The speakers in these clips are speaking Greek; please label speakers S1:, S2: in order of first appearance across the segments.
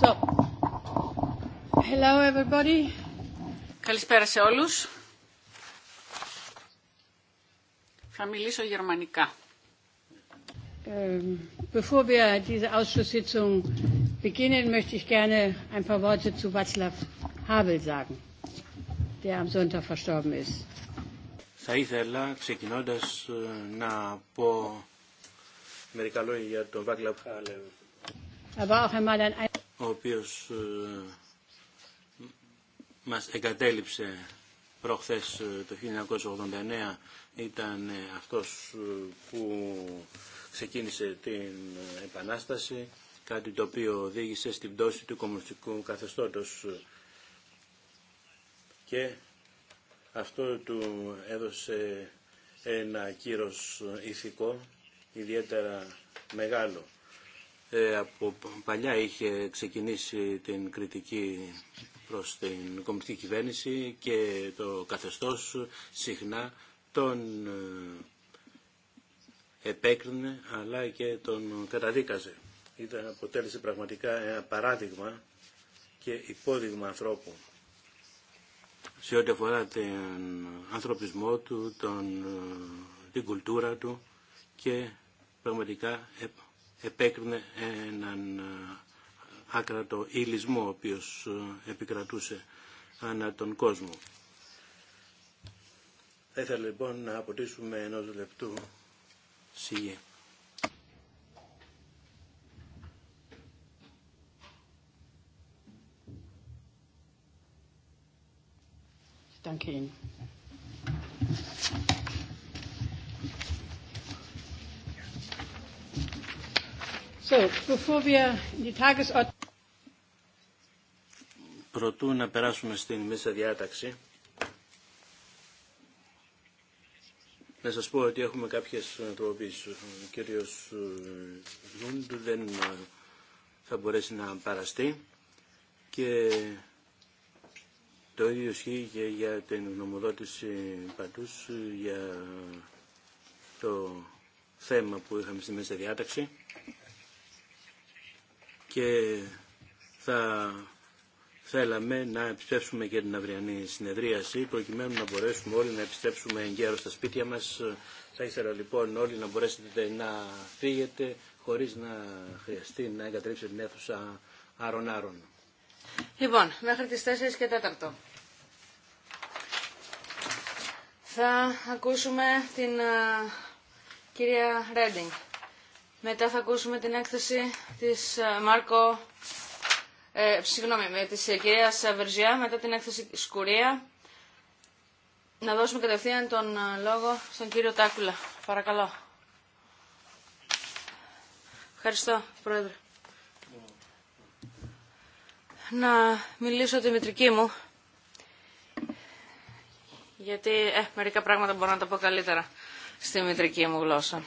S1: So, hello everybody. Καλησπέρα σε όλους. Θα μιλήσω γερμανικά.
S2: Bevor wir diese Ausschusssitzung beginnen, möchte ich gerne ein paar Worte zu Václav Havel sagen, der am Sonntag verstorben ist.
S3: Θα ήθελα ξεκινώντας να πω μερικά λόγια για τον Václav Havel.
S2: Er war auch einmal ein
S3: ο οποίος ε, μας εγκατέλειψε προχθές ε, το 1989 ήταν ε, αυτός που ξεκίνησε την Επανάσταση, κάτι το οποίο οδήγησε στην πτώση του κομμουνιστικού καθεστώτος και αυτό του έδωσε ένα κύρος ηθικό ιδιαίτερα μεγάλο. Ε, από παλιά είχε ξεκινήσει την κριτική προς την κομμουνιστική κυβέρνηση και το καθεστώς συχνά τον ε, επέκρινε αλλά και τον καταδίκαζε. Ήταν, αποτέλεσε πραγματικά ένα παράδειγμα και υπόδειγμα ανθρώπου σε ό,τι αφορά τον ανθρωπισμό του, τον, ε, την κουλτούρα του και πραγματικά επέκρινε έναν ε, άκρατο ηλισμό ο οποίος ε, επικρατούσε ανά τον κόσμο. Θα ήθελα λοιπόν να αποτίσουμε ενός λεπτού σιγή. Danke Προτού να περάσουμε στην μέσα διάταξη, να σας πω ότι έχουμε κάποιες τροποποίησεις. Ο κύριος ε, Λούντου δεν ε, θα μπορέσει να παραστεί και το ίδιο ισχύει για την γνωμοδότηση παντούς ε, για το θέμα που είχαμε στη μέσα διάταξη και θα θέλαμε να επιστρέψουμε και την αυριανή συνεδρίαση προκειμένου να μπορέσουμε όλοι να επιστρέψουμε εγκαίρω στα σπίτια μας. Θα ήθελα λοιπόν όλοι να μπορέσετε να φύγετε χωρίς να χρειαστεί να εγκατρέψετε την αίθουσα άρων-άρων.
S4: Λοιπόν, μέχρι τις 4 και 4. Θα ακούσουμε την κυρία Ρέντινγκ. Μετά θα ακούσουμε την έκθεση της ε, Μάρκο, ε, συγγνώμη, της ε, κυρίας ε, Βερζιά, μετά την έκθεση Σκουρία. Να δώσουμε κατευθείαν τον λόγο στον κύριο Τάκουλα. Παρακαλώ. Ευχαριστώ, Πρόεδρε. Να μιλήσω τη μητρική μου, γιατί μερικά πράγματα μπορώ να τα πω καλύτερα στη μητρική μου γλώσσα.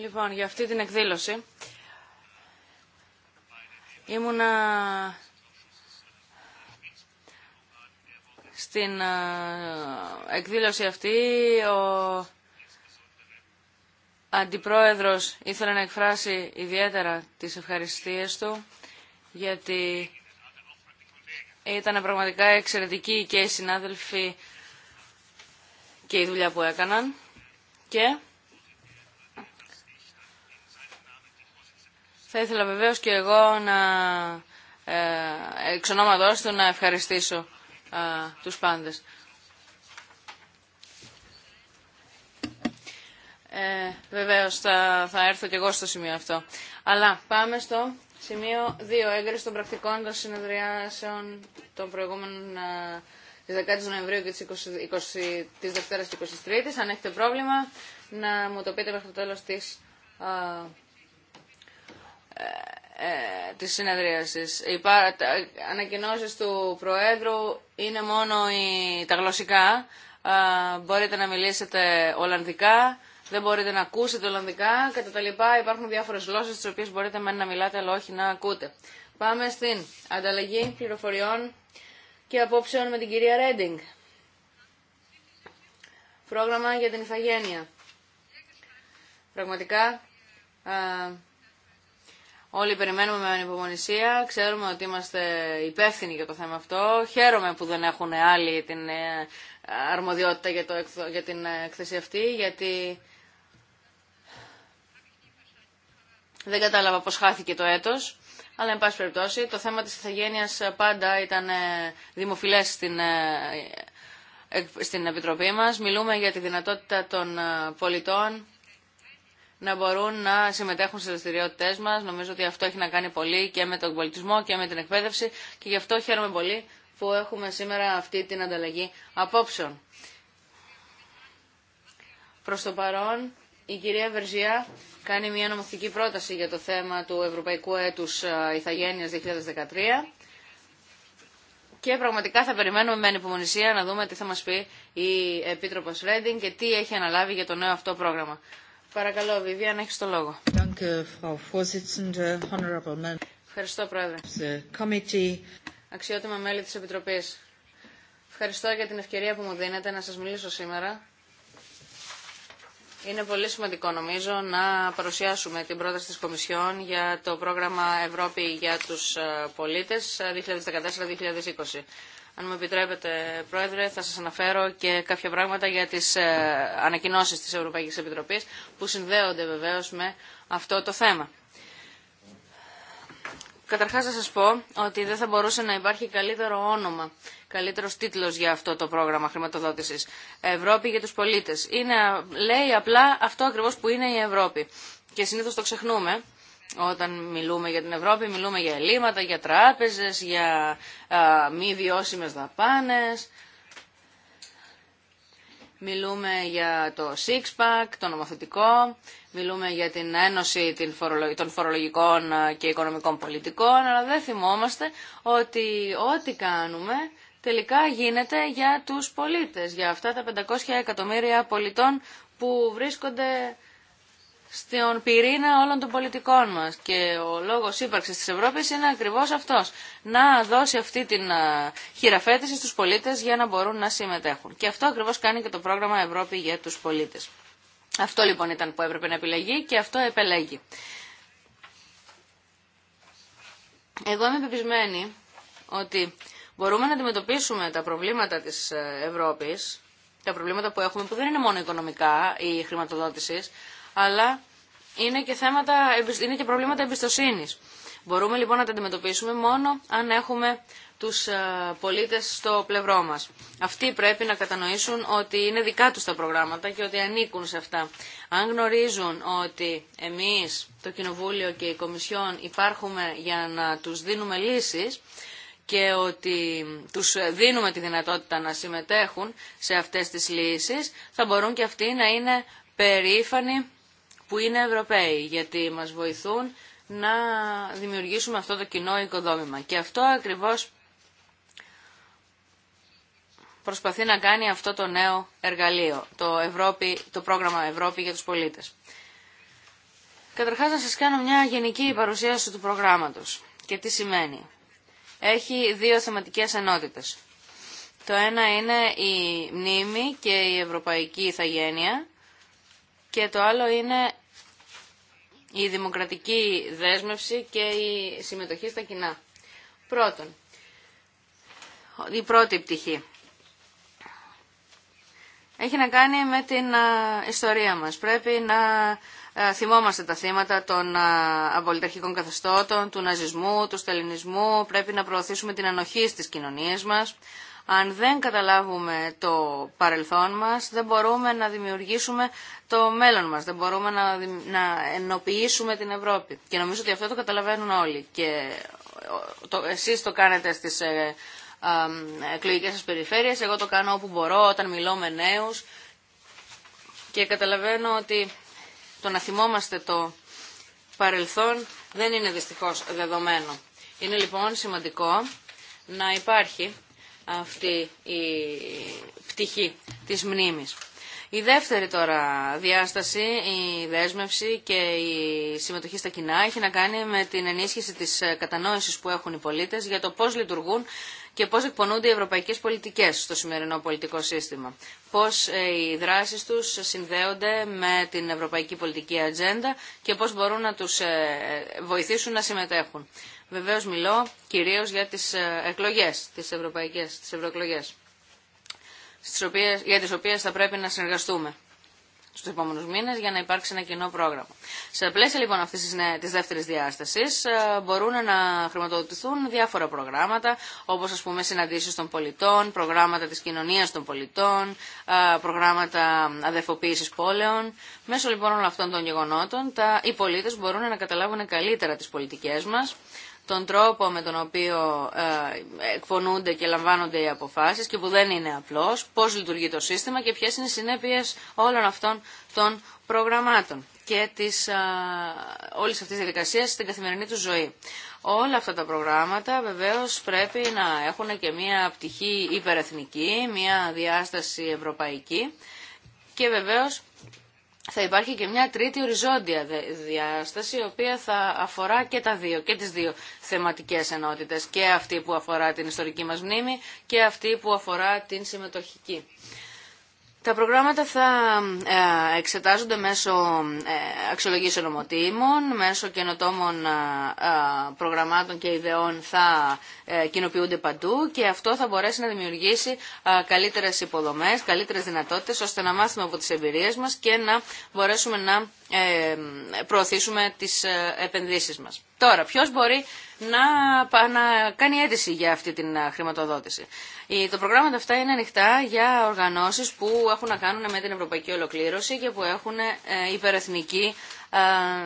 S4: Λοιπόν, για αυτή την εκδήλωση ήμουνα στην ε, εκδήλωση αυτή ο αντιπρόεδρος ήθελε να εκφράσει ιδιαίτερα τις ευχαριστίες του γιατί ήταν πραγματικά εξαιρετικοί και οι συνάδελφοι και η δουλειά που έκαναν και Θα ήθελα βεβαίως και εγώ να ε, εξ του να ευχαριστήσω ε, τους πάντες. Ε, βεβαίως θα, έρθω και εγώ στο σημείο αυτό. Αλλά πάμε στο σημείο 2. Έγκριση των πρακτικών των συνεδριάσεων των προηγούμενων ε, της 10ης Νοεμβρίου και της, 20, 20, και 23ης. Αν έχετε πρόβλημα να μου το πείτε μέχρι το τέλος της ε, Τη συνεδρίαση. Οι Ανακοινώσει του Προέδρου είναι μόνο η τα γλωσσικά. μπορείτε να μιλήσετε Ολλανδικά, δεν μπορείτε να ακούσετε Ολλανδικά, κατά τα λοιπά υπάρχουν διάφορες γλώσσες τι οποίε μπορείτε να μιλάτε αλλά όχι να ακούτε. Πάμε στην ανταλλαγή πληροφοριών και απόψεων με την κυρία Ρέντινγκ. Πρόγραμμα για την Ιθαγένεια. Πραγματικά Όλοι περιμένουμε με ανυπομονησία. Ξέρουμε ότι είμαστε υπεύθυνοι για το θέμα αυτό. Χαίρομαι που δεν έχουν άλλοι την ε, αρμοδιότητα για, το, για την ε, εκθέση αυτή, γιατί δεν κατάλαβα πώς χάθηκε το έτος. Αλλά, εν πάση περιπτώσει, το θέμα της ηθαγένειας πάντα ήταν ε, δημοφιλές στην, στην Επιτροπή μας. Μιλούμε για τη δυνατότητα των πολιτών να μπορούν να συμμετέχουν στι δραστηριότητέ μα. Νομίζω ότι αυτό έχει να κάνει πολύ και με τον πολιτισμό και με την εκπαίδευση και γι' αυτό χαίρομαι πολύ που έχουμε σήμερα αυτή την ανταλλαγή απόψεων. Προς το παρόν, η κυρία Βερζιά κάνει μια νομοθετική πρόταση για το θέμα του Ευρωπαϊκού Έτους Ιθαγένειας 2013 και πραγματικά θα περιμένουμε με ανυπομονησία να δούμε τι θα μας πει η Επίτροπος Ρέντινγκ και τι έχει αναλάβει για το νέο αυτό πρόγραμμα. Παρακαλώ, Βιβία, να έχεις το λόγο. Ευχαριστώ, Πρόεδρε. Αξιότιμα μέλη της Επιτροπής. Ευχαριστώ για την ευκαιρία που μου δίνετε να σας μιλήσω σήμερα. Είναι πολύ σημαντικό νομίζω να παρουσιάσουμε την πρόταση της Κομισιόν για το πρόγραμμα Ευρώπη για τους ε, πολίτες ε, 2014-2020. Αν μου επιτρέπετε, Πρόεδρε, θα σας αναφέρω και κάποια πράγματα για τις ε, ανακοινώσεις της Ευρωπαϊκής Επιτροπής που συνδέονται βεβαίως με αυτό το θέμα. Καταρχάς θα σας πω ότι δεν θα μπορούσε να υπάρχει καλύτερο όνομα, καλύτερος τίτλος για αυτό το πρόγραμμα χρηματοδότησης. Ευρώπη για τους πολίτες. λέει απλά αυτό ακριβώς που είναι η Ευρώπη. Και συνήθως το ξεχνούμε. Όταν μιλούμε για την Ευρώπη, μιλούμε για ελλείμματα, για τράπεζες, για α, μη βιώσιμες δαπάνες. Μιλούμε για το six-pack, το νομοθετικό. Μιλούμε για την ένωση των φορολογικών και οικονομικών πολιτικών. Αλλά δεν θυμόμαστε ότι ό,τι κάνουμε τελικά γίνεται για τους πολίτες. Για αυτά τα 500 εκατομμύρια πολιτών που βρίσκονται στον πυρήνα όλων των πολιτικών μας και ο λόγος ύπαρξης της Ευρώπης είναι ακριβώς αυτός. Να δώσει αυτή την χειραφέτηση στους πολίτες για να μπορούν να συμμετέχουν. Και αυτό ακριβώς κάνει και το πρόγραμμα Ευρώπη για τους πολίτες. Αυτό λοιπόν ήταν που έπρεπε να επιλεγεί και αυτό επελέγει. Εγώ είμαι πεπισμένη ότι μπορούμε να αντιμετωπίσουμε τα προβλήματα της ε, Ευρώπης, τα προβλήματα που έχουμε που δεν είναι μόνο οικονομικά ή χρηματοδότησης, αλλά είναι και, θέματα, είναι και προβλήματα εμπιστοσύνης. Μπορούμε λοιπόν να τα αντιμετωπίσουμε μόνο αν έχουμε τους ε, πολίτες στο πλευρό μας. Αυτοί πρέπει να κατανοήσουν ότι είναι δικά τους τα προγράμματα και ότι ανήκουν σε αυτά. Αν γνωρίζουν ότι εμείς, το Κοινοβούλιο και η Κομισιόν υπάρχουμε για να τους δίνουμε λύσεις και ότι τους δίνουμε τη δυνατότητα να συμμετέχουν σε αυτές τις λύσεις, θα μπορούν και αυτοί να είναι περήφανοι που είναι Ευρωπαίοι, γιατί μας βοηθούν να δημιουργήσουμε αυτό το κοινό οικοδόμημα. Και αυτό ακριβώς προσπαθεί να κάνει αυτό το νέο εργαλείο, το, Ευρώπη, το πρόγραμμα Ευρώπη για τους πολίτες. Καταρχάς να σας κάνω μια γενική παρουσίαση του προγράμματος και τι σημαίνει. Έχει δύο θεματικές ενότητες. Το ένα είναι η μνήμη και η ευρωπαϊκή ηθαγένεια και το άλλο είναι η δημοκρατική δέσμευση και η συμμετοχή στα κοινά. Πρώτον, η πρώτη πτυχή έχει να κάνει με την ιστορία μας. Πρέπει να θυμόμαστε τα θύματα των απολυταρχικών καθεστώτων, του ναζισμού, του στελινισμού. Πρέπει να προωθήσουμε την ανοχή στις κοινωνίες μας. Αν δεν καταλάβουμε το παρελθόν μας, δεν μπορούμε να δημιουργήσουμε το μέλλον μας, δεν μπορούμε να, να ενοποιήσουμε την Ευρώπη. Και νομίζω ότι αυτό το καταλαβαίνουν όλοι. Και το, εσείς το κάνετε στις ε, εκλογικές σας περιφέρειες, εγώ το κάνω όπου μπορώ, όταν μιλώ με νέους. Και καταλαβαίνω ότι το να θυμόμαστε το παρελθόν δεν είναι δυστυχώς δεδομένο. Είναι λοιπόν σημαντικό να υπάρχει αυτή η πτυχή της μνήμης. Η δεύτερη τώρα διάσταση, η δέσμευση και η συμμετοχή στα κοινά έχει να κάνει με την ενίσχυση της κατανόησης που έχουν οι πολίτες για το πώς λειτουργούν και πώς εκπονούνται οι ευρωπαϊκές πολιτικές στο σημερινό πολιτικό σύστημα. Πώς ε, οι δράσεις τους συνδέονται με την ευρωπαϊκή πολιτική ατζέντα και πώς μπορούν να τους ε, βοηθήσουν να συμμετέχουν. Βεβαίως μιλώ κυρίως για τις ε, εκλογές, τις ευρωπαϊκές, τις ευρωεκλογές, στις οποίες, για τις οποίες θα πρέπει να συνεργαστούμε στους επόμενους μήνες για να υπάρξει ένα κοινό πρόγραμμα. Σε πλαίσια λοιπόν αυτής της, ναι, της δεύτερης διάστασης ε, μπορούν να χρηματοδοτηθούν διάφορα προγράμματα όπως ας πούμε συναντήσεις των πολιτών, προγράμματα της κοινωνίας των πολιτών, ε, προγράμματα αδεφοποίησης πόλεων. Μέσω λοιπόν όλων αυτών των γεγονότων τα, οι πολίτες μπορούν να καταλάβουν καλύτερα τις πολιτικές μας τον τρόπο με τον οποίο ε, εκφωνούνται και λαμβάνονται οι αποφάσεις και που δεν είναι απλός, πώς λειτουργεί το σύστημα και ποιες είναι οι συνέπειες όλων αυτών των προγραμμάτων και της, ε, όλης αυτής της διαδικασίας στην καθημερινή του ζωή. Όλα αυτά τα προγράμματα βεβαίως πρέπει να έχουν και μια πτυχή υπερεθνική, μια διάσταση ευρωπαϊκή και βεβαίως θα υπάρχει και μια τρίτη οριζόντια διάσταση, η οποία θα αφορά και τα δύο, και τις δύο θεματικές ενότητες, και αυτή που αφορά την ιστορική μας μνήμη και αυτή που αφορά την συμμετοχική. Τα προγράμματα θα ε, εξετάζονται μέσω ε, αξιολογήσεων ομοτήμων, μέσω καινοτόμων ε, προγραμμάτων και ιδεών θα κοινοποιούνται παντού και αυτό θα μπορέσει να δημιουργήσει καλύτερες υποδομές, καλύτερες δυνατότητες ώστε να μάθουμε από τις εμπειρίες μας και να μπορέσουμε να προωθήσουμε τις επενδύσεις μας. Τώρα, ποιος μπορεί να, να κάνει αίτηση για αυτή την χρηματοδότηση. Το προγράμματα αυτά είναι ανοιχτά για οργανώσεις που έχουν να κάνουν με την ευρωπαϊκή ολοκλήρωση και που έχουν ε, υπερεθνική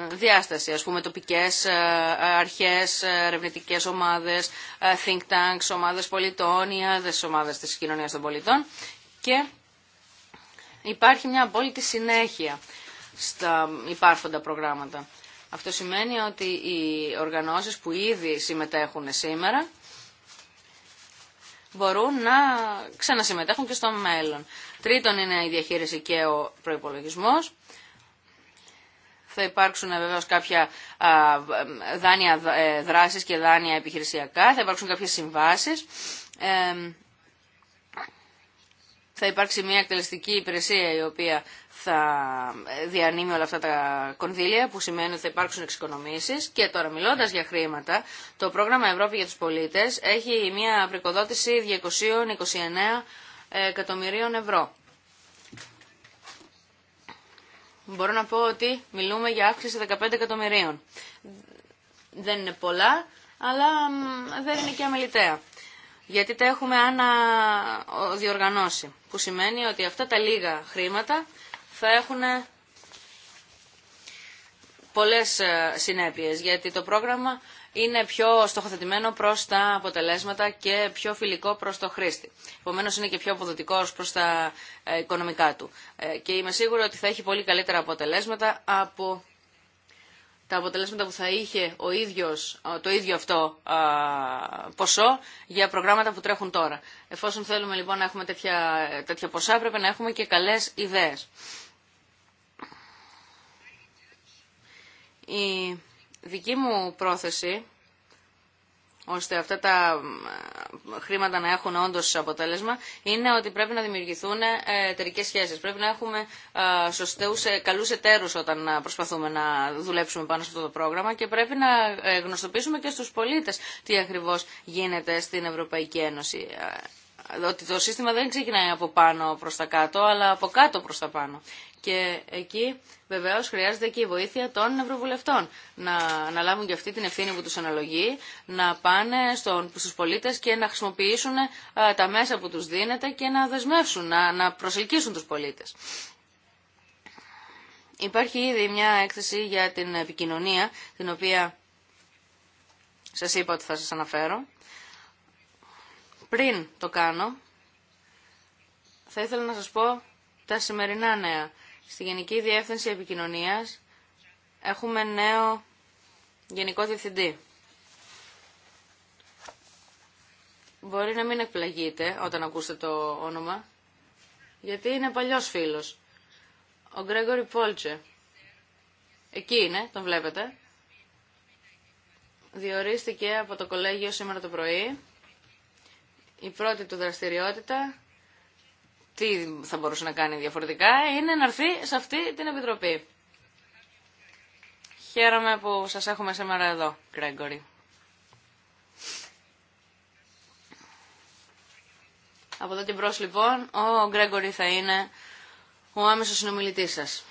S4: διάσταση, ας πούμε τοπικές αρχές, ερευνητικέ ομάδες, think tanks, ομάδες πολιτών, ή άλλες ομάδες της κοινωνίας των πολιτών και υπάρχει μια απόλυτη συνέχεια στα υπάρχοντα προγράμματα. Αυτό σημαίνει ότι οι οργανώσεις που ήδη συμμετέχουν σήμερα μπορούν να ξανασυμμετέχουν και στο μέλλον. Τρίτον είναι η διαχείριση και ο προϋπολογισμός. Θα υπάρξουν ε, βεβαίω κάποια δάνεια ε, δράσης και δάνεια επιχειρησιακά, θα υπάρξουν κάποιες συμβάσεις. Ε, θα υπάρξει μια εκτελεστική υπηρεσία η οποία θα διανύμει όλα αυτά τα κονδύλια που σημαίνει ότι θα υπάρξουν εξοικονομήσεις και τώρα μιλώντας για χρήματα το πρόγραμμα Ευρώπη για τους πολίτες έχει μια πρικοδότηση 229 εκατομμυρίων ευρώ. Μπορώ να πω ότι μιλούμε για αύξηση 15 εκατομμυρίων. Δεν είναι πολλά, αλλά δεν είναι και αμεληταία. Γιατί τα έχουμε αναδιοργανώσει, που σημαίνει ότι αυτά τα λίγα χρήματα θα έχουν πολλές ε, συνέπειες, γιατί το πρόγραμμα είναι πιο στοχοθετημένο προς τα αποτελέσματα και πιο φιλικό προς το χρήστη. Επομένω είναι και πιο αποδοτικό προς τα ε, οικονομικά του. Ε, και είμαι σίγουρη ότι θα έχει πολύ καλύτερα αποτελέσματα από τα αποτελέσματα που θα είχε ο ίδιος, το ίδιο αυτό ποσό για προγράμματα που τρέχουν τώρα. Εφόσον θέλουμε λοιπόν να έχουμε τέτοια, ποσά πρέπει να έχουμε και καλές ιδέες. Η δική μου πρόθεση ώστε αυτά τα ε, χρήματα να έχουν όντως αποτέλεσμα, είναι ότι πρέπει να δημιουργηθούν ε, εταιρικέ σχέσεις. Πρέπει να έχουμε ε, σωστούς καλού εταίρου όταν προσπαθούμε να δουλέψουμε πάνω σε αυτό το πρόγραμμα και πρέπει να γνωστοποιήσουμε και στους πολίτες τι ακριβώς γίνεται στην Ευρωπαϊκή Ένωση. Ότι το σύστημα δεν ξεκινάει από πάνω προ τα κάτω, αλλά από κάτω προ τα πάνω. Και εκεί βεβαίω χρειάζεται και η βοήθεια των Ευρωβουλευτών να αναλάβουν και αυτή την ευθύνη που του αναλογεί, να πάνε στου πολίτε και να χρησιμοποιήσουν ε, τα μέσα που του δίνεται και να δεσμεύσουν, να, να προσελκύσουν του πολίτε. Υπάρχει ήδη μια έκθεση για την επικοινωνία, την οποία σας είπα ότι θα σα αναφέρω. Πριν το κάνω, θα ήθελα να σας πω τα σημερινά νέα. Στη Γενική Διεύθυνση Επικοινωνίας έχουμε νέο Γενικό Διευθυντή. Μπορεί να μην εκπλαγείτε όταν ακούσετε το όνομα, γιατί είναι παλιός φίλος. Ο Γκρέγορη Πόλτσε. Εκεί είναι, τον βλέπετε. Διορίστηκε από το κολέγιο σήμερα το πρωί. Η πρώτη του δραστηριότητα τι θα μπορούσε να κάνει διαφορετικά είναι να έρθει σε αυτή την Επιτροπή. Χαίρομαι που σας έχουμε σήμερα εδώ, Γκρέγκορη. Από εδώ και μπρος, λοιπόν, ο Γκρέγκορη θα είναι ο άμεσος συνομιλητής σας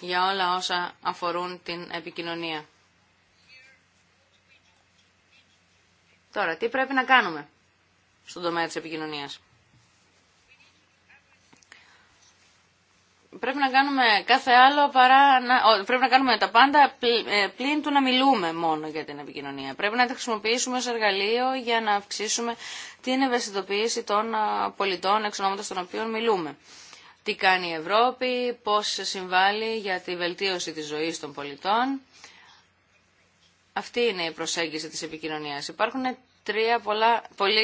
S4: για όλα όσα αφορούν την επικοινωνία. Τώρα, τι πρέπει να κάνουμε στον τομέα της επικοινωνίας. πρέπει να κάνουμε κάθε άλλο παρά να, πρέπει να κάνουμε τα πάντα ε, πλην του να μιλούμε μόνο για την επικοινωνία. Πρέπει να τα χρησιμοποιήσουμε ως εργαλείο για να αυξήσουμε την ευαισθητοποίηση των πολιτών εξ ονόματος των οποίων μιλούμε. Τι κάνει η Ευρώπη, πώς συμβάλλει για τη βελτίωση της ζωής των πολιτών. Αυτή είναι η προσέγγιση της επικοινωνίας. Υπάρχουν τρία πολλά, πολύ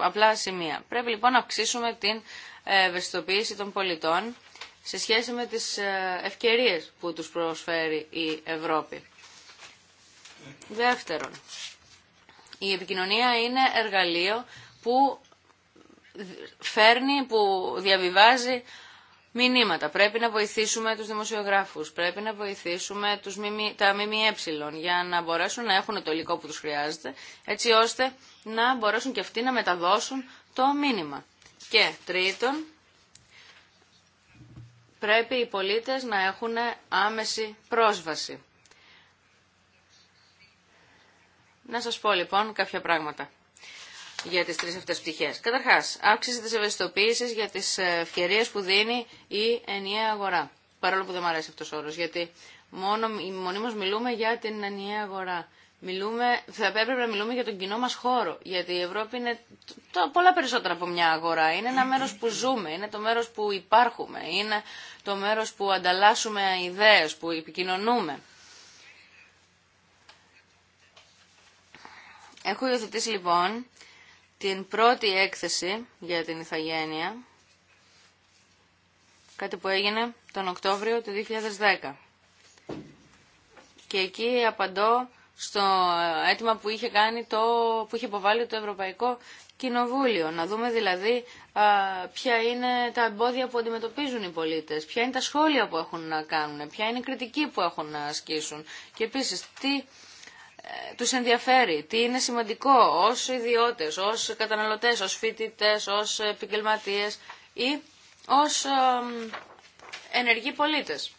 S4: απλά σημεία. Πρέπει λοιπόν να αυξήσουμε την ε, ευαισθητοποίηση των πολιτών σε σχέση με τις ε, ευκαιρίες που τους προσφέρει η Ευρώπη. Δεύτερον, η επικοινωνία είναι εργαλείο που φέρνει, που διαβιβάζει μηνύματα. Πρέπει να βοηθήσουμε τους δημοσιογράφους, πρέπει να βοηθήσουμε τους μιμι, τα ΜΜΕ για να μπορέσουν να έχουν το υλικό που τους χρειάζεται, έτσι ώστε να μπορέσουν και αυτοί να μεταδώσουν το μήνυμα. Και τρίτον, πρέπει οι πολίτες να έχουν άμεση πρόσβαση. Να σας πω λοιπόν κάποια πράγματα για τις τρεις αυτές πτυχές. Καταρχάς, αύξηση της ευαισθητοποίησης για τις ευκαιρίε που δίνει η ενιαία αγορά. Παρόλο που δεν μου αρέσει αυτός ο όρος, γιατί μόνο, μονίμως μιλούμε για την ενιαία αγορά. Μιλούμε, θα έπρεπε να μιλούμε για τον κοινό μας χώρο, γιατί η Ευρώπη είναι το, πολλά περισσότερα από μια αγορά. Είναι ένα μέρος που ζούμε, είναι το μέρος που υπάρχουμε, είναι το μέρος που ανταλλάσσουμε ιδέες, που επικοινωνούμε. Έχω υιοθετήσει λοιπόν την πρώτη έκθεση για την Ιθαγένεια, κάτι που έγινε τον Οκτώβριο του 2010. Και εκεί απαντώ στο αίτημα που είχε, κάνει το, που είχε υποβάλει το Ευρωπαϊκό Κοινοβούλιο. Να δούμε δηλαδή α, ποια είναι τα εμπόδια που αντιμετωπίζουν οι πολίτες, ποια είναι τα σχόλια που έχουν να κάνουν, ποια είναι η κριτική που έχουν να ασκήσουν και επίσης τι ε, τους ενδιαφέρει, τι είναι σημαντικό ως ιδιώτες, ως καταναλωτές, ως φοιτητές, ως επικελματίες ή ως ενεργοί πολίτες.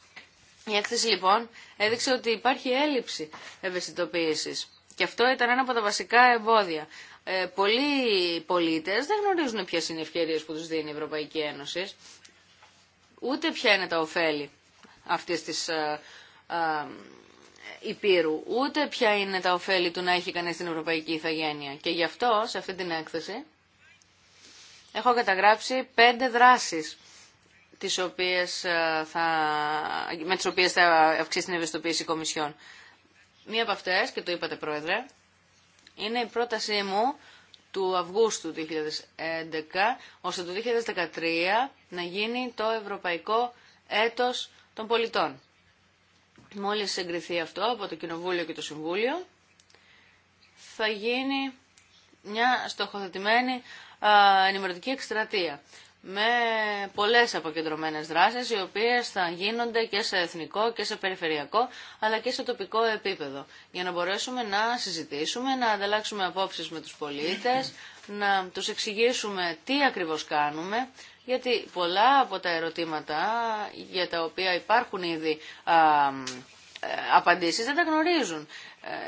S4: Η έκθεση λοιπόν έδειξε ότι υπάρχει έλλειψη ευαισθητοποίησης και αυτό ήταν ένα από τα βασικά εμπόδια. Ε, πολλοί πολίτες δεν γνωρίζουν ποιε είναι οι ευκαιρίε που του δίνει η Ευρωπαϊκή Ένωση, ούτε ποια είναι τα ωφέλη αυτή τη ε, ε, υπήρου, ούτε ποια είναι τα ωφέλη του να έχει κανείς την Ευρωπαϊκή Ιθαγένεια. Και γι' αυτό, σε αυτή την έκθεση, έχω καταγράψει πέντε δράσεις τις οποίες ε, θα, με τις οποίες θα αυξήσει την ευαισθητοποίηση κομισιών. Μία από αυτές, και το είπατε πρόεδρε, είναι η πρότασή μου του Αυγούστου 2011, ώστε το 2013 να γίνει το Ευρωπαϊκό Έτος των Πολιτών. Μόλις εγκριθεί αυτό από το Κοινοβούλιο και το Συμβούλιο, θα γίνει μια στοχοθετημένη ε, ενημερωτική εκστρατεία με πολλές αποκεντρωμένες δράσεις οι οποίες θα γίνονται και σε εθνικό και σε περιφερειακό αλλά και σε τοπικό επίπεδο για να μπορέσουμε να συζητήσουμε, να ανταλλάξουμε απόψεις με τους πολίτες, να τους εξηγήσουμε τι ακριβώς κάνουμε γιατί πολλά από τα ερωτήματα για τα οποία υπάρχουν ήδη α, ε, απαντήσεις δεν τα γνωρίζουν.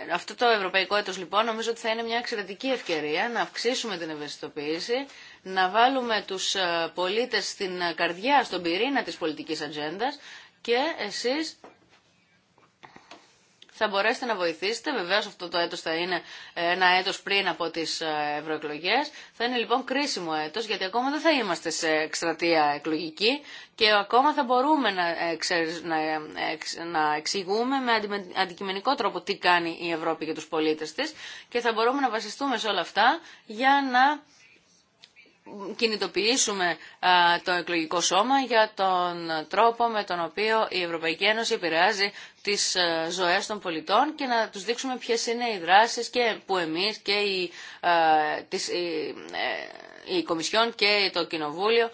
S4: Ε, αυτό το ευρωπαϊκό έτος λοιπόν νομίζω ότι θα είναι μια εξαιρετική ευκαιρία να αυξήσουμε την ευαισθητοποίηση να βάλουμε τους ε, πολίτες στην ε, καρδιά, στον πυρήνα της πολιτικής ατζέντα και εσείς θα μπορέσετε να βοηθήσετε. Βεβαίω αυτό το έτος θα είναι ε, ένα έτος πριν από τις ευρωεκλογέ. Θα είναι λοιπόν κρίσιμο έτος γιατί ακόμα δεν θα είμαστε σε εκστρατεία εκλογική και ακόμα θα μπορούμε να, εξηγούμε με αντικειμενικό τρόπο τι κάνει η Ευρώπη για τους πολίτες της και θα μπορούμε να βασιστούμε σε όλα αυτά για να κινητοποιήσουμε το εκλογικό σώμα για τον τρόπο με τον οποίο η Ευρωπαϊκή Ένωση επηρεάζει τις ζωές των πολιτών και να τους δείξουμε ποιες είναι οι δράσεις και που εμείς και οι, τις, ε, Κομισιόν και το Κοινοβούλιο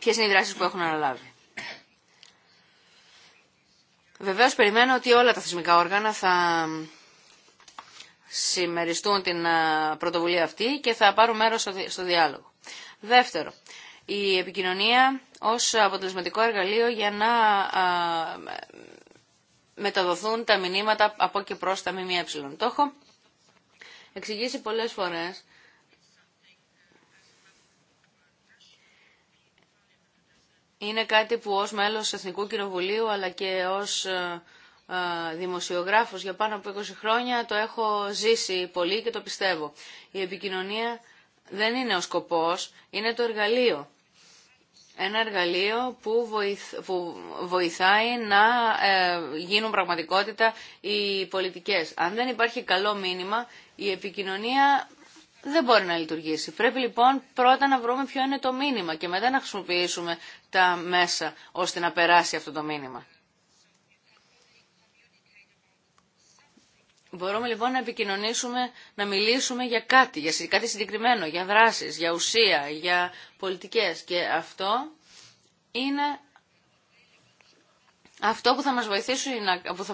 S4: ποιες είναι οι δράσεις που έχουν αναλάβει. Βεβαίως περιμένω ότι όλα τα θεσμικά όργανα θα συμμεριστούν την πρωτοβουλία αυτή και θα πάρουν μέρος στο διάλογο. Δεύτερο, η επικοινωνία ως αποτελεσματικό εργαλείο για να μεταδοθούν τα μηνύματα από και προς τα ΜΜΕ. Το έχω εξηγήσει πολλές φορές είναι κάτι που ως μέλος Εθνικού Κοινοβουλίου αλλά και ως δημοσιογράφος για πάνω από 20 χρόνια, το έχω ζήσει πολύ και το πιστεύω. Η επικοινωνία δεν είναι ο σκοπός, είναι το εργαλείο. Ένα εργαλείο που, βοηθάει να ε, γίνουν πραγματικότητα οι πολιτικές. Αν δεν υπάρχει καλό μήνυμα, η επικοινωνία δεν μπορεί να λειτουργήσει. Πρέπει λοιπόν πρώτα να βρούμε ποιο είναι το μήνυμα και μετά να χρησιμοποιήσουμε τα μέσα ώστε να περάσει αυτό το μήνυμα. Μπορούμε λοιπόν να επικοινωνήσουμε, να μιλήσουμε για κάτι, για κάτι συγκεκριμένο, για δράσεις, για ουσία, για πολιτικές και αυτό είναι αυτό που θα μας βοηθήσουν να, που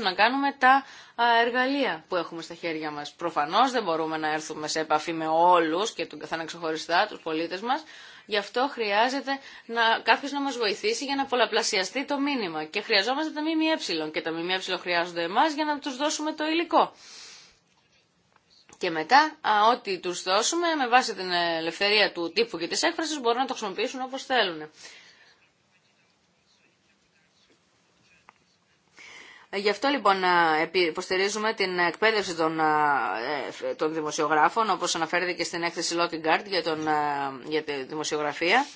S4: να κάνουμε τα εργαλεία που έχουμε στα χέρια μας. Προφανώς δεν μπορούμε να έρθουμε σε επαφή με όλους και τον καθένα ξεχωριστά, τους πολίτες μας. Γι' αυτό χρειάζεται να, κάποιος να μας βοηθήσει για να πολλαπλασιαστεί το μήνυμα. Και χρειαζόμαστε τα ΜΜΕ και τα ΜΜΕ χρειάζονται εμάς για να τους δώσουμε το υλικό. Και μετά, ό,τι τους δώσουμε, με βάση την ε, ελευθερία του τύπου και της έκφρασης, μπορούν να το χρησιμοποιήσουν όπως θέλουν. Γι' αυτό λοιπόν ε, υποστηρίζουμε την εκπαίδευση των, ε, ε, των δημοσιογράφων, όπως αναφέρεται και στην έκθεση Locking για, τον, για τη δημοσιογραφία.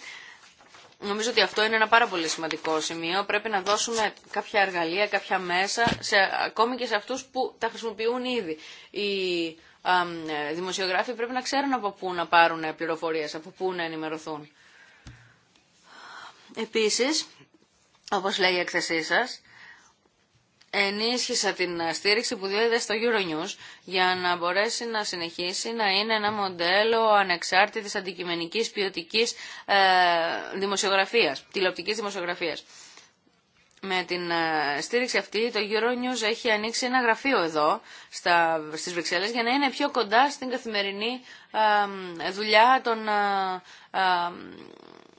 S4: Νομίζω ότι αυτό είναι ένα πάρα πολύ σημαντικό σημείο. Πρέπει να δώσουμε κάποια εργαλεία, κάποια μέσα, σε, ακόμη και σε αυτούς που τα χρησιμοποιούν ήδη. Οι δημοσιογράφοι πρέπει να ξέρουν από πού να πάρουν πληροφορίες, από πού να ενημερωθούν. Επίσης, όπως λέει η έκθεσή σας, ενίσχυσα την στήριξη που δίδεται στο Euronews για να μπορέσει να συνεχίσει να είναι ένα μοντέλο ανεξάρτητης αντικειμενικής ποιοτικής ε, δημοσιογραφίας, τηλεοπτικής δημοσιογραφίας. Με την ε, στήριξη αυτή το Euronews έχει ανοίξει ένα γραφείο εδώ στα, στις Βρυξέλλες για να είναι πιο κοντά στην καθημερινή ε, δουλειά των ε,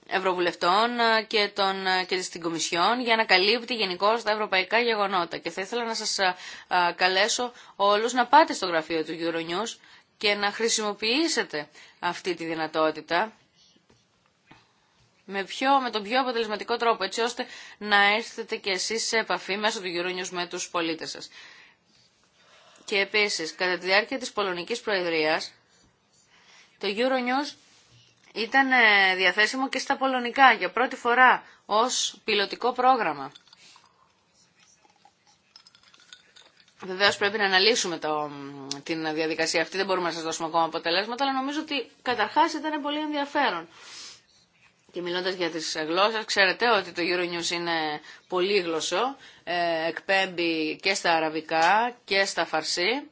S4: Ευρωβουλευτών ε, και, των, ε, και στην Κομισιόν για να καλύπτει γενικώ τα ευρωπαϊκά γεγονότα. Και θα ήθελα να σας ε, καλέσω όλους να πάτε στο γραφείο του Euronews και να χρησιμοποιήσετε αυτή τη δυνατότητα με, πιο, με τον πιο αποτελεσματικό τρόπο, έτσι ώστε να έρθετε και εσείς σε επαφή μέσω του Euronews με τους πολίτες σας. Και επίσης, κατά τη διάρκεια της Πολωνικής Προεδρίας, το Euronews ήταν ε, διαθέσιμο και στα πολωνικά για πρώτη φορά ως πιλωτικό πρόγραμμα. Βεβαίω πρέπει να αναλύσουμε το, την διαδικασία αυτή, δεν μπορούμε να σα δώσουμε ακόμα αποτελέσματα, αλλά νομίζω ότι καταρχά ήταν πολύ ενδιαφέρον. Και μιλώντα για τι γλώσσες, ξέρετε ότι το Euronews είναι πολύγλωσσο, ε, εκπέμπει και στα αραβικά και στα φαρσί.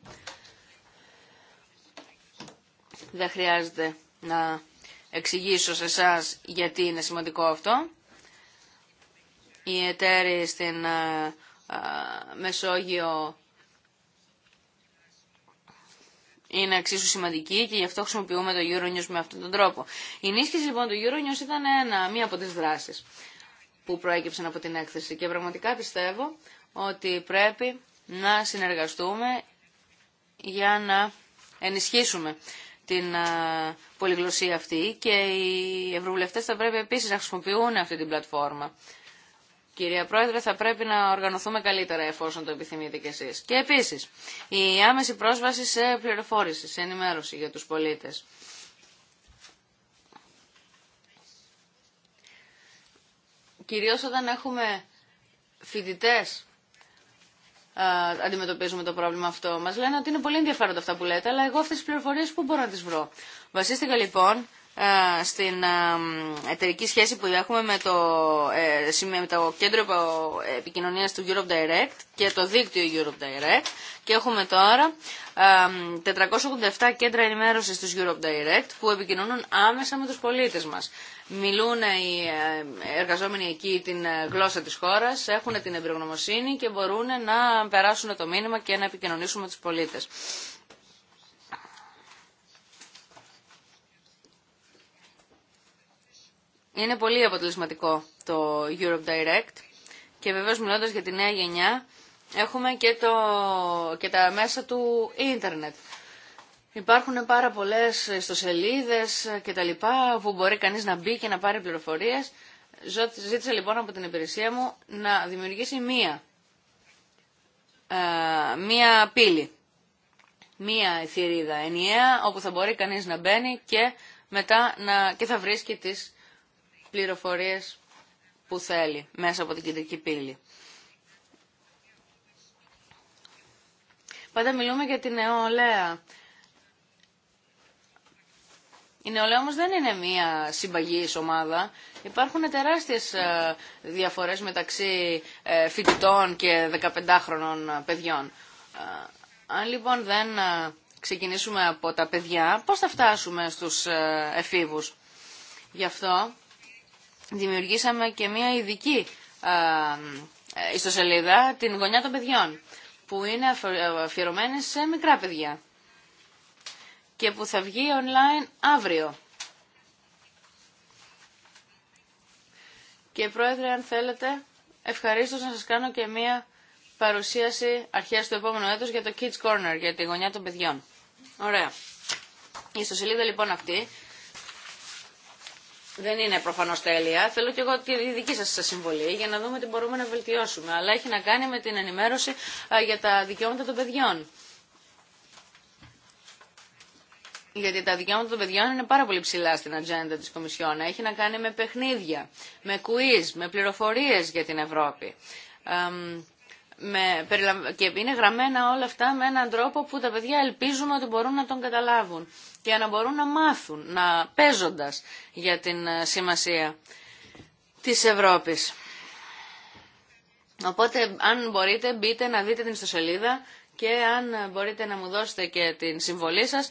S4: Δεν χρειάζεται να εξηγήσω σε εσά γιατί είναι σημαντικό αυτό. Οι εταίροι στην ε, ε, Μεσόγειο είναι εξίσου σημαντική και γι' αυτό χρησιμοποιούμε το Euronews με αυτόν τον τρόπο. Η ενίσχυση λοιπόν του Euronews ήταν ένα, μία από τις δράσεις που προέκυψαν από την έκθεση και πραγματικά πιστεύω ότι πρέπει να συνεργαστούμε για να ενισχύσουμε την πολυγλωσία αυτή και οι ευρωβουλευτές θα πρέπει επίσης να χρησιμοποιούν αυτή την πλατφόρμα. Κυρία Πρόεδρε, θα πρέπει να οργανωθούμε καλύτερα εφόσον το επιθυμείτε κι εσείς. Και επίσης, η άμεση πρόσβαση σε πληροφόρηση, σε ενημέρωση για τους πολίτες. Κυρίως όταν έχουμε φοιτητές αντιμετωπίζουμε το πρόβλημα αυτό. μα. λένε ότι είναι πολύ ενδιαφέροντα αυτά που λέτε, αλλά εγώ αυτέ τις πληροφορίες που μπορώ να τις βρω. Βασίστηκα λοιπόν ε, στην ε, εταιρική σχέση που έχουμε με το, ε, με το κέντρο επικοινωνίας του Europe Direct και το δίκτυο Europe Direct και έχουμε τώρα 487 κέντρα ενημέρωσης του Europe Direct που επικοινωνούν άμεσα με τους πολίτες μας. Μιλούν οι εργαζόμενοι εκεί την γλώσσα της χώρας, έχουν την εμπειρογνωμοσύνη και μπορούν να περάσουν το μήνυμα και να επικοινωνήσουν με τους πολίτες. Είναι πολύ αποτελεσματικό το Europe Direct και βεβαίως μιλώντας για τη νέα γενιά έχουμε και, το, και τα μέσα του ίντερνετ. Υπάρχουν πάρα πολλές ιστοσελίδες και τα λοιπά που μπορεί κανείς να μπει και να πάρει πληροφορίες. Ζήτησα λοιπόν από την υπηρεσία μου να δημιουργήσει μία, ε, μία πύλη, μία θηρίδα ενιαία όπου θα μπορεί κανείς να μπαίνει και μετά να, και θα βρίσκει τις πληροφορίες που θέλει μέσα από την κεντρική πύλη. Πάντα μιλούμε για την νεολαία. Η νεολαία όμως δεν είναι μία συμπαγής ομάδα. Υπάρχουν τεράστιες ε, διαφορές μεταξύ ε, φοιτητών και 15χρονων παιδιών. Ε, αν λοιπόν δεν ξεκινήσουμε από τα παιδιά, πώς θα φτάσουμε στους εφήβους. Γι' αυτό δημιουργήσαμε και μια ειδική ιστοσελίδα, την γωνιά των παιδιών, που είναι αφιερωμένη σε μικρά παιδιά και που θα βγει online αύριο. Και πρόεδρε, αν θέλετε, ευχαρίστως να σας κάνω και μία παρουσίαση αρχές του επόμενου έτους για το Kids Corner, για τη γωνιά των παιδιών. Ωραία. Η ιστοσελίδα λοιπόν αυτή δεν είναι προφανώς τέλεια. Θέλω και εγώ τη δική σας συμβολή για να δούμε τι μπορούμε να βελτιώσουμε. Αλλά έχει να κάνει με την ενημέρωση για τα δικαιώματα των παιδιών. Γιατί τα δικαιώματα των παιδιών είναι πάρα πολύ ψηλά στην ατζέντα της Κομισιόν. Έχει να κάνει με παιχνίδια, με κουίζ, με πληροφορίες για την Ευρώπη. Με, και είναι γραμμένα όλα αυτά με έναν τρόπο που τα παιδιά ελπίζουμε ότι μπορούν να τον καταλάβουν για να μπορούν να μάθουν, να παίζοντας για την ε, σημασία της Ευρώπης. Οπότε, αν μπορείτε, μπείτε να δείτε την ιστοσελίδα και αν μπορείτε να μου δώσετε και την συμβολή σας,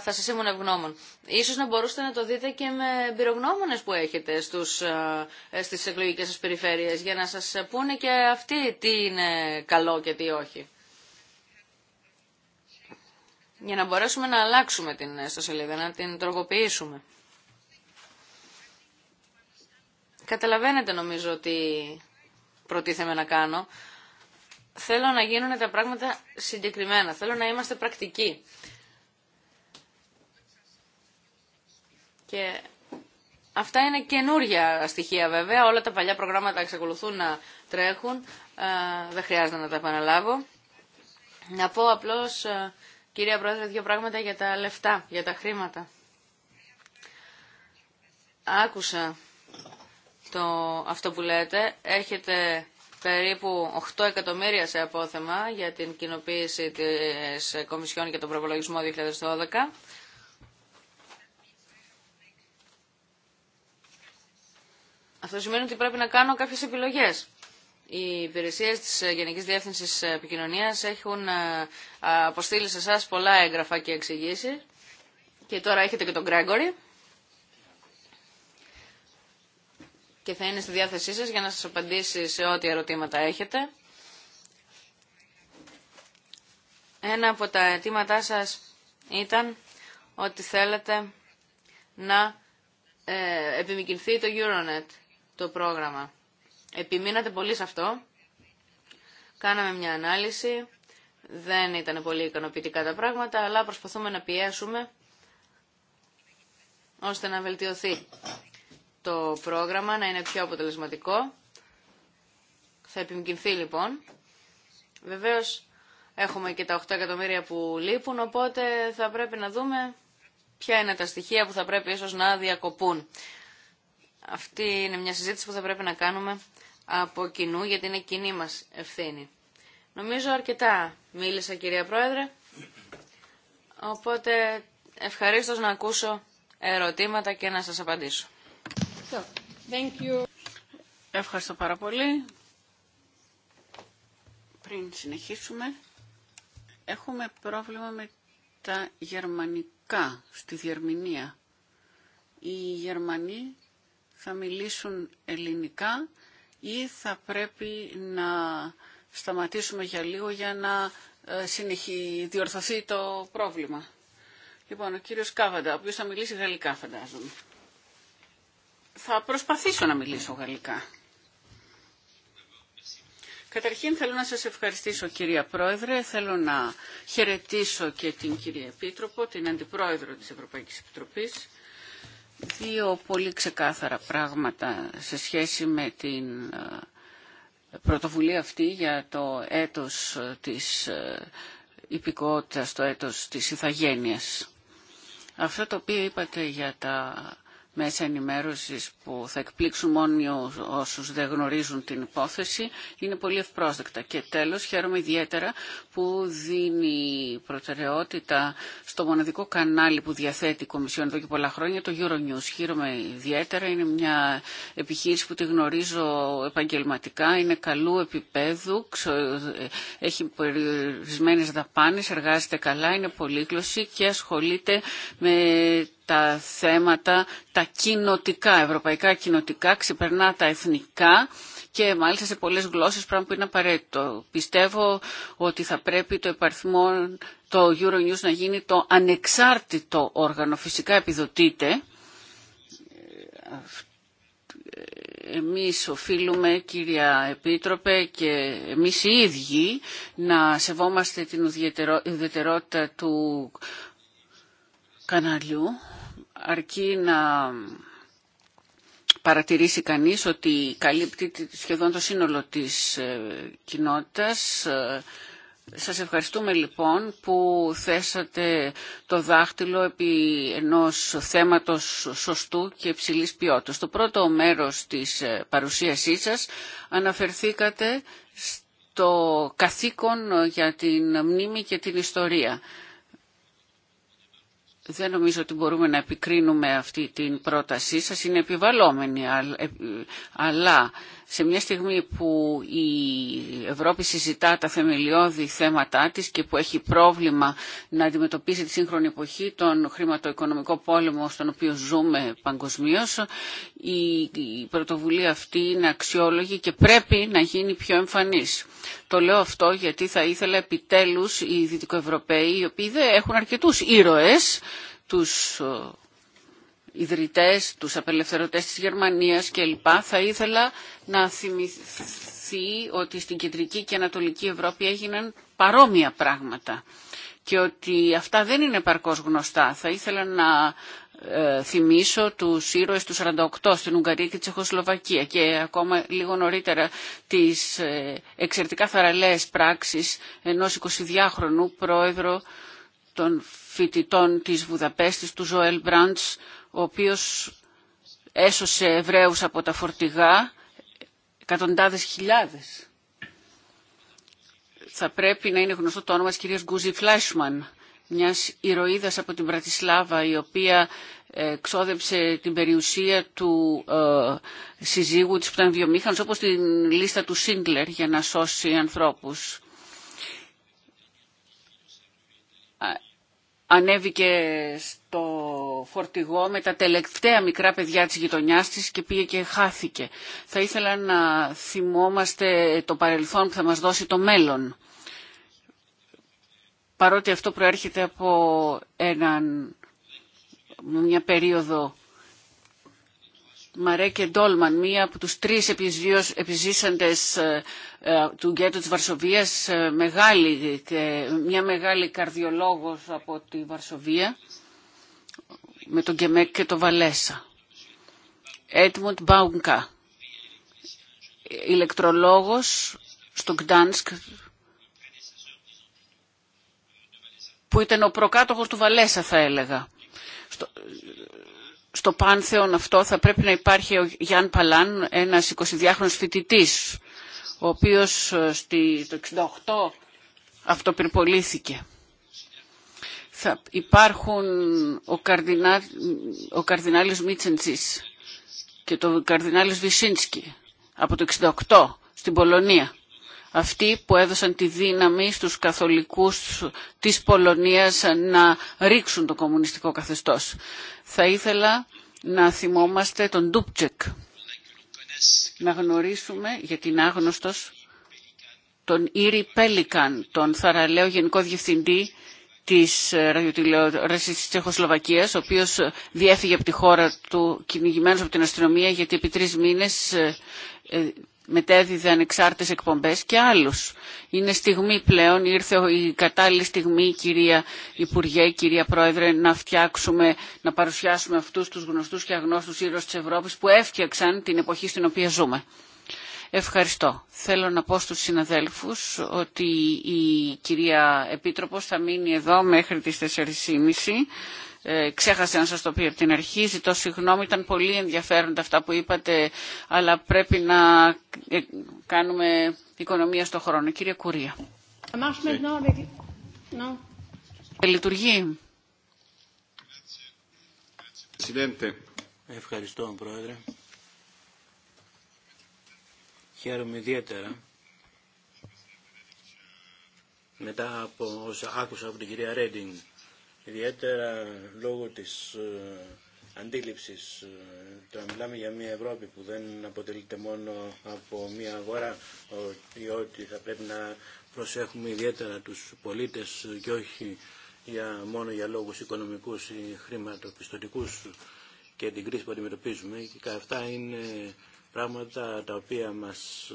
S4: θα σας ήμουν ευγνώμων. Ίσως να μπορούσατε να το δείτε και με εμπειρογνώμονες που έχετε στους, ε, στις εκλογικές σας περιφέρειες, για να σας πούνε και αυτοί τι είναι καλό και τι όχι για να μπορέσουμε να αλλάξουμε την ιστοσελίδα, να την τροποποιήσουμε. Καταλαβαίνετε νομίζω ότι προτίθεμαι να κάνω. Θέλω να γίνουν τα πράγματα συγκεκριμένα. Θέλω να είμαστε πρακτικοί. Και αυτά είναι καινούργια στοιχεία βέβαια. Όλα τα παλιά προγράμματα εξακολουθούν να τρέχουν. Δεν χρειάζεται να τα επαναλάβω. Να πω απλώς Κυρία Πρόεδρε, δύο πράγματα για τα λεφτά, για τα χρήματα. Άκουσα το, αυτό που λέτε. Έχετε περίπου 8 εκατομμύρια σε απόθεμα για την κοινοποίηση της Κομισιόν για τον Προπολογισμό 2012. Αυτό σημαίνει ότι πρέπει να κάνω κάποιες επιλογές. Οι υπηρεσίε τη ε, Γενική Διεύθυνση ε, Επικοινωνία έχουν ε, αποστείλει σε εσά πολλά έγγραφα και εξηγήσει. Και τώρα έχετε και τον Γκρέγκορη. Και θα είναι στη διάθεσή σα για να σας απαντήσει σε ό,τι ερωτήματα έχετε. Ένα από τα αιτήματά σας ήταν ότι θέλετε να ε, το Euronet, το πρόγραμμα. Επιμείνατε πολύ σε αυτό. Κάναμε μια ανάλυση. Δεν ήταν πολύ ικανοποιητικά τα πράγματα, αλλά προσπαθούμε να πιέσουμε ώστε να βελτιωθεί το πρόγραμμα, να είναι πιο αποτελεσματικό. Θα επιμηκυνθεί λοιπόν. Βεβαίως έχουμε και τα 8 εκατομμύρια που λείπουν, οπότε θα πρέπει να δούμε ποια είναι τα στοιχεία που θα πρέπει ίσως να διακοπούν. Αυτή είναι μια συζήτηση που θα πρέπει να κάνουμε από κοινού γιατί είναι κοινή μας ευθύνη. Νομίζω αρκετά μίλησα κυρία Πρόεδρε, οπότε ευχαρίστω να ακούσω ερωτήματα και να σας απαντήσω.
S2: So,
S1: thank you. Ευχαριστώ πάρα πολύ. Πριν συνεχίσουμε, έχουμε πρόβλημα με τα γερμανικά στη Διερμηνία. Οι Γερμανοί θα μιλήσουν ελληνικά ή θα πρέπει να σταματήσουμε για λίγο για να ε, συνεχίσει διορθωθεί το πρόβλημα. Λοιπόν, ο κύριος Κάβαντα, ο οποίος θα μιλήσει γαλλικά φαντάζομαι. Θα προσπαθήσω να μιλήσω γαλλικά. Καταρχήν θέλω να σας ευχαριστήσω κυρία Πρόεδρε, θέλω να χαιρετήσω και την κυρία Επίτροπο, την Αντιπρόεδρο της Ευρωπαϊκής Επιτροπής δύο πολύ ξεκάθαρα πράγματα σε σχέση με την ε, πρωτοβουλία αυτή για το έτος της ε, υπηκότητας, το έτος της ηθαγένειας. Αυτό το οποίο είπατε για τα μέσα ενημέρωσης που θα εκπλήξουν μόνοι όσους δεν γνωρίζουν την υπόθεση είναι πολύ ευπρόσδεκτα. Και τέλος χαίρομαι ιδιαίτερα που δίνει προτεραιότητα στο μοναδικό κανάλι που διαθέτει η Κομισιόν εδώ και πολλά χρόνια, το Euronews. Χαίρομαι ιδιαίτερα, είναι μια επιχείρηση που τη γνωρίζω επαγγελματικά, είναι καλού επίπεδου, έχει περιορισμένε δαπάνες, εργάζεται καλά, είναι πολύγλωση και ασχολείται με τα θέματα, τα κοινοτικά, ευρωπαϊκά κοινοτικά, ξεπερνά τα εθνικά και μάλιστα σε πολλές γλώσσες, πράγμα που είναι απαραίτητο. Πιστεύω ότι θα πρέπει το επαρθμό, το Euronews να γίνει το ανεξάρτητο όργανο. Φυσικά επιδοτείται. Εμείς οφείλουμε, κυρία Επίτροπε, και εμείς οι ίδιοι να σεβόμαστε την ιδιαιτερότητα του καναλιού αρκεί να παρατηρήσει κανείς ότι καλύπτει σχεδόν το σύνολο της ε, κοινότητας. Ε, σας ευχαριστούμε λοιπόν που θέσατε το δάχτυλο επί ενός θέματος σωστού και υψηλής ποιότητας. Το πρώτο μέρος της ε, παρουσίασής σας αναφερθήκατε στο καθήκον για την μνήμη και την ιστορία δεν νομίζω ότι μπορούμε να επικρίνουμε αυτή την πρότασή σας, είναι επιβαλόμενη, αλλά ε, σε μια στιγμή που η Ευρώπη συζητά τα θεμελιώδη θέματά της και που έχει πρόβλημα να αντιμετωπίσει τη σύγχρονη εποχή, τον χρηματοοικονομικό πόλεμο στον οποίο ζούμε παγκοσμίω, η πρωτοβουλία αυτή είναι αξιόλογη και πρέπει να γίνει πιο εμφανής. Το λέω αυτό γιατί θα ήθελα επιτέλους οι Δυτικοευρωπαίοι, οι οποίοι δεν έχουν αρκετούς ήρωες, τους ιδρυτές, τους απελευθερωτές της Γερμανίας κλπ. Θα ήθελα να θυμηθεί ότι στην Κεντρική και Ανατολική Ευρώπη έγιναν παρόμοια πράγματα και ότι αυτά δεν είναι παρκώς γνωστά. Θα ήθελα να ε, θυμίσω τους ήρωες του 48 στην Ουγγαρία και Τσεχοσλοβακία και ακόμα λίγο νωρίτερα τις ε, εξαιρετικά θαραλέες πράξεις ενός 22χρονου πρόεδρο των φοιτητών της Βουδαπέστης, του Ζωέλ Μπραντς, ο οποίος έσωσε Εβραίους από τα φορτηγά, εκατοντάδες χιλιάδες. Θα πρέπει να είναι γνωστό το όνομα της κυρίας Γκουζι Φλάισμαν, μιας ηρωίδας από την Πρατισλάβα, η οποία ε, ξόδεψε την περιουσία του ε, συζύγου της που ήταν βιομήχανος, όπως την λίστα του Σίγκλερ, για να σώσει ανθρώπους. Ανέβηκε στο φορτηγό με τα τελευταία μικρά παιδιά της γειτονιάς της και πήγε και χάθηκε. Θα ήθελα να θυμόμαστε το παρελθόν που θα μας δώσει το μέλλον. Παρότι αυτό προέρχεται από έναν, μια περίοδο Μαρέ και Ντόλμαν, μία από τους τρεις επιζήσαντες ε, ε, του γκέτου της Βαρσοβίας, ε, μεγάλη, μια μεγάλη καρδιολόγος από τη Βαρσοβία με τον Κεμέκ και τον Βαλέσα. Έτμοντ Μπάουνκα, ηλεκτρολόγος στο Γκτάνσκ, που ήταν ο προκάτοχος του Βαλέσα θα έλεγα. Στο, στο πάνθεον αυτό θα πρέπει να υπάρχει ο γιαν παλαν Παλάν, ένας 22χρονος φοιτητής, ο οποίος ε, στη, το 1968 αυτοπυρπολήθηκε θα υπάρχουν ο, καρδινά, ο και το καρδινάλης Βυσίνσκι από το 68 στην Πολωνία. Αυτοί που έδωσαν τη δύναμη στους καθολικούς της Πολωνίας να ρίξουν το κομμουνιστικό καθεστώς. Θα ήθελα να θυμόμαστε τον Ντούπτσεκ, να γνωρίσουμε για την άγνωστος τον Ήρη Πέλικαν, τον θαραλέο Γενικό Διευθυντή της ε, ραδιοτηλεόρασης της Τσεχοσλοβακίας, ο οποίος ε, διέφυγε από τη χώρα του κυνηγημένος από την αστυνομία γιατί επί τρεις μήνες ε, μετέδιδε ανεξάρτητες εκπομπές και άλλους. Είναι στιγμή πλέον, ήρθε η κατάλληλη στιγμή, κυρία Υπουργέ, κυρία Πρόεδρε, να φτιάξουμε, να παρουσιάσουμε αυτούς τους γνωστούς και αγνώστους ήρωες της Ευρώπης που έφτιαξαν την εποχή στην οποία ζούμε. Ευχαριστώ. Θέλω να πω στους συναδέλφους ότι η κυρία Επίτροπος θα μείνει εδώ μέχρι τις 4.30. Ε, ξέχασα να σας το πει από την αρχή. Ζητώ συγγνώμη, ήταν πολύ ενδιαφέροντα αυτά που είπατε, αλλά πρέπει να ε, κάνουμε οικονομία στο χρόνο. Κύριε Κουρία. Ε, λειτουργεί.
S3: Ευχαριστώ, Πρόεδρε. Χαίρομαι ιδιαίτερα μετά από όσα άκουσα από την κυρία Ρέντινγκ, ιδιαίτερα λόγω της ε, αντίληψης ε, το να μιλάμε για μια Ευρώπη που δεν αποτελείται μόνο από μια αγορά ότι θα πρέπει να προσέχουμε ιδιαίτερα τους πολίτες και όχι για, μόνο για λόγους οικονομικούς ή χρηματοπιστωτικούς και την κρίση που αντιμετωπίζουμε και αυτά είναι πράγματα τα οποία μας ε,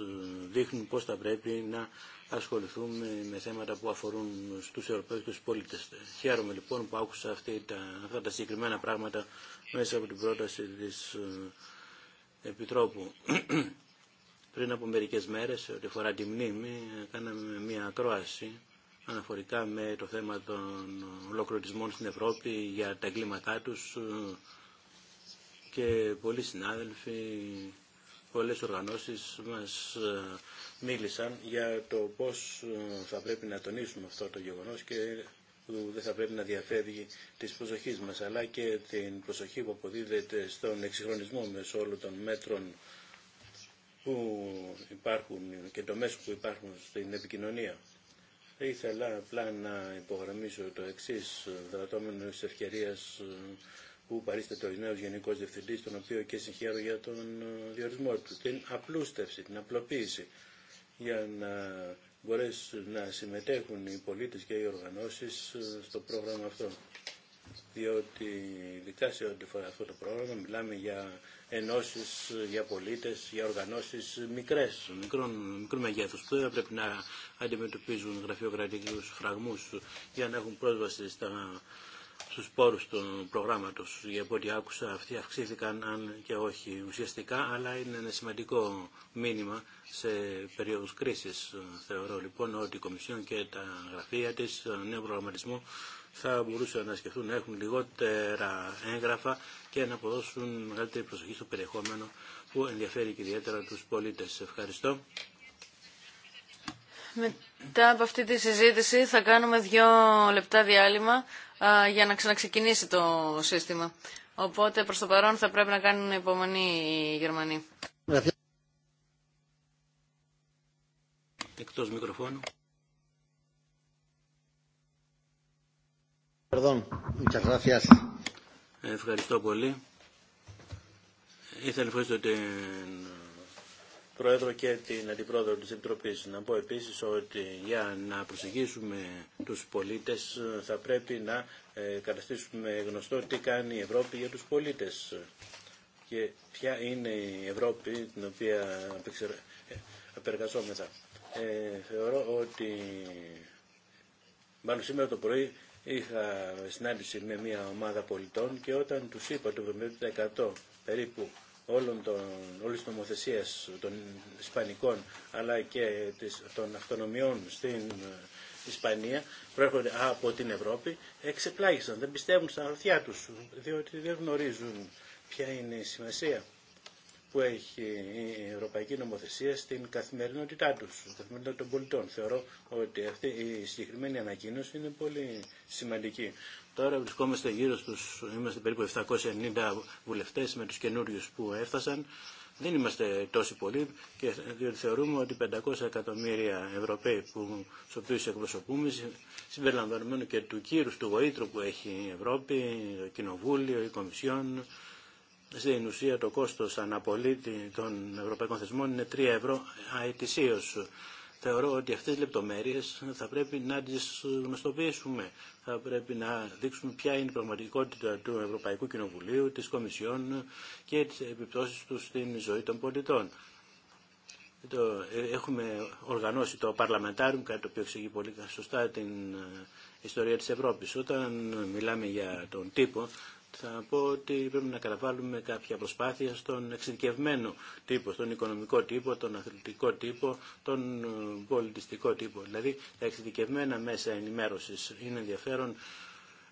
S3: δείχνουν πώς θα πρέπει να ασχοληθούμε με θέματα που αφορούν στους Ευρωπαίους και τους πολίτες. Χαίρομαι λοιπόν που άκουσα αυτή τα, αυτά τα συγκεκριμένα πράγματα μέσα από την πρόταση της ε, Επιτρόπου. Πριν από μερικές μέρες, ό,τι φορά τη μνήμη, κάναμε μια ακρόαση αναφορικά με το θέμα των ολοκληρωτισμών στην Ευρώπη για τα εγκλήματά τους ε, και πολλοί συνάδελφοι πολλές οργανώσεις μας ε, μίλησαν για το πώς ε, θα πρέπει να τονίσουμε αυτό το γεγονός και που δεν θα πρέπει να διαφεύγει της προσοχής μας, αλλά και την προσοχή που αποδίδεται στον εξυγχρονισμό με όλων των μέτρων που υπάρχουν και το μέσο που υπάρχουν στην επικοινωνία. Ήθελα απλά να υπογραμμίσω το εξής, ε, δρατώμενο της ευκαιρίας που παρίσταται ο νέο Γενικό Διευθυντή, τον οποίο και συγχαίρω για τον ε, διορισμό του, την απλούστευση, την απλοποίηση, για να μπορέσουν να συμμετέχουν οι πολίτες και οι οργανώσεις ε, στο πρόγραμμα αυτό. Διότι ειδικά σε ό,τι φορά αυτό το πρόγραμμα μιλάμε για ενώσεις, για πολίτες, για οργανώσεις μικρές, μικρών, μικρού μεγέθους που δεν πρέπει να αντιμετωπίζουν γραφειοκρατικούς φραγμούς για να έχουν πρόσβαση στα στους πόρους του προγράμματος. Για ό,τι άκουσα αυτοί αυξήθηκαν αν και όχι ουσιαστικά, αλλά είναι ένα σημαντικό μήνυμα σε περίοδους κρίσης. Θεωρώ λοιπόν ότι η Κομισιόν και τα γραφεία της, νέου προγραμματισμού θα μπορούσαν να σκεφτούν να έχουν λιγότερα έγγραφα και να αποδώσουν μεγαλύτερη προσοχή στο περιεχόμενο που ενδιαφέρει και ιδιαίτερα τους πολίτες. Ευχαριστώ.
S4: Μετά από αυτή τη συζήτηση θα κάνουμε δύο λεπτά διάλειμμα για να ξαναξεκινήσει το σύστημα. Οπότε προς το παρόν θα πρέπει να κάνουν υπομονή οι Γερμανοί.
S3: Εκτός μικροφώνου. Ευχαριστώ πολύ. Ήθελα να ευχαριστώ την Πρόεδρο και την Αντιπρόεδρο της Επιτροπής. Να πω επίσης ότι για να προσεγγίσουμε τους πολίτες ε, θα πρέπει να ε, καταστήσουμε γνωστό τι κάνει η Ευρώπη για τους πολίτες και ποια είναι η Ευρώπη την οποία ε, απεργαζόμεθα. Ε, θεωρώ ότι μάλλον σήμερα το πρωί είχα συνάντηση με μια ομάδα πολιτών και όταν τους είπα το 70% περίπου όλων των, όλης των Ισπανικών αλλά και των αυτονομιών στην ε, Ισπανία προέρχονται από την Ευρώπη εξεπλάγησαν, δεν πιστεύουν στα αρθιά τους διότι δεν γνωρίζουν ποια είναι η σημασία που έχει η Ευρωπαϊκή Νομοθεσία στην καθημερινότητά του, στην καθημερινότητα των πολιτών. Θεωρώ ότι αυτή η συγκεκριμένη ανακοίνωση είναι πολύ σημαντική. Τώρα βρισκόμαστε γύρω στους, είμαστε περίπου 790 βουλευτές με τους καινούριους που έφτασαν. Δεν είμαστε τόσοι πολλοί, και, θεωρούμε ότι 500 εκατομμύρια Ευρωπαίοι που, στους οποίους εκπροσωπούμε, συμπεριλαμβανομένου και του κύρου, του γοήτρου που έχει η Ευρώπη, το Κοινοβούλιο, η Κομισιόν, στην ουσία το κόστος αναπολίτη των ευρωπαϊκών θεσμών είναι 3 ευρώ αετησίως θεωρώ ότι αυτές οι λεπτομέρειες θα πρέπει να τις γνωστοποιήσουμε. Θα πρέπει να δείξουμε ποια είναι η πραγματικότητα του Ευρωπαϊκού Κοινοβουλίου, της Κομισιόν και τις επιπτώσεις του στην ζωή των πολιτών. Ε, έχουμε οργανώσει το παρλαμεντάριο κάτι το οποίο εξηγεί πολύ σωστά την ε, ιστορία της Ευρώπης. Όταν μιλάμε για τον τύπο, θα πω ότι πρέπει να καταβάλουμε κάποια προσπάθεια στον εξειδικευμένο τύπο, στον οικονομικό τύπο, τον αθλητικό τύπο, τον ε, πολιτιστικό τύπο. Δηλαδή τα εξειδικευμένα μέσα ενημέρωσης είναι ενδιαφέρον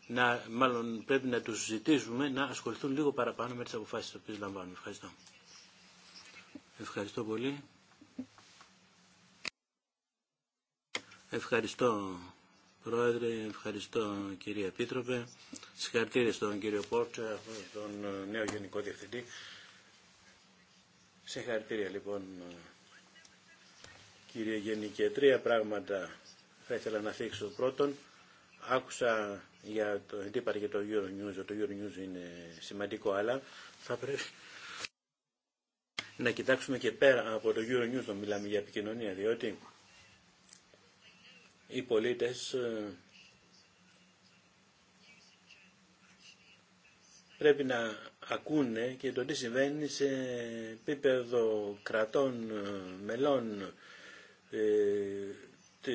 S3: να, μάλλον πρέπει να τους ζητήσουμε να ασχοληθούν λίγο παραπάνω με τις αποφάσεις που λαμβάνουν. Ευχαριστώ. Ευχαριστώ πολύ. Ευχαριστώ Πρόεδρε, ευχαριστώ κύριε Επίτροπε. Συγχαρητήρια στον κύριο Πόρτσα, τον ε, νέο Γενικό Διευθυντή. Συγχαρητήρια λοιπόν ε, κύριε Γενικέ. Τρία πράγματα θα ήθελα να θίξω. Πρώτον, άκουσα για το εντύπαρ και το Euronews, το Euronews είναι σημαντικό, αλλά θα πρέπει να κοιτάξουμε και πέρα από το Euronews, το μιλάμε για επικοινωνία, διότι οι πολίτες ε, πρέπει να ακούνε και το τι συμβαίνει σε επίπεδο κρατών ε, μελών ε,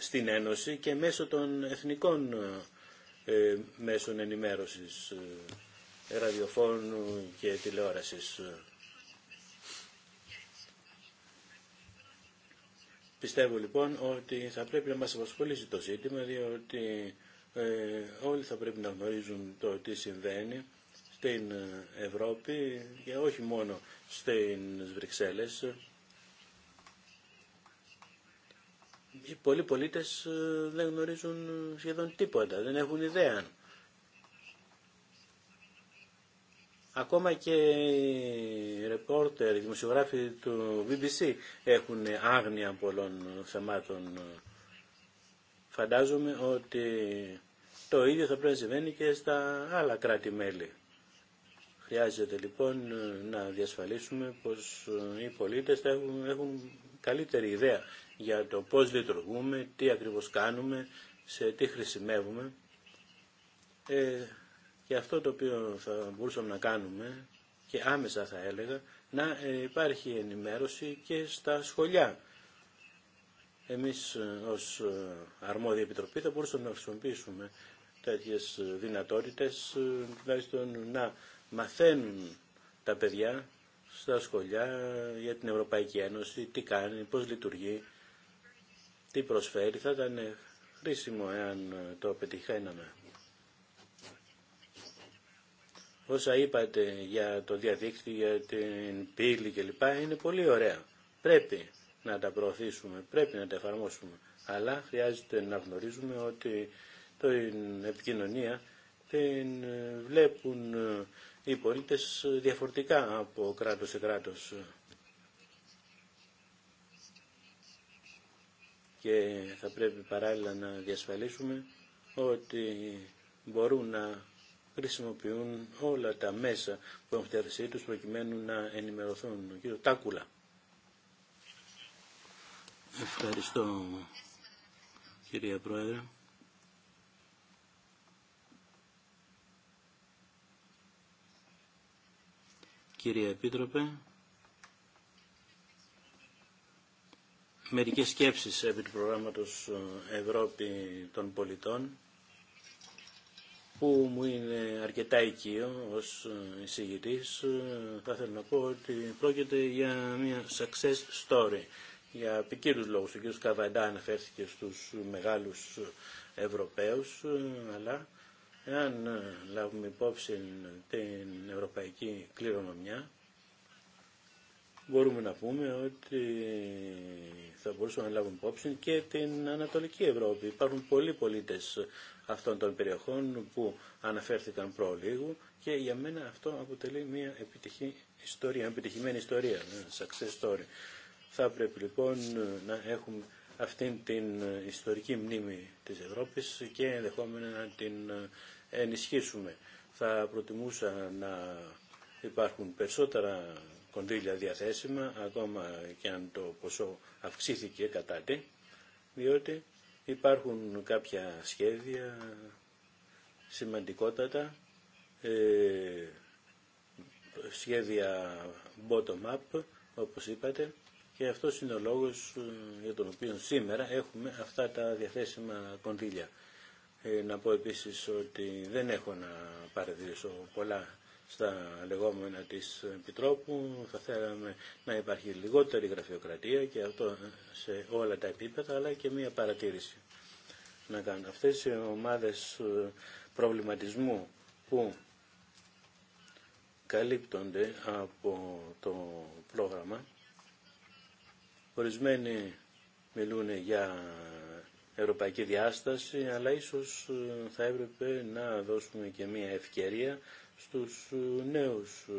S3: στην Ένωση και μέσω των εθνικών μέσων ενημέρωσης ραδιοφώνου και τηλεόρασης. Πιστεύω λοιπόν ότι θα πρέπει να μας απασχολήσει το ζήτημα διότι ε, όλοι θα πρέπει να γνωρίζουν το τι συμβαίνει στην ε, Ευρώπη και όχι μόνο στις Βρυξέλλες. Οι πολλοί πολίτες ε, δεν γνωρίζουν σχεδόν τίποτα, δεν έχουν ιδέα Ακόμα και οι ρεπόρτερ, οι δημοσιογράφοι του BBC έχουν άγνοια πολλών θεμάτων. Φαντάζομαι ότι το ίδιο θα πρέπει να συμβαίνει και στα άλλα κράτη-μέλη. Χρειάζεται λοιπόν να διασφαλίσουμε πως οι πολίτες θα έχουν, έχουν καλύτερη ιδέα για το πώς λειτουργούμε, τι ακριβώς κάνουμε, σε τι χρησιμεύουμε. Ε, και αυτό το οποίο θα μπορούσαμε να κάνουμε και άμεσα θα έλεγα να ε, υπάρχει ενημέρωση και στα σχολιά. Εμείς ε, ως ε, αρμόδια επιτροπή θα μπορούσαμε να χρησιμοποιήσουμε τέτοιες δυνατότητες τουλάχιστον να μαθαίνουν τα παιδιά στα σχολιά για την Ευρωπαϊκή Ένωση, τι κάνει, πώς λειτουργεί, τι προσφέρει. Θα ήταν χρήσιμο εάν το πετυχαίναμε. Όσα είπατε για το διαδίκτυο, για την πύλη κλπ. είναι πολύ ωραία. Πρέπει να τα προωθήσουμε, πρέπει να τα εφαρμόσουμε. Αλλά χρειάζεται να γνωρίζουμε ότι την επικοινωνία την ε, βλέπουν ε, οι πολίτες διαφορετικά από κράτος σε κράτος. Και θα πρέπει παράλληλα να διασφαλίσουμε ότι μπορούν να χρησιμοποιούν όλα τα μέσα που έχουν τους προκειμένου να ενημερωθούν. Ο κύριο Τάκουλα. Ευχαριστώ κυρία Πρόεδρε. Κυρία Επίτροπε, μερικές σκέψεις επί του προγράμματος Ευρώπη των πολιτών που μου είναι αρκετά οικείο ως ε, εισηγητής, ε, θα θέλω να πω ότι πρόκειται για μια success story. Για ποικίλους λόγους, ο κ. Καβαντά αναφέρθηκε στους μεγάλους ε, Ευρωπαίους, αλλά εάν λάβουμε υπόψη την ευρωπαϊκή κληρονομιά, μπορούμε να πούμε ότι θα μπορούσαμε να λάβουμε υπόψη και την Ανατολική Ευρώπη. Υπάρχουν πολλοί πολίτες αυτών των περιοχών που αναφέρθηκαν προλίγου και για μένα αυτό αποτελεί μια επιτυχή ιστορία, επιτυχημένη ιστορία, success story. Θα πρέπει λοιπόν να έχουμε αυτήν την ιστορική μνήμη της Ευρώπης και ενδεχόμενα να την ενισχύσουμε. Θα προτιμούσα να υπάρχουν περισσότερα κονδύλια διαθέσιμα, ακόμα και αν το ποσό αυξήθηκε κατά τι, διότι Υπάρχουν κάποια σχέδια σημαντικότατα, ε, σχέδια bottom-up, όπως είπατε, και αυτό είναι ο λόγος ε, για τον οποίο σήμερα έχουμε αυτά τα διαθέσιμα κονδύλια. Ε, να πω επίσης ότι δεν έχω να παραδείσω πολλά στα λεγόμενα της Επιτρόπου. Θα θέλαμε να υπάρχει λιγότερη γραφειοκρατία και αυτό σε όλα τα επίπεδα, αλλά και μία παρατήρηση να κάνω. Αυτές οι ομάδες ε, προβληματισμού που καλύπτονται από το πρόγραμμα, ορισμένοι μιλούν για ευρωπαϊκή διάσταση, αλλά ίσως ε, θα έπρεπε να δώσουμε και μία ευκαιρία στους ε, νέους ε,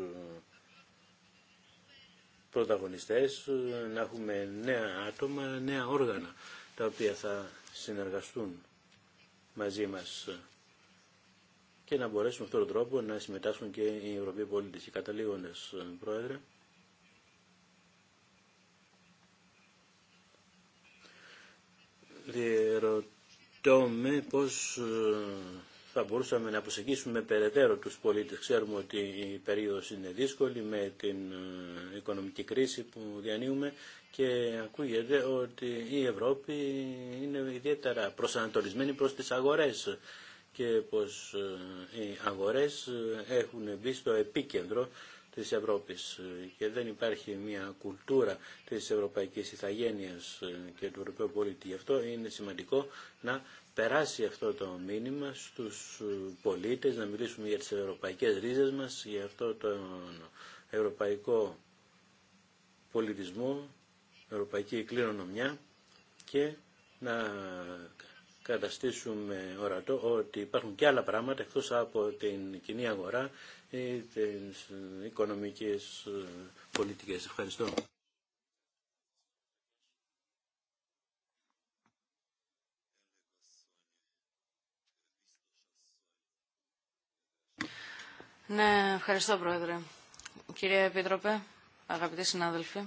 S3: πρωταγωνιστές, ε, να έχουμε νέα άτομα, νέα όργανα τα οποία θα συνεργαστούν μαζί μας και να μπορέσουμε με αυτόν τον τρόπο να συμμετάσχουν και οι Ευρωπαίοι πολίτες. Και Πρόεδρε, διερωτώ με πώς θα μπορούσαμε να προσεγγίσουμε περαιτέρω τους πολίτες. Ξέρουμε ότι η περίοδος είναι δύσκολη με την ε, οικονομική κρίση που διανύουμε και ακούγεται ότι η Ευρώπη είναι ιδιαίτερα προσανατολισμένη προς τις αγορές και πως ε, οι αγορές ε, έχουν μπει στο επίκεντρο της Ευρώπης και δεν υπάρχει μια κουλτούρα της ευρωπαϊκής Ιθαγένειας και του ευρωπαίου πολίτη. Γι' αυτό είναι σημαντικό να περάσει αυτό το μήνυμα στους ε, πολίτες, να μιλήσουμε για τις ευρωπαϊκές ρίζες μας, για αυτό τον ευρωπαϊκό πολιτισμό, ευρωπαϊκή κληρονομιά και να καταστήσουμε ορατό ότι υπάρχουν και άλλα πράγματα εκτός από την κοινή αγορά ή τις οικονομικές ε, πολιτικές. Ευχαριστώ.
S4: Ναι, ευχαριστώ Πρόεδρε. Κυρία Επίτροπε, αγαπητοί συνάδελφοι,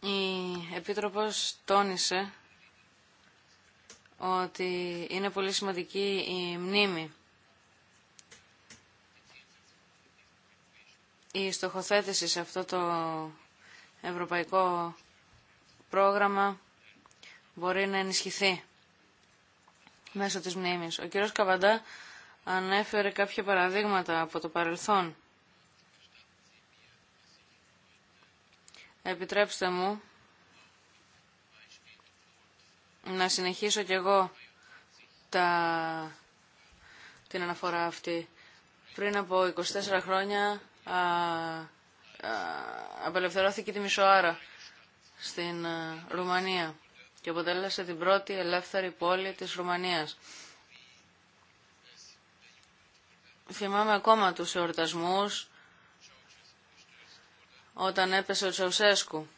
S4: η Επίτροπος τόνισε ότι είναι πολύ σημαντική η μνήμη. Η στοχοθέτηση σε αυτό το ευρωπαϊκό πρόγραμμα μπορεί να ενισχυθεί μέσω της μνήμης. Ο κύριος Καβαντά ανέφερε κάποια παραδείγματα από το παρελθόν. Επιτρέψτε μου να συνεχίσω κι εγώ τα... την αναφορά αυτή. Πριν από 24 χρόνια α, απελευθερώθηκε τη Μισοάρα στην Ρουμανία και αποτέλεσε την πρώτη ελεύθερη πόλη της Ρουμανίας. Θυμάμαι ακόμα τους εορτασμούς όταν έπεσε ο Τσαουσέσκου,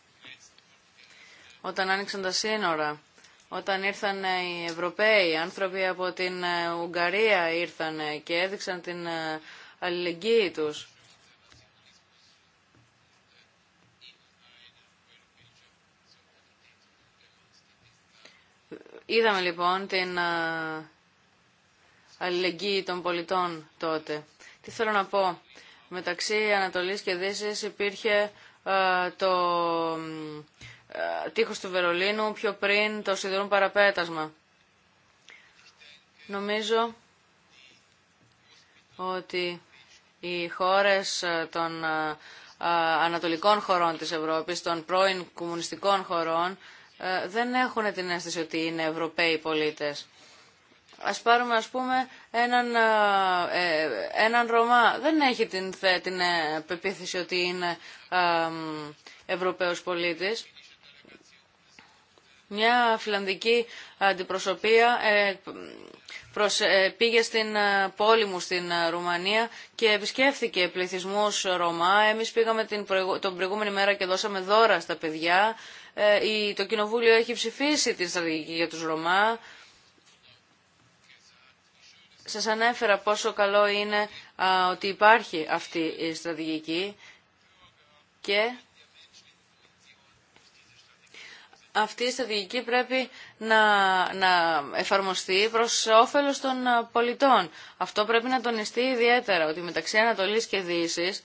S4: όταν άνοιξαν τα σύνορα, όταν ήρθαν οι Ευρωπαίοι, άνθρωποι από την ε, Ουγγαρία ήρθαν και έδειξαν την ε, αλληλεγγύη τους. Είδαμε λοιπόν την ε, αλληλεγγύη των πολιτών τότε. Τι θέλω να πω. Μεταξύ Ανατολής και Δύσης υπήρχε ε, το ε, τείχος του Βερολίνου πιο πριν το σιδηρούν παραπέτασμα. Νομίζω ότι οι χώρες των ανατολικών χωρών της Ευρώπης, των πρώην κομμουνιστικών χωρών, ε, δεν έχουν την αίσθηση ότι είναι Ευρωπαίοι πολίτες. Ας πάρουμε ας πούμε έναν, ε, ε, έναν Ρωμά. Δεν έχει την, την πεποίθηση ότι είναι Ευρωπαίος πολίτης. Μια φιλανδική αντιπροσωπεία πήγε στην πόλη μου στην Ρουμανία και επισκέφθηκε πληθυσμούς Ρωμά. Εμείς πήγαμε την τον προηγούμενη μέρα και δώσαμε δώρα στα παιδιά. Ε, το Κοινοβούλιο έχει ψηφίσει τη στρατηγική για τους Ρωμά. Σας ανέφερα πόσο καλό είναι ότι υπάρχει αυτή η στρατηγική και αυτή η στρατηγική πρέπει να, να εφαρμοστεί προς όφελος των πολιτών. Αυτό πρέπει να τονιστεί ιδιαίτερα, ότι μεταξύ Ανατολής και Δύσης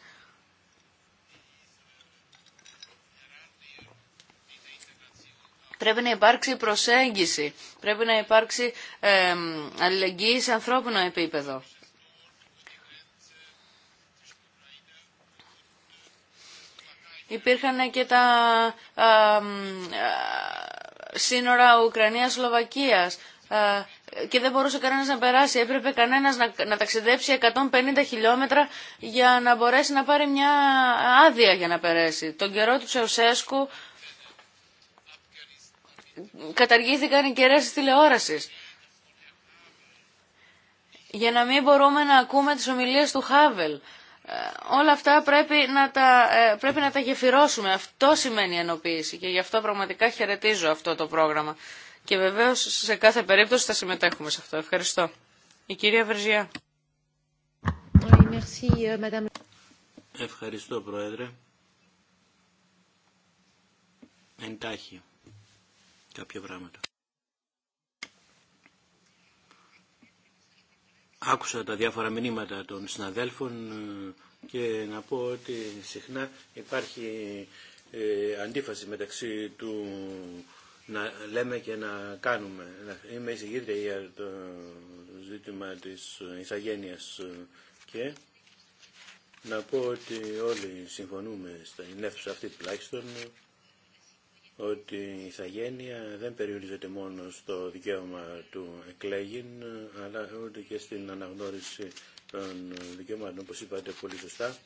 S4: Πρέπει να υπάρξει προσέγγιση, πρέπει να υπάρξει αλληλεγγύη σε ανθρώπινο επίπεδο. Υπήρχαν και τα σύνορα Ουκρανίας-Σλοβακίας ε, και δεν μπορούσε κανένας να περάσει. Έπρεπε κανένας να, ταξιδέψει 150 χιλιόμετρα για να μπορέσει να πάρει μια άδεια για να περάσει. Τον καιρό του Τσεουσέσκου καταργήθηκαν οι κεραίες τηλεόρασης. Για να μην μπορούμε να ακούμε τις ομιλίες του Χάβελ. Ε, όλα αυτά πρέπει να, τα, ε, πρέπει να τα γεφυρώσουμε. Αυτό σημαίνει ενοποίηση και γι' αυτό πραγματικά χαιρετίζω αυτό το πρόγραμμα. Και βεβαίως σε κάθε περίπτωση θα συμμετέχουμε σε αυτό. Ευχαριστώ. Η κυρία Βερζιά.
S2: Euh,
S3: Ευχαριστώ Πρόεδρε. Εντάχει κάποια πράγματα. Άκουσα τα διάφορα μηνύματα των συναδέλφων ε, και να πω ότι συχνά υπάρχει ε, αντίφαση μεταξύ του να λέμε και να κάνουμε. Είμαι εισηγήτρια για το ζήτημα της εισαγένειας ε, και να πω ότι όλοι συμφωνούμε στην αίθουσα αυτή τουλάχιστον ότι η ηθαγένεια δεν περιορίζεται μόνο στο δικαίωμα του εκλέγην, αλλά ούτε και στην αναγνώριση των δικαιωμάτων, όπως είπατε πολύ σωστά.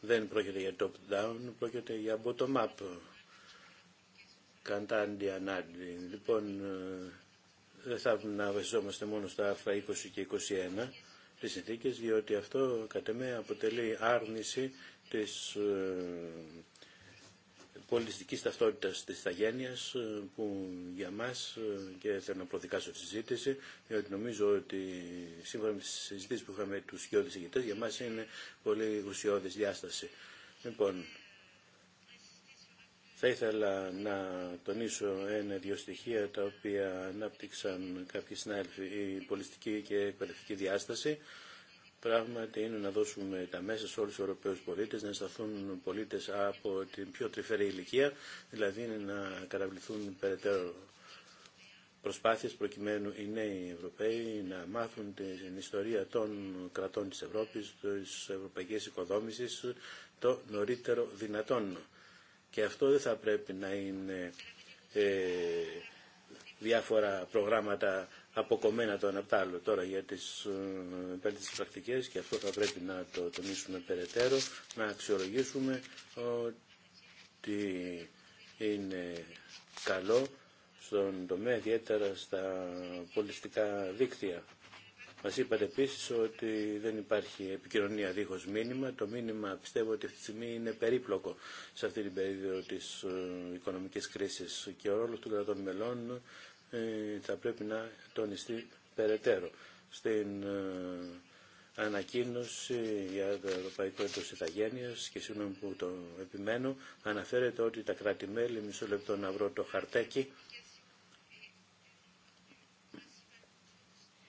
S3: Δεν πρόκειται για top-down, πρόκειται για bottom-up. Καντάντι ανάντι. Λοιπόν, ε, δεν θα να βασιζόμαστε μόνο στα άρθρα 20 και 21 τις συνθήκες, διότι αυτό κατ' εμέ αποτελεί άρνηση της ε, πολιτιστικής ταυτότητας της Θαγένειας ε, που για μας ε, και θέλω να προδικάσω τη συζήτηση διότι νομίζω ότι σύμφωνα με τις συζητήσεις που είχαμε τους σκιώδης ηγητές για μας είναι πολύ ουσιώδης διάσταση. Λοιπόν, θα ήθελα να τονίσω ένα-δυο στοιχεία τα οποία ανάπτυξαν κάποιοι συνάδελφοι, η πολιτιστική και εκπαιδευτική διάσταση πράγματι είναι να δώσουμε τα μέσα σε όλους τους Ευρωπαίους πολίτες, να σταθούν πολίτες από την πιο τρυφερή ηλικία, δηλαδή να καταβληθούν περαιτέρω προσπάθειες προκειμένου οι νέοι Ευρωπαίοι να μάθουν την ιστορία των κρατών της Ευρώπης, της ευρωπαϊκής οικοδόμησης, το νωρίτερο δυνατόν. Και αυτό δεν θα πρέπει να είναι ε, διάφορα προγράμματα αποκομμένα το ένα από το άλλο. Τώρα για τις επένδυτες πρακτικές και αυτό θα πρέπει να το τονίσουμε περαιτέρω, να αξιολογήσουμε ότι είναι καλό στον τομέα, ιδιαίτερα στα πολιτιστικά δίκτυα. Μα είπατε επίση ότι δεν υπάρχει επικοινωνία δίχω μήνυμα. Το μήνυμα πιστεύω ότι αυτή τη στιγμή είναι περίπλοκο σε αυτή την περίοδο τη ε, οικονομική κρίση και ο ρόλο των κρατών μελών ε, θα πρέπει να τονιστεί περαιτέρω. Στην ε, ανακοίνωση για το Ευρωπαϊκό Έτος Ιθαγένειας και συγγνώμη που το επιμένω, αναφέρεται ότι τα κράτη-μέλη, μισό λεπτό να βρω το χαρτάκι,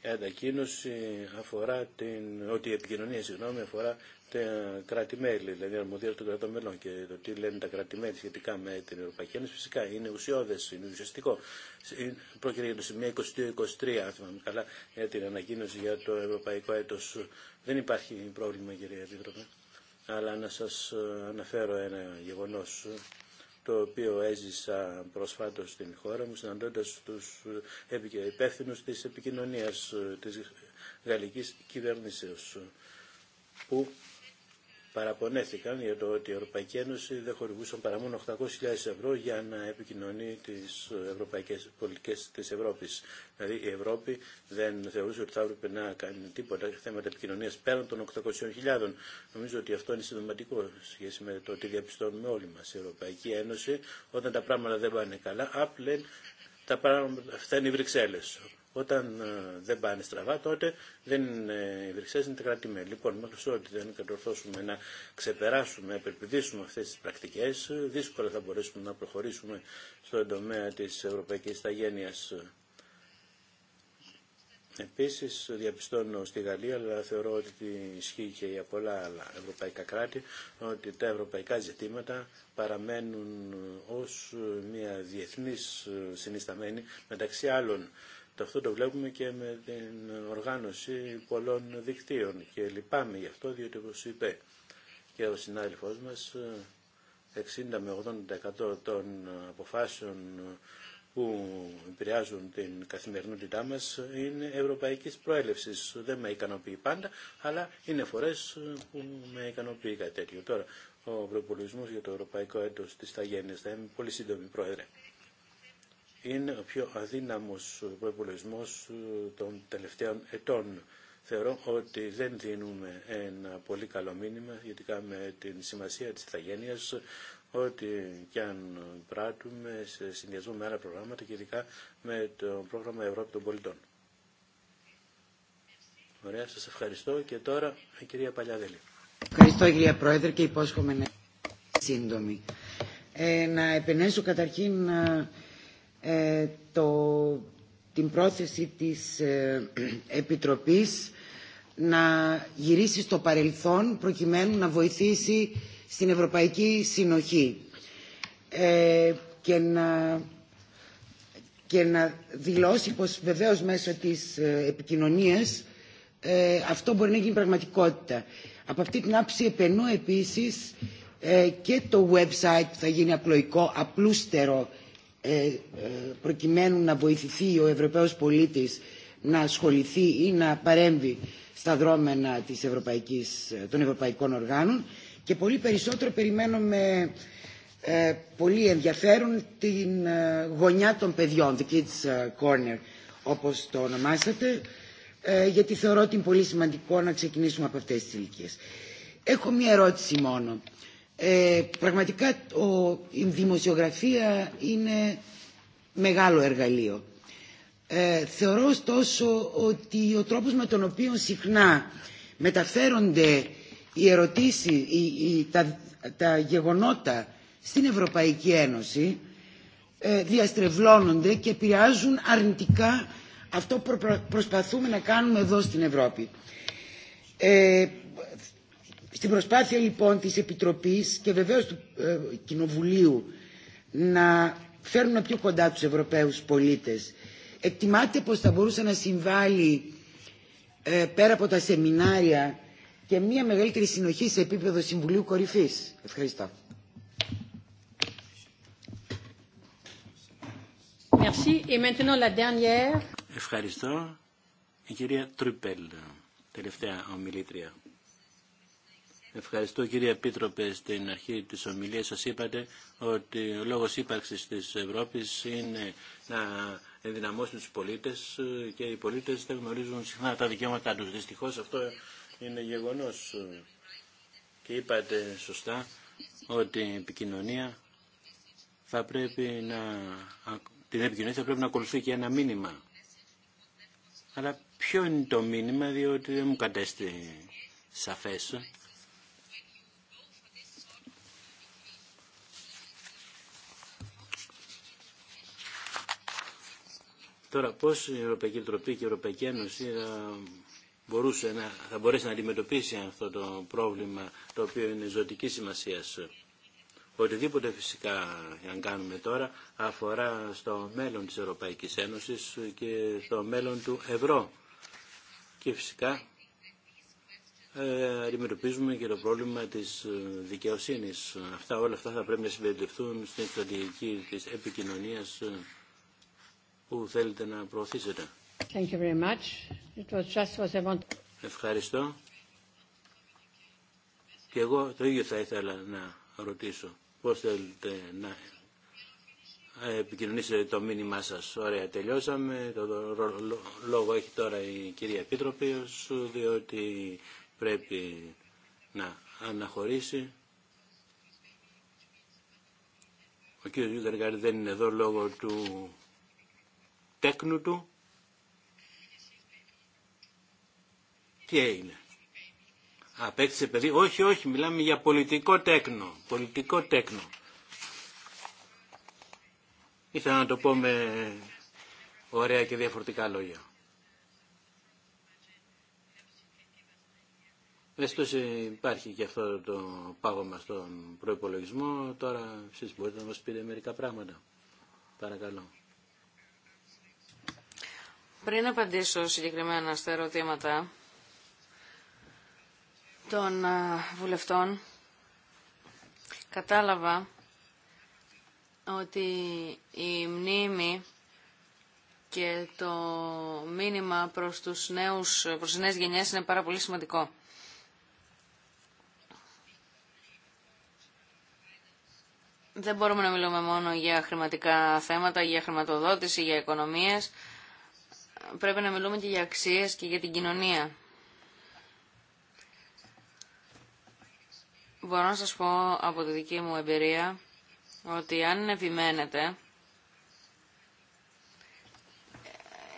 S3: η ανακοίνωση αφορά την, ότι η επικοινωνία συγγνώμη αφορά τα κράτη-μέλη, δηλαδή αρμοδία των κρατών μελών και το τι λένε τα κράτη-μέλη σχετικά με την Ευρωπαϊκή Ένωση, φυσικά είναι ουσιώδε, είναι ουσιαστικό. Ε, πρόκειται για το σημείο 22-23, αν θυμάμαι καλά, για την ανακοίνωση για το Ευρωπαϊκό Έτο. Δεν υπάρχει πρόβλημα, κυρία Επίτροπε. Αλλά να σα ε, αναφέρω ένα γεγονό ε, το οποίο έζησα προσφάτως στην χώρα μου, συναντώντας τους υπεύθυνους της επικοινωνίας της γαλλικής κυβέρνησης, παραπονέθηκαν για το ότι η Ευρωπαϊκή Ένωση δεν χορηγούσαν παρά μόνο 800.000 ευρώ για να επικοινωνεί τι ευρωπαϊκέ πολιτικέ τη Ευρώπη, Δηλαδή η Ευρώπη δεν θεωρούσε ότι θα έπρεπε να κάνει τίποτα θέματα επικοινωνία πέραν των 800.000. Νομίζω ότι αυτό είναι συνδοματικό σχέση με το ότι διαπιστώνουμε όλοι μα. Η Ευρωπαϊκή Ένωση όταν τα πράγματα δεν πάνε καλά, απλέν τα πράγματα φτάνει οι Βρυξέλλε. Όταν ε, δεν πάνε στραβά, τότε δεν είναι οι Βρυξέλλε, είναι τα Λοιπόν, μέχρι ότι δεν κατορθώσουμε να ξεπεράσουμε, να επερπηδήσουμε αυτέ τι πρακτικέ, ε, δύσκολα θα μπορέσουμε να προχωρήσουμε στον τομέα τη ευρωπαϊκή ταγένεια. Επίση, διαπιστώνω στη Γαλλία, αλλά θεωρώ ότι ισχύει και για πολλά άλλα ευρωπαϊκά κράτη, ότι τα ευρωπαϊκά ζητήματα παραμένουν ως μια διεθνής ε, συνισταμένη μεταξύ άλλων αυτό το βλέπουμε και με την οργάνωση πολλών δικτύων και λυπάμαι γι' αυτό διότι όπως είπε και ο συνάδελφός μας 60 με 80% των αποφάσεων που επηρεάζουν την καθημερινότητά μας είναι ευρωπαϊκής προέλευσης. Δεν με ικανοποιεί πάντα, αλλά είναι φορές που με ικανοποιεί κάτι τέτοιο. Τώρα, ο προπολογισμό για το ευρωπαϊκό έτος της Ταγένειας θα είναι πολύ σύντομη, Πρόεδρε είναι ο πιο αδύναμος προπολογισμό ε, των τελευταίων ετών. Θεωρώ ότι δεν δίνουμε ένα πολύ καλό μήνυμα γιατί με την σημασία της ηθαγένειας ότι και αν πράττουμε σε συνδυασμό με άλλα προγράμματα και ειδικά με το πρόγραμμα Ευρώπη των Πολιτών. Ωραία, σας ευχαριστώ και τώρα η κυρία Παλιαδέλη.
S5: Ευχαριστώ κυρία Πρόεδρε και υπόσχομαι να σύντομη. Ε, να επενέσω καταρχήν ε, ε, την πρόθεση της ε, Επιτροπής να γυρίσει στο παρελθόν προκειμένου να βοηθήσει στην Ευρωπαϊκή Συνοχή ε, και να, και να δηλώσει πως βεβαίως μέσω της επικοινωνίας αυτό μπορεί να γίνει πραγματικότητα. Από αυτή την άψη επενώ επίσης και το website που θα γίνει απλοϊκό, απλούστερο ε, ε, προκειμένου να βοηθηθεί ο Ευρωπαίος πολίτης να ασχοληθεί ή να παρέμβει στα δρόμενα της Ευρωπαϊκής, των ευρωπαϊκών οργάνων και πολύ περισσότερο περιμένουμε ε, πολύ ενδιαφέρον την ε, γωνιά των παιδιών, the kids corner όπως το ονομάσατε, γιατί θεωρώ ότι είναι πολύ σημαντικό να ξεκινήσουμε από αυτές τις ηλικίε. Έχω μία ερώτηση μόνο. Ε, πραγματικά ο, η δημοσιογραφία είναι μεγάλο εργαλείο. Ε, θεωρώ ωστόσο ότι ο τρόπος με τον οποίο συχνά μεταφέρονται οι ερωτήσεις, οι, τα, γεγονότα στην Ευρωπαϊκή Ένωση ε, διαστρεβλώνονται και επηρεάζουν αρνητικά αυτό που προσπαθούμε να κάνουμε εδώ στην Ευρώπη. Ε, στην προσπάθεια λοιπόν της Επιτροπής και βεβαίως του ε, Κοινοβουλίου να φέρουν πιο κοντά τους Ευρωπαίους πολίτες εκτιμάται πως θα μπορούσε να συμβάλλει ε, πέρα από τα σεμινάρια και μια μεγαλύτερη συνοχή σε επίπεδο Συμβουλίου Κορυφής. Ευχαριστώ. Ευχαριστώ.
S3: Η κυρία Τρουπέλ, τελευταία ομιλήτρια. Ευχαριστώ κύριε Επίτροπε. Στην αρχή της ομιλίας σας είπατε ότι ο λόγος ύπαρξης της Ευρώπης είναι να ενδυναμώσουν τους πολίτες και οι πολίτες δεν γνωρίζουν συχνά τα δικαιώματά τους. Δυστυχώς αυτό είναι γεγονός. Και είπατε σωστά ότι η επικοινωνία θα πρέπει να, την επικοινωνία θα πρέπει να ακολουθεί και ένα μήνυμα. Αλλά ποιο είναι το μήνυμα διότι δεν μου κατέστη σαφές Τώρα πώς η Ευρωπαϊκή Επιτροπή και η Ευρωπαϊκή Ένωση θα, μπορούσε να, θα μπορέσει να αντιμετωπίσει αυτό το πρόβλημα το οποίο είναι ζωτική σημασία. Οτιδήποτε φυσικά αν κάνουμε τώρα αφορά στο μέλλον της Ευρωπαϊκής Ένωσης και στο μέλλον του ευρώ. Και φυσικά ε, αντιμετωπίζουμε και το πρόβλημα της ε, δικαιοσύνης. Αυτά, όλα αυτά θα πρέπει να συμπεριληφθούν στην στρατηγική της επικοινωνίας ε, που θέλετε να προωθήσετε.
S2: Thank you very much. It was just what I
S3: Ευχαριστώ. Και εγώ το ίδιο θα ήθελα να ρωτήσω. Πώς θέλετε να επικοινωνήσετε το μήνυμά σας. Ωραία, τελειώσαμε. Το λόγο έχει τώρα η κυρία Επίτροπη, διότι πρέπει να αναχωρήσει. Ο κύριος Γιούγκαργάρη δεν είναι εδώ λόγω του τέκνου του. Τι έγινε. Απέκτησε παιδί. Όχι, όχι, μιλάμε για πολιτικό τέκνο. Πολιτικό τέκνο. Ήθελα να το πω με ωραία και διαφορετικά λόγια. Έστω υπάρχει και αυτό το πάγωμα στον προπολογισμό. τώρα εσείς μπορείτε να μας πείτε μερικά πράγματα.
S4: Παρακαλώ. Πριν απαντήσω συγκεκριμένα στα ερωτήματα των βουλευτών, κατάλαβα ότι η μνήμη και το μήνυμα προς, τους νέους, προς τις νέες γενιές είναι πάρα πολύ σημαντικό. Δεν μπορούμε να μιλούμε μόνο για χρηματικά θέματα, για χρηματοδότηση, για οικονομίες πρέπει να μιλούμε και για αξίες και για την κοινωνία. Μπορώ να σας πω από τη δική μου εμπειρία ότι αν επιμένετε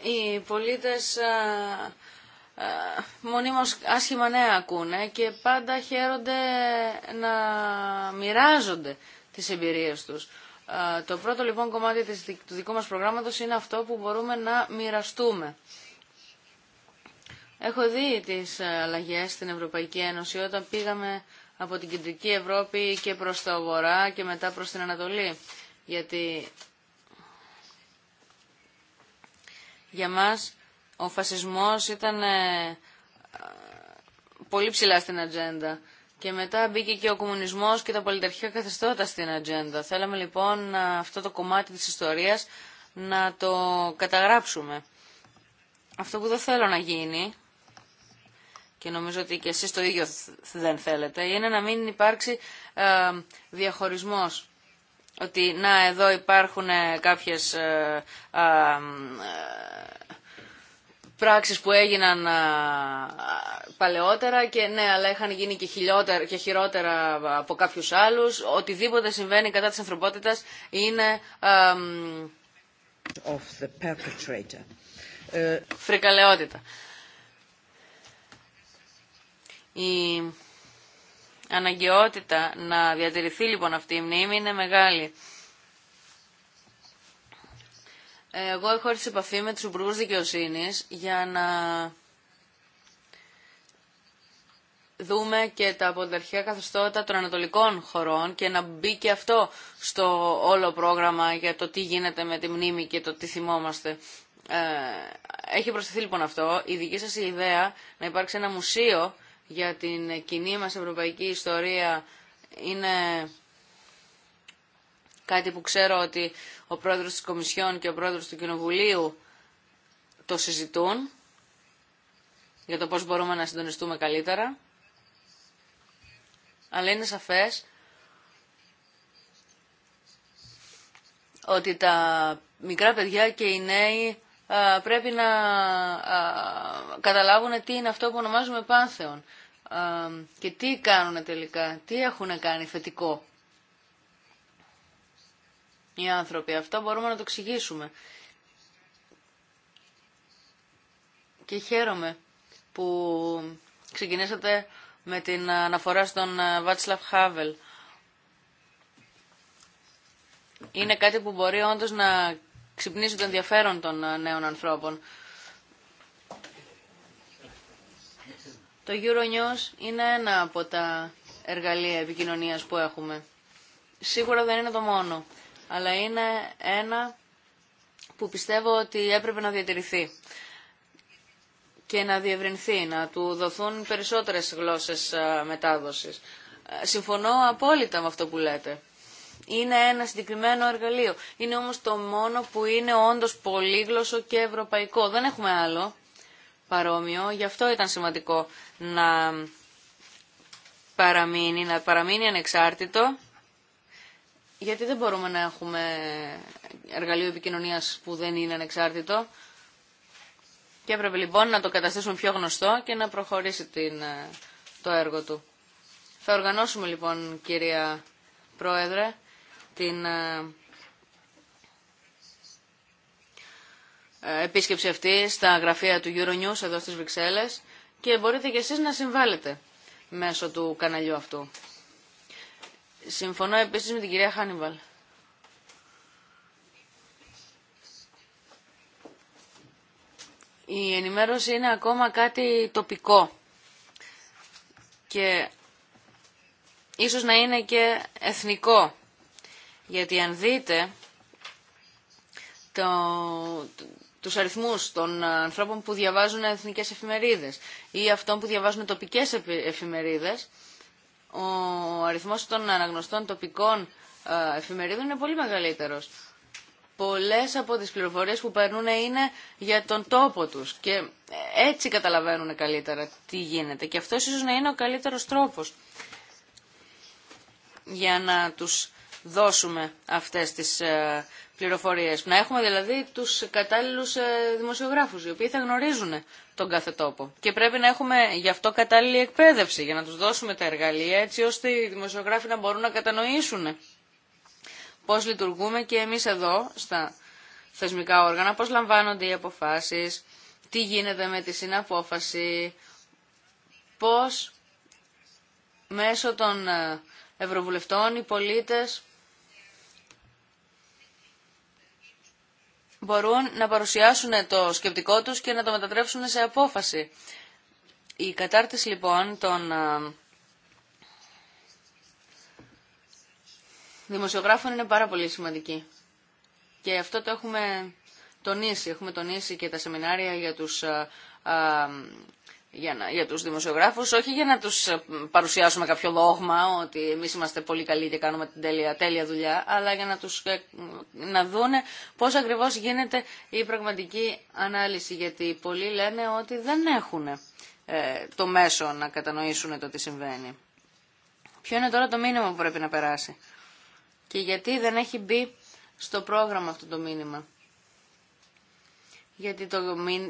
S4: οι πολίτες μονίμως άσχημα νέα ακούνε και πάντα χαίρονται να μοιράζονται τις εμπειρίες τους. Το πρώτο λοιπόν κομμάτι του δικού μας προγράμματος είναι αυτό που μπορούμε να μοιραστούμε. Έχω δει τις ε, αλλαγές στην Ευρωπαϊκή Ένωση όταν πήγαμε από την Κεντρική Ευρώπη και προς το Βορρά και μετά προς την Ανατολή. Γιατί για μας ο φασισμός ήταν ε, πολύ ψηλά στην ατζέντα και μετά μπήκε και ο κομμουνισμός και τα πολιτερχικά καθεστώτα στην ατζέντα. Θέλαμε λοιπόν αυτό το κομμάτι της ιστορίας να το καταγράψουμε. Αυτό που δεν θέλω να γίνει, και νομίζω ότι και εσείς το ίδιο δεν θέλετε, είναι να μην υπάρξει ε, διαχωρισμός. Ότι να εδώ υπάρχουν ε, κάποιες ε, πράξεις που έγιναν παλαιότερα και ναι, αλλά είχαν γίνει και, και χειρότερα από κάποιους άλλους. Οτιδήποτε συμβαίνει κατά της ανθρωπότητας είναι of ε, φρικαλαιότητα. Η αναγκαιότητα να διατηρηθεί λοιπόν αυτή η μνήμη είναι μεγάλη. Εγώ έχω έρθει σε επαφή με τους Υπουργούς Δικαιοσύνης για να δούμε και τα αποδερχεία καθεστώτα των ανατολικών χωρών και να μπει και αυτό στο όλο πρόγραμμα για το τι γίνεται με τη μνήμη και το τι θυμόμαστε. Ε, έχει προσθεθεί λοιπόν αυτό. Η δική σας ιδέα να υπάρξει ένα μουσείο για την κοινή μας ευρωπαϊκή ιστορία είναι Κάτι που ξέρω ότι ο πρόεδρος της Κομισιόν και ο πρόεδρος του Κοινοβουλίου το συζητούν για το πώς μπορούμε να συντονιστούμε καλύτερα. Αλλά είναι σαφές ότι τα μικρά παιδιά και οι νέοι πρέπει να καταλάβουν τι είναι αυτό που ονομάζουμε πάνθεον και τι κάνουν τελικά, τι έχουν κάνει θετικό οι άνθρωποι. Αυτό μπορούμε να το εξηγήσουμε. Και χαίρομαι που ξεκινήσατε με την αναφορά στον Βάτσλαφ ε, Χάβελ. Είναι κάτι που μπορεί όντως να ξυπνήσει το ενδιαφέρον των ε, νέων ανθρώπων. Το Euronews είναι ένα από τα εργαλεία επικοινωνίας που έχουμε. Σίγουρα δεν είναι το μόνο αλλά είναι ένα που πιστεύω ότι έπρεπε να διατηρηθεί και να διευρυνθεί, να του δοθούν περισσότερες γλώσσες ε, μετάδοσης. Ε, συμφωνώ απόλυτα με αυτό που λέτε. Είναι ένα συγκεκριμένο εργαλείο. Είναι όμως το μόνο που είναι όντως πολύγλωσσο και ευρωπαϊκό. Δεν έχουμε άλλο παρόμοιο. Γι' αυτό ήταν σημαντικό να παραμείνει, να παραμείνει ανεξάρτητο γιατί δεν μπορούμε να έχουμε εργαλείο επικοινωνίας που δεν είναι ανεξάρτητο. Και έπρεπε λοιπόν να το καταστήσουμε πιο γνωστό και να προχωρήσει την, ε, το έργο του. Θα οργανώσουμε λοιπόν, κυρία Πρόεδρε, την ε, ε, επίσκεψη αυτή στα γραφεία του Euronews εδώ στις Βρυξέλλες και μπορείτε και εσείς να συμβάλλετε μέσω του καναλιού αυτού. Συμφωνώ επίσης με την κυρία Χάνιβαλ. Η ενημέρωση είναι ακόμα κάτι τοπικό και ίσως να είναι και εθνικό. Γιατί αν δείτε το, τους αριθμούς των ανθρώπων που διαβάζουν εθνικές εφημερίδες ή αυτών που διαβάζουν τοπικές εφημερίδες, ο αριθμός των αναγνωστών τοπικών ε, εφημερίδων είναι πολύ μεγαλύτερος. Πολλές από τις πληροφορίες που παίρνουν είναι για τον τόπο τους και ε, έτσι καταλαβαίνουν καλύτερα τι γίνεται και αυτός ίσως να είναι ο καλύτερος τρόπος για να τους δώσουμε αυτές τις ε, πληροφορίες. Να έχουμε δηλαδή τους κατάλληλους ε, δημοσιογράφους, οι οποίοι θα γνωρίζουν τον κάθε τόπο. Και πρέπει να έχουμε γι' αυτό κατάλληλη εκπαίδευση, για να τους δώσουμε τα εργαλεία, έτσι ώστε οι δημοσιογράφοι να μπορούν να κατανοήσουν πώς λειτουργούμε και εμείς εδώ, στα θεσμικά όργανα, πώς λαμβάνονται οι αποφάσεις, τι γίνεται με τη συναπόφαση, πώς μέσω των ε, ευρωβουλευτών οι πολίτες μπορούν να παρουσιάσουν το σκεπτικό τους και να το μετατρέψουν σε απόφαση. Η κατάρτιση λοιπόν των δημοσιογράφων είναι πάρα πολύ σημαντική. Και αυτό το έχουμε τονίσει. Έχουμε τονίσει και τα σεμινάρια για τους για, να, για τους δημοσιογράφους, όχι για να τους ε, παρουσιάσουμε κάποιο δόγμα ότι εμείς είμαστε πολύ καλοί και κάνουμε την τέλεια, τέλεια δουλειά, αλλά για να, τους, ε, να δούνε πώς ακριβώς γίνεται η πραγματική ανάλυση, γιατί πολλοί λένε ότι δεν έχουν ε, το μέσο να κατανοήσουν το τι συμβαίνει. Ποιο είναι τώρα το μήνυμα που πρέπει να περάσει και γιατί δεν έχει μπει στο πρόγραμμα αυτό το μήνυμα. Γιατί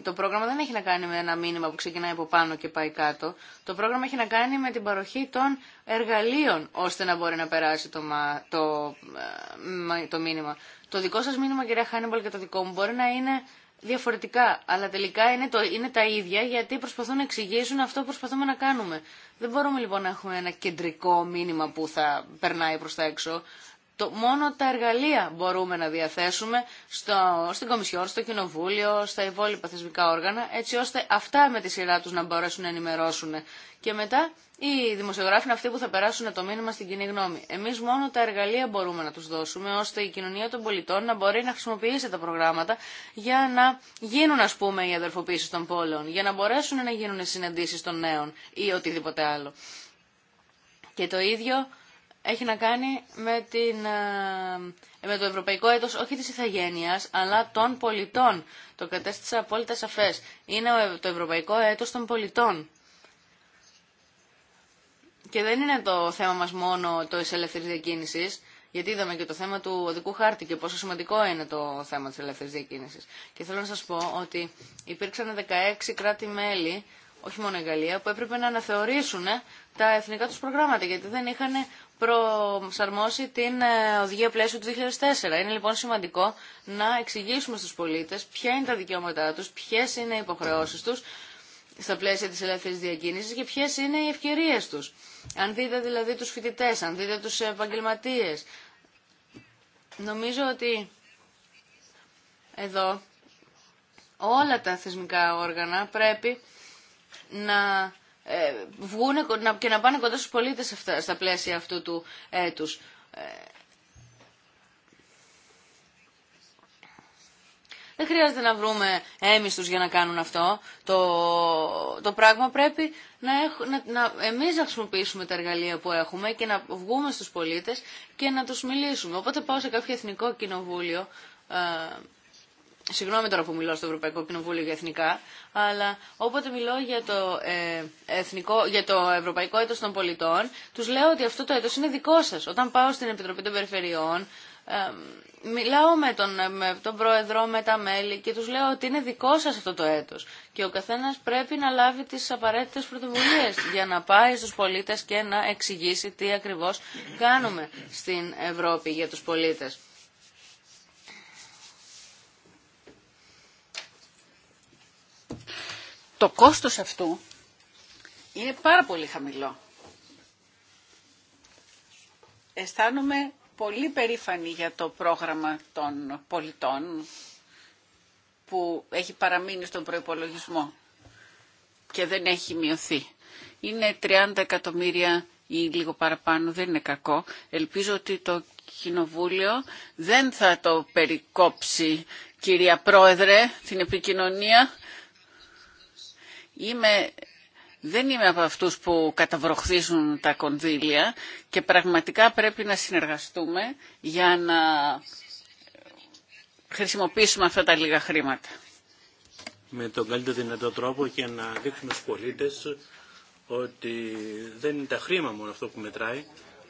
S4: το, πρόγραμμα δεν έχει να κάνει με ένα μήνυμα που ξεκινάει από πάνω και πάει κάτω. Το πρόγραμμα έχει να κάνει με την παροχή των εργαλείων ώστε να μπορεί να περάσει το, ε, μήνυμα. Το δικό σας μήνυμα, κυρία Χάνιμπαλ, και το δικό μου μπορεί να είναι διαφορετικά, αλλά τελικά είναι, είναι τα ίδια γιατί προσπαθούν να εξηγήσουν αυτό που προσπαθούμε να κάνουμε. Δεν μπορούμε λοιπόν να έχουμε ένα κεντρικό μήνυμα που θα περνάει προς τα έξω. Το, μόνο τα εργαλεία μπορούμε να διαθέσουμε στο, στην Κομισιόν, στο Κοινοβούλιο, στα υπόλοιπα θεσμικά όργανα, έτσι ώστε αυτά με τη σειρά τους να μπορέσουν να ενημερώσουν. Και μετά οι δημοσιογράφοι είναι αυτοί που θα περάσουν το μήνυμα στην κοινή γνώμη. Εμείς μόνο τα εργαλεία μπορούμε να τους δώσουμε, ώστε η κοινωνία των πολιτών να μπορεί να χρησιμοποιήσει τα προγράμματα για να γίνουν ας πούμε οι αδερφοποίησεις των πόλεων, για να μπορέσουν να γίνουν συναντήσεις των νέων ή οτιδήποτε άλλο. Και το ίδιο έχει να κάνει με, την, ε, με το Ευρωπαϊκό Έτος όχι της Ιθαγένειας, αλλά των πολιτών. Το κατέστησα απόλυτα σαφές. Είναι το Ευρωπαϊκό Έτος των πολιτών. Και δεν είναι το θέμα μας μόνο το ελεύθερη διακίνηση, γιατί είδαμε και το θέμα του οδικού χάρτη και πόσο σημαντικό είναι το θέμα της ελεύθερης διακίνησης. Και θέλω να σας πω ότι υπήρξαν 16 κράτη-μέλη όχι μόνο η Γαλλία, που έπρεπε να αναθεωρήσουν τα εθνικά τους προγράμματα, γιατί δεν είχαν προσαρμόσει την ε, οδηγία πλαίσιο του 2004. Είναι λοιπόν σημαντικό να εξηγήσουμε στους πολίτες ποια είναι τα δικαιώματά τους, ποιες είναι οι υποχρεώσεις τους στα πλαίσια της ελεύθερης διακίνησης και ποιες είναι οι ευκαιρίες τους. Αν δείτε δηλαδή τους φοιτητές, αν δείτε τους επαγγελματίε. Νομίζω ότι εδώ όλα τα θεσμικά όργανα πρέπει να ε, και να πάνε κοντά στους πολίτες αυτά, στα πλαίσια αυτού του έτους. Ε, δεν χρειάζεται να βρούμε έμιστους για να κάνουν αυτό. Το, το πράγμα πρέπει να, να, να εμείς να χρησιμοποιήσουμε τα εργαλεία που έχουμε και να βγούμε στους πολίτες και να τους μιλήσουμε. Οπότε πάω σε κάποιο εθνικό κοινοβούλιο ε, Συγγνώμη τώρα που μιλώ στο Ευρωπαϊκό Κοινοβούλιο για εθνικά, αλλά όποτε μιλώ για το, ε, εθνικό, για το Ευρωπαϊκό Έτος των Πολιτών, τους λέω ότι αυτό το έτος είναι δικό σας. Όταν πάω στην Επιτροπή των Περιφερειών, μιλάω με τον, με τον Πρόεδρο, με τα μέλη και τους λέω ότι είναι δικό σας αυτό το έτος. Και ο καθένας πρέπει να λάβει τις απαραίτητες πρωτοβουλίες για να πάει στους πολίτες και να εξηγήσει τι ακριβώς κάνουμε στην Ευρώπη για τους πολίτες.
S1: το κόστος αυτού είναι πάρα πολύ χαμηλό. Αισθάνομαι πολύ περήφανη για το πρόγραμμα των πολιτών που έχει παραμείνει στον προϋπολογισμό και δεν έχει μειωθεί. Είναι 30 εκατομμύρια ή λίγο παραπάνω, δεν είναι κακό. Ελπίζω ότι το Κοινοβούλιο δεν θα το περικόψει, κυρία Πρόεδρε, την επικοινωνία. Είμαι, δεν είμαι από αυτούς που καταβροχθίζουν τα κονδύλια και πραγματικά πρέπει να συνεργαστούμε για να χρησιμοποιήσουμε αυτά τα λίγα χρήματα.
S3: Με τον καλύτερο δυνατό τρόπο και να δείξουμε στους πολίτες ότι δεν είναι τα χρήμα μόνο αυτό που μετράει,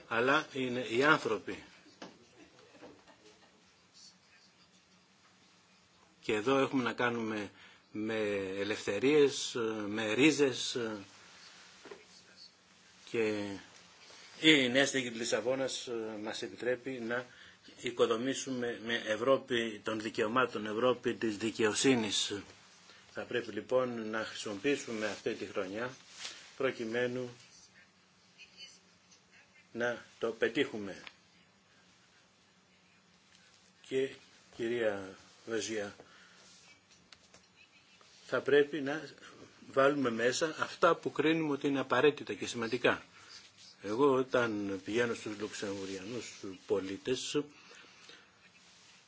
S3: αλλά είναι οι άνθρωποι. Και εδώ έχουμε να κάνουμε με ελευθερίες, με ρίζες και η νέα στιγμή της Λισαβόνας ε, μας επιτρέπει να οικοδομήσουμε με Ευρώπη των δικαιωμάτων, Ευρώπη της δικαιοσύνης. Θα πρέπει λοιπόν να χρησιμοποιήσουμε αυτή τη χρονιά προκειμένου να το πετύχουμε. Και κυρία Βεζιά, θα πρέπει να βάλουμε μέσα αυτά που κρίνουμε ότι είναι απαραίτητα και σημαντικά. Εγώ όταν πηγαίνω στους Λουξεμβουριανούς πολίτες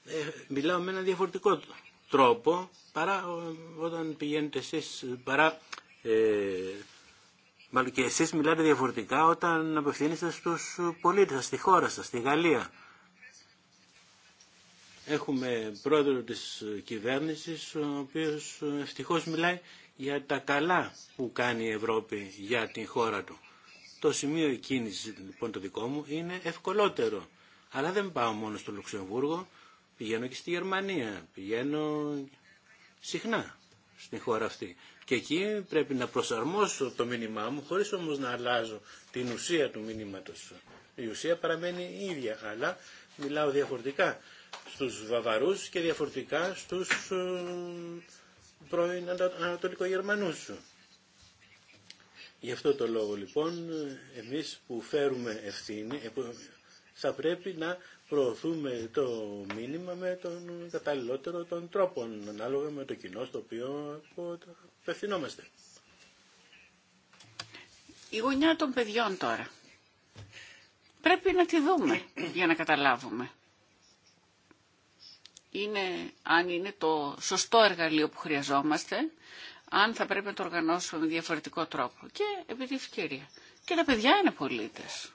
S3: ε, μιλάω με ένα διαφορετικό τρόπο παρά όταν πηγαίνετε εσείς παρά ε, μάλλον και εσείς μιλάτε διαφορετικά όταν απευθύνεστε στους πολίτες σας, στη χώρα σας, στη Γαλλία. Έχουμε πρόεδρο της κυβέρνησης, ο οποίος ευτυχώς μιλάει για τα καλά που κάνει η Ευρώπη για την χώρα του. Το σημείο κίνηση λοιπόν το δικό μου είναι ευκολότερο. Αλλά δεν πάω μόνο στο Λουξεμβούργο, πηγαίνω και στη Γερμανία, πηγαίνω συχνά στην χώρα αυτή. Και εκεί πρέπει να προσαρμόσω το μήνυμά μου, χωρίς όμως να αλλάζω την ουσία του μήνυματος. Η ουσία παραμένει ίδια, αλλά μιλάω διαφορετικά στους Βαβαρούς και διαφορετικά στους ε, πρώην Ανατολικογερμανούς. Γι' αυτό το λόγο λοιπόν εμείς που φέρουμε ευθύνη ε, θα πρέπει να προωθούμε το μήνυμα με τον καταλληλότερο των τρόπων ανάλογα με το κοινό στο οποίο απευθυνόμαστε.
S1: Η γωνιά των παιδιών τώρα. Πρέπει να τη δούμε για να καταλάβουμε είναι, αν είναι το σωστό εργαλείο που χρειαζόμαστε, αν θα πρέπει να το οργανώσουμε με διαφορετικό τρόπο. Και επί τη ευκαιρία. Και τα παιδιά είναι πολίτες.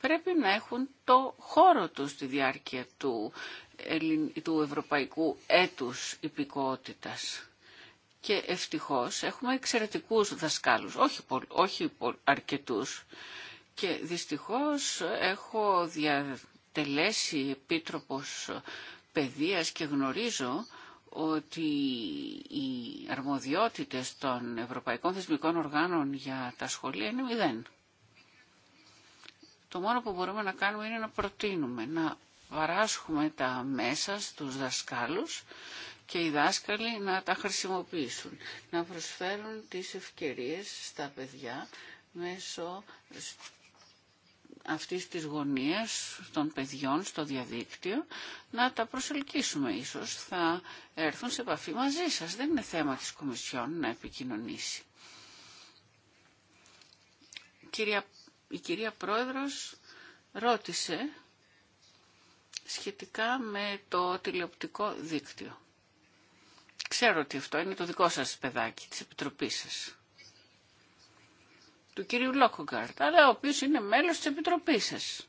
S1: Πρέπει να έχουν το χώρο τους στη διάρκεια του, του ευρωπαϊκού έτους υπηκότητας. Και ευτυχώς έχουμε εξαιρετικούς δασκάλους, όχι, όχι αρκετούς. Και δυστυχώς έχω διατελέσει επίτροπος παιδείας και γνωρίζω ότι οι αρμοδιότητες των ευρωπαϊκών θεσμικών οργάνων για τα σχολεία είναι μηδέν. Το μόνο που μπορούμε να κάνουμε είναι να προτείνουμε, να παράσχουμε τα μέσα στους δασκάλους και οι δάσκαλοι να τα χρησιμοποιήσουν, να προσφέρουν τις ευκαιρίες στα παιδιά μέσω αυτής της γωνίας των παιδιών στο διαδίκτυο, να τα προσελκύσουμε ίσως. Θα έρθουν σε επαφή μαζί σας. Δεν είναι θέμα της Κομισιόν να επικοινωνήσει. Η κυρία Πρόεδρος ρώτησε σχετικά με το τηλεοπτικό δίκτυο. Ξέρω ότι αυτό είναι το δικό σας παιδάκι, της Επιτροπής σας του κύριου Λόκογκαρτ, αλλά ο οποίος είναι μέλος της Επιτροπής σας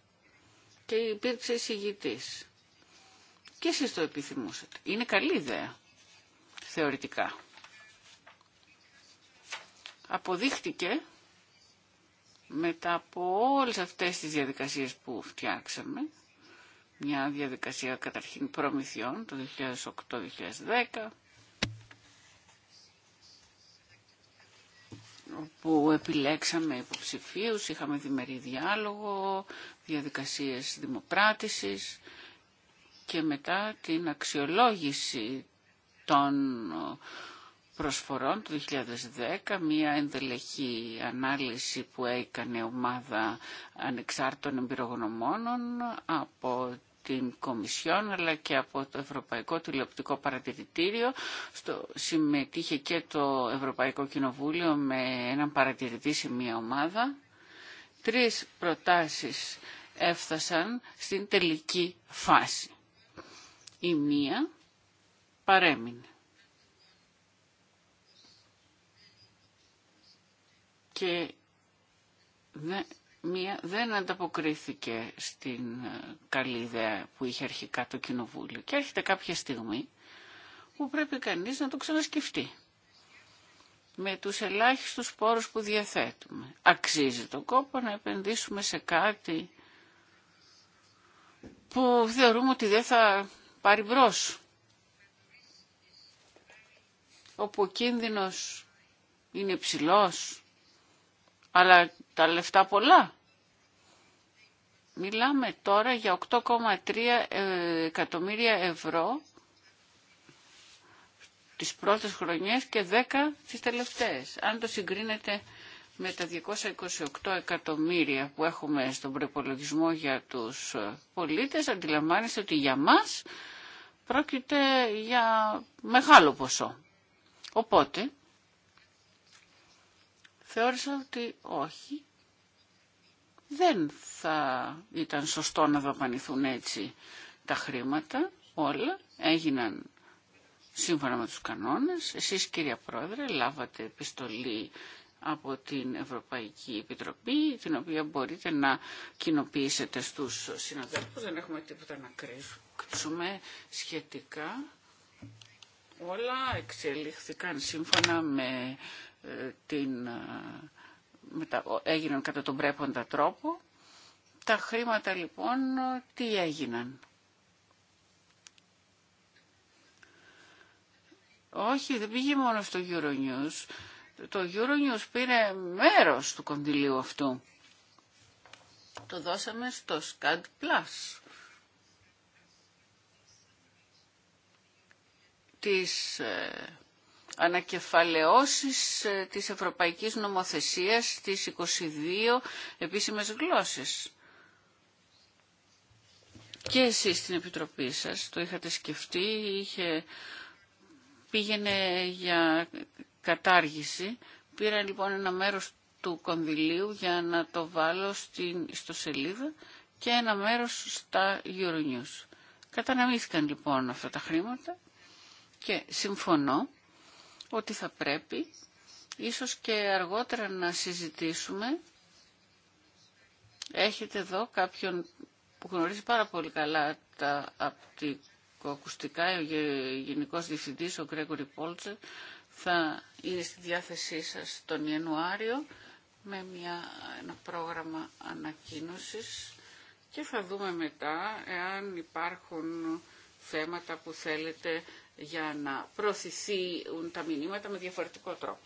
S1: και υπήρξε εισηγητής. Και εσείς το επιθυμούσατε. Είναι καλή ιδέα, θεωρητικά. Αποδείχτηκε μετά από όλες αυτές τις διαδικασίες που φτιάξαμε, μια διαδικασία καταρχήν προμηθειών το 2008-2010, όπου επιλέξαμε υποψηφίους, είχαμε διμερή διάλογο, διαδικασίες δημοπράτησης και μετά την αξιολόγηση των προσφορών του 2010, μια ενδελεχή ανάλυση που έκανε ομάδα ανεξάρτων εμπειρογνωμόνων από την Κομισιόν αλλά και από το Ευρωπαϊκό Τηλεοπτικό Παρατηρητήριο. Στο, συμμετείχε και το Ευρωπαϊκό Κοινοβούλιο με έναν παρατηρητή σε μία ομάδα. Τρεις προτάσεις έφτασαν στην τελική φάση. Η μία παρέμεινε. Και δεν ναι, μία δεν ανταποκρίθηκε στην ε, καλή ιδέα που είχε αρχικά το Κοινοβούλιο. Και έρχεται κάποια στιγμή που πρέπει κανείς να το ξανασκεφτεί. Με τους ελάχιστους πόρους που διαθέτουμε. Αξίζει το κόπο να επενδύσουμε σε κάτι που θεωρούμε ότι δεν θα πάρει μπρος. Όπου ο κίνδυνος είναι ψηλός αλλά τα λεφτά πολλά. Μιλάμε τώρα για 8,3 ε, εκατομμύρια ευρώ τις πρώτες χρονιές και 10 τις τελευταίες. Αν το συγκρίνετε με τα 228 εκατομμύρια που έχουμε στον προπολογισμό για τους πολίτες, αντιλαμβάνεστε ότι για μας πρόκειται για μεγάλο ποσό. Οπότε, θεώρησα ότι όχι, δεν θα ήταν σωστό να δαπανηθούν έτσι τα χρήματα, όλα έγιναν σύμφωνα με τους κανόνες. Εσείς κυρία Πρόεδρε λάβατε επιστολή από την Ευρωπαϊκή Επιτροπή, την οποία μπορείτε να κοινοποιήσετε στους συναδέλφους. Δεν έχουμε τίποτα να κρύψουμε σχετικά. Όλα εξελίχθηκαν σύμφωνα με την, ε, έγιναν κατά τον πρέποντα τρόπο. Τα χρήματα λοιπόν τι έγιναν. Όχι, δεν πήγε μόνο στο Euronews. Το Euronews πήρε μέρος του κοντιλίου αυτού. Το δώσαμε στο SCAD Plus. τις ε, ανακεφαλαιώσεις ε, της Ευρωπαϊκής Νομοθεσίας στις 22 επίσημες γλώσσες. Και εσείς στην Επιτροπή σας το είχατε σκεφτεί, είχε... πήγαινε για κατάργηση. Πήρα λοιπόν ένα μέρος του κονδυλίου για να το βάλω στην ιστοσελίδα και ένα μέρος στα Euronews. Καταναμήθηκαν λοιπόν αυτά τα χρήματα και συμφωνώ ότι θα πρέπει ίσως και αργότερα να συζητήσουμε. Έχετε εδώ κάποιον που γνωρίζει πάρα πολύ καλά τα απτικοακουστικά, ο Γενικός Διευθυντής, ο Γκρέκορι Πόλτσε, θα είναι στη διάθεσή σας τον Ιανουάριο με μια, ένα πρόγραμμα ανακοίνωσης και θα δούμε μετά εάν υπάρχουν θέματα που θέλετε για να προωθηθούν τα μηνύματα με διαφορετικό τρόπο.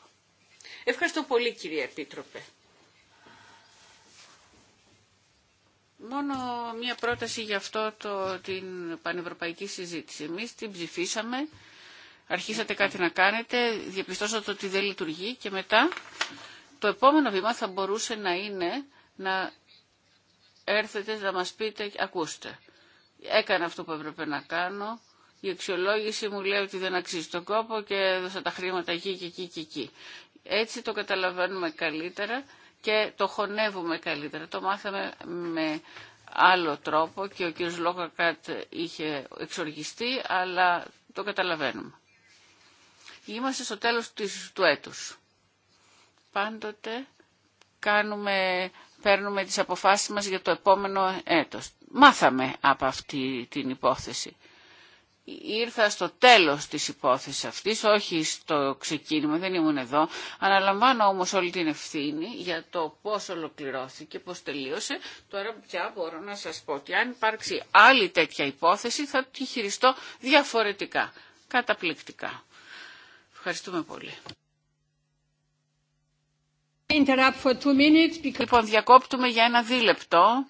S1: Ευχαριστώ πολύ κύριε Επίτροπε. Μόνο μία πρόταση για αυτό το, την πανευρωπαϊκή συζήτηση. Εμείς την ψηφίσαμε, αρχίσατε κάτι να κάνετε, διαπιστώσατε ότι δεν λειτουργεί και μετά το επόμενο βήμα θα μπορούσε να είναι να έρθετε να μας πείτε, ακούστε, έκανα αυτό που έπρεπε να κάνω, η αξιολόγηση μου λέει ότι δεν αξίζει τον κόπο και έδωσα τα χρήματα εκεί και εκεί και εκεί. Έτσι το καταλαβαίνουμε καλύτερα και το χωνεύουμε καλύτερα. Το μάθαμε με άλλο τρόπο και ο κ. Λόκακάτ είχε εξοργιστεί, αλλά το καταλαβαίνουμε. Είμαστε στο τέλος του έτους. Πάντοτε κάνουμε, παίρνουμε τις αποφάσεις μας για το επόμενο έτος. Μάθαμε από αυτή την υπόθεση ήρθα στο τέλος της υπόθεσης αυτής, όχι στο ξεκίνημα, δεν ήμουν εδώ. Αναλαμβάνω όμως όλη την ευθύνη για το πώς ολοκληρώθηκε, πώς τελείωσε. Τώρα πια μπορώ να σας πω ότι αν υπάρξει άλλη τέτοια υπόθεση θα τη χειριστώ διαφορετικά, καταπληκτικά. Ευχαριστούμε πολύ. Λοιπόν, διακόπτουμε για ένα δίλεπτο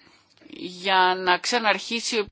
S1: για να ξαναρχίσει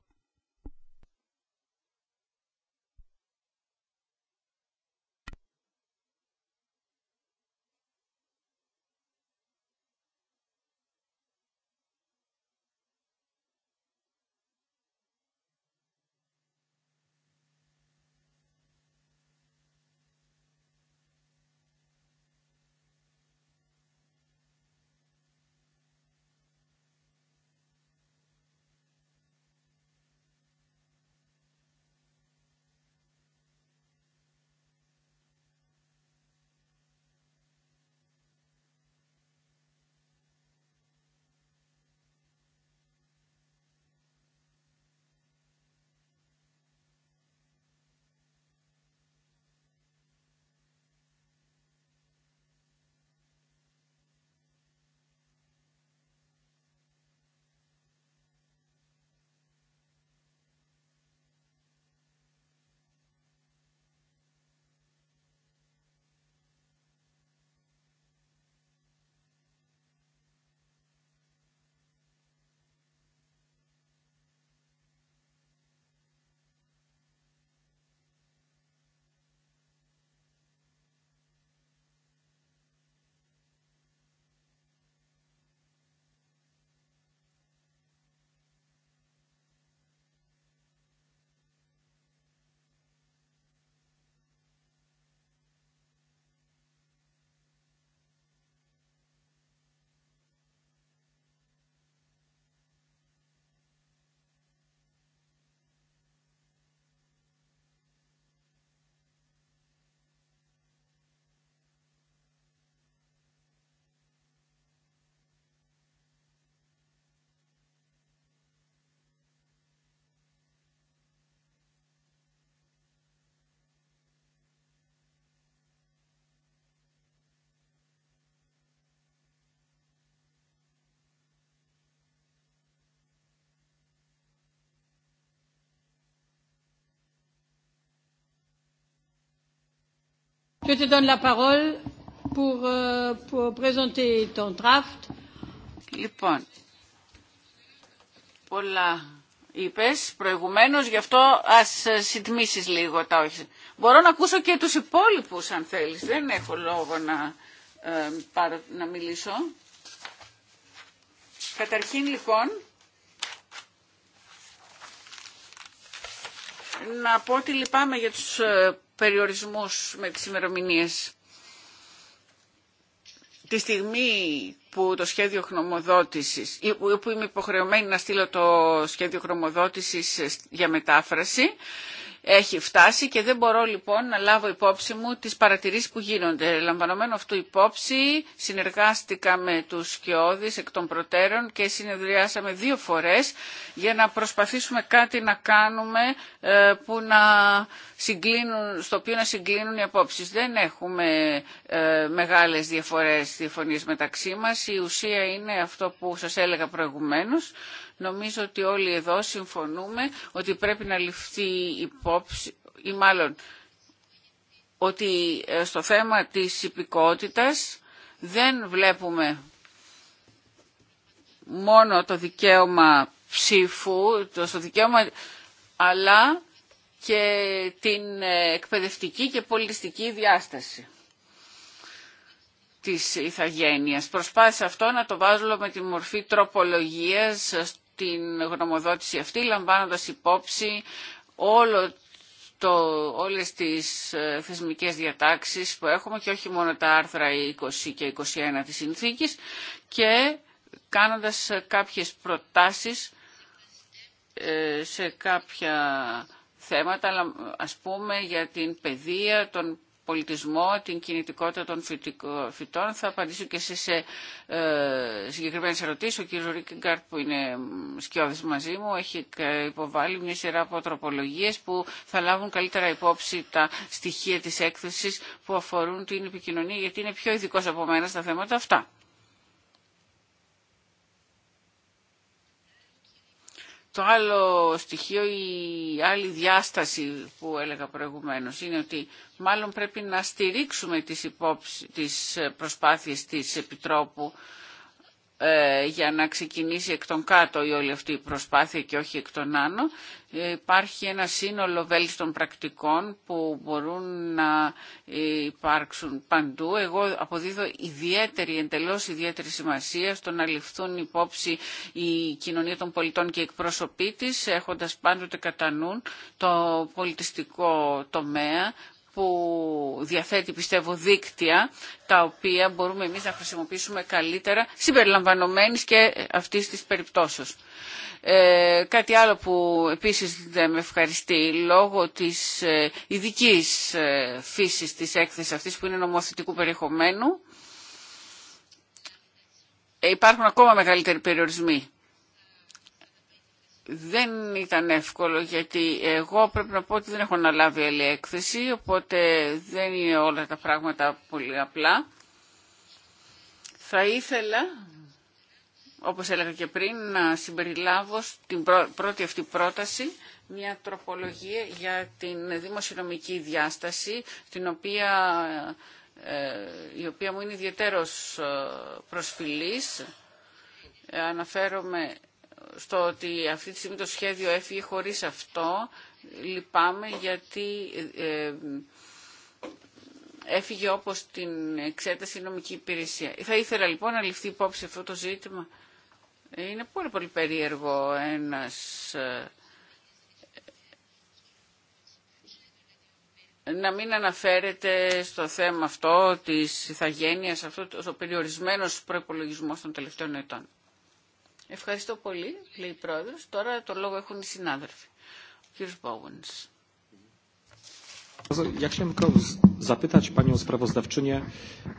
S2: Je te donne la parole pour, euh, pour présenter ton draft. Λοιπόν,
S1: πολλά είπε, προηγουμένω, γι' αυτό α ε, συντμήσει λίγο τα όχι. Μπορώ να ακούσω και του υπόλοιπου αν θέλει. δεν έχω λόγο να, ε, πάρω, να μιλήσω. Καταρχήν λοιπόν, να πω ότι λυπάμαι για τους ε, περιορισμούς με τις ημερομηνίε. Τη στιγμή που το σχέδιο χρωμοδότησης, που είμαι υποχρεωμένη να στείλω το σχέδιο χρωμοδότησης για μετάφραση, έχει φτάσει και δεν μπορώ λοιπόν να λάβω υπόψη μου τις παρατηρήσεις που γίνονται. Λαμβανωμένο αυτού υπόψη συνεργάστηκα με τους Σκιώδης εκ των προτέρων και συνεδριάσαμε δύο φορές για να προσπαθήσουμε κάτι να κάνουμε ε, που να συγκλίνουν, στο οποίο να συγκλίνουν οι απόψεις. Δεν έχουμε ε, μεγάλες διαφορές διαφωνίες μεταξύ μας. Η ουσία είναι αυτό που σας έλεγα προηγουμένως Νομίζω ότι όλοι εδώ συμφωνούμε ότι πρέπει να ληφθεί υπόψη ή μάλλον ότι ε, στο θέμα της υπηκότητας δεν βλέπουμε μόνο το δικαίωμα ψήφου, το στο δικαίωμα, αλλά και την ε, εκπαιδευτική και πολιτιστική διάσταση της ηθαγένειας. Προσπάθησα αυτό να το βάζω με τη μορφή τροπολογίας την γνωμοδότηση αυτή λαμβάνοντας υπόψη όλο το, όλες τις ε, θεσμικές διατάξεις που έχουμε και όχι μόνο τα άρθρα 20 και 21 της συνθήκης και κάνοντας κάποιες προτάσεις ε, σε κάποια θέματα, ας πούμε για την παιδεία, τον πολιτισμό, την κινητικότητα των φυτών. Θα απαντήσω και σε ε, συγκεκριμένες ερωτήσεις. Ο κ. Ρίκγκαρτ που είναι σκιώδης μαζί μου έχει υποβάλει μια σειρά από τροπολογίες που θα λάβουν καλύτερα υπόψη τα στοιχεία της έκθεσης που αφορούν την επικοινωνία γιατί είναι πιο ειδικός από μένα στα θέματα αυτά. Το άλλο στοιχείο, η άλλη διάσταση που έλεγα προηγουμένως είναι ότι μάλλον πρέπει να στηρίξουμε τις, υπόψη, τις προσπάθειες της Επιτρόπου ε, για να ξεκινήσει εκ των κάτω η όλη αυτή η προσπάθεια και όχι εκ των άνω. Ε, υπάρχει ένα σύνολο βέλτιστων πρακτικών που μπορούν να υπάρξουν παντού. Εγώ αποδίδω ιδιαίτερη, εντελώς ιδιαίτερη σημασία στο να ληφθούν υπόψη η κοινωνία των πολιτών και οι εκπρόσωποι τη, έχοντας πάντοτε κατά νου το πολιτιστικό τομέα που διαθέτει πιστεύω δίκτυα τα οποία μπορούμε εμείς να χρησιμοποιήσουμε καλύτερα συμπεριλαμβανομένης και αυτής της περιπτώσεως. Ε, κάτι άλλο που επίσης δεν με ευχαριστεί λόγω της ε, ειδική ε, φύσης της έκθεσης αυτής που είναι νομοθετικού περιεχομένου υπάρχουν ακόμα μεγαλύτεροι περιορισμοί δεν ήταν εύκολο γιατί εγώ πρέπει να πω ότι δεν έχω αναλάβει άλλη έκθεση οπότε δεν είναι όλα τα πράγματα πολύ απλά. Θα ήθελα, όπως έλεγα και πριν, να συμπεριλάβω στην πρώτη αυτή πρόταση μια τροπολογία για την δημοσιονομική διάσταση την οποία, ε, η οποία μου είναι ιδιαίτερος ε, προσφυλής. Αναφέρομαι στο ότι αυτή τη στιγμή το σχέδιο έφυγε χωρίς αυτό. Λυπάμαι γιατί ε, ε, έφυγε όπως την εξέταση η νομική υπηρεσία. Θα ήθελα λοιπόν να ληφθεί υπόψη αυτό το ζήτημα. Είναι πολύ πολύ περίεργο ένας... Ε, να μην αναφέρεται στο θέμα αυτό της ηθαγένειας, αυτό ο περιορισμένος προϋπολογισμός των τελευταίων ετών. Ευχαριστώ πολύ, λέει η Πρόεδρος. Τώρα το λόγο έχουν οι συνάδελφοι. Ο κύριος Μπόγονς.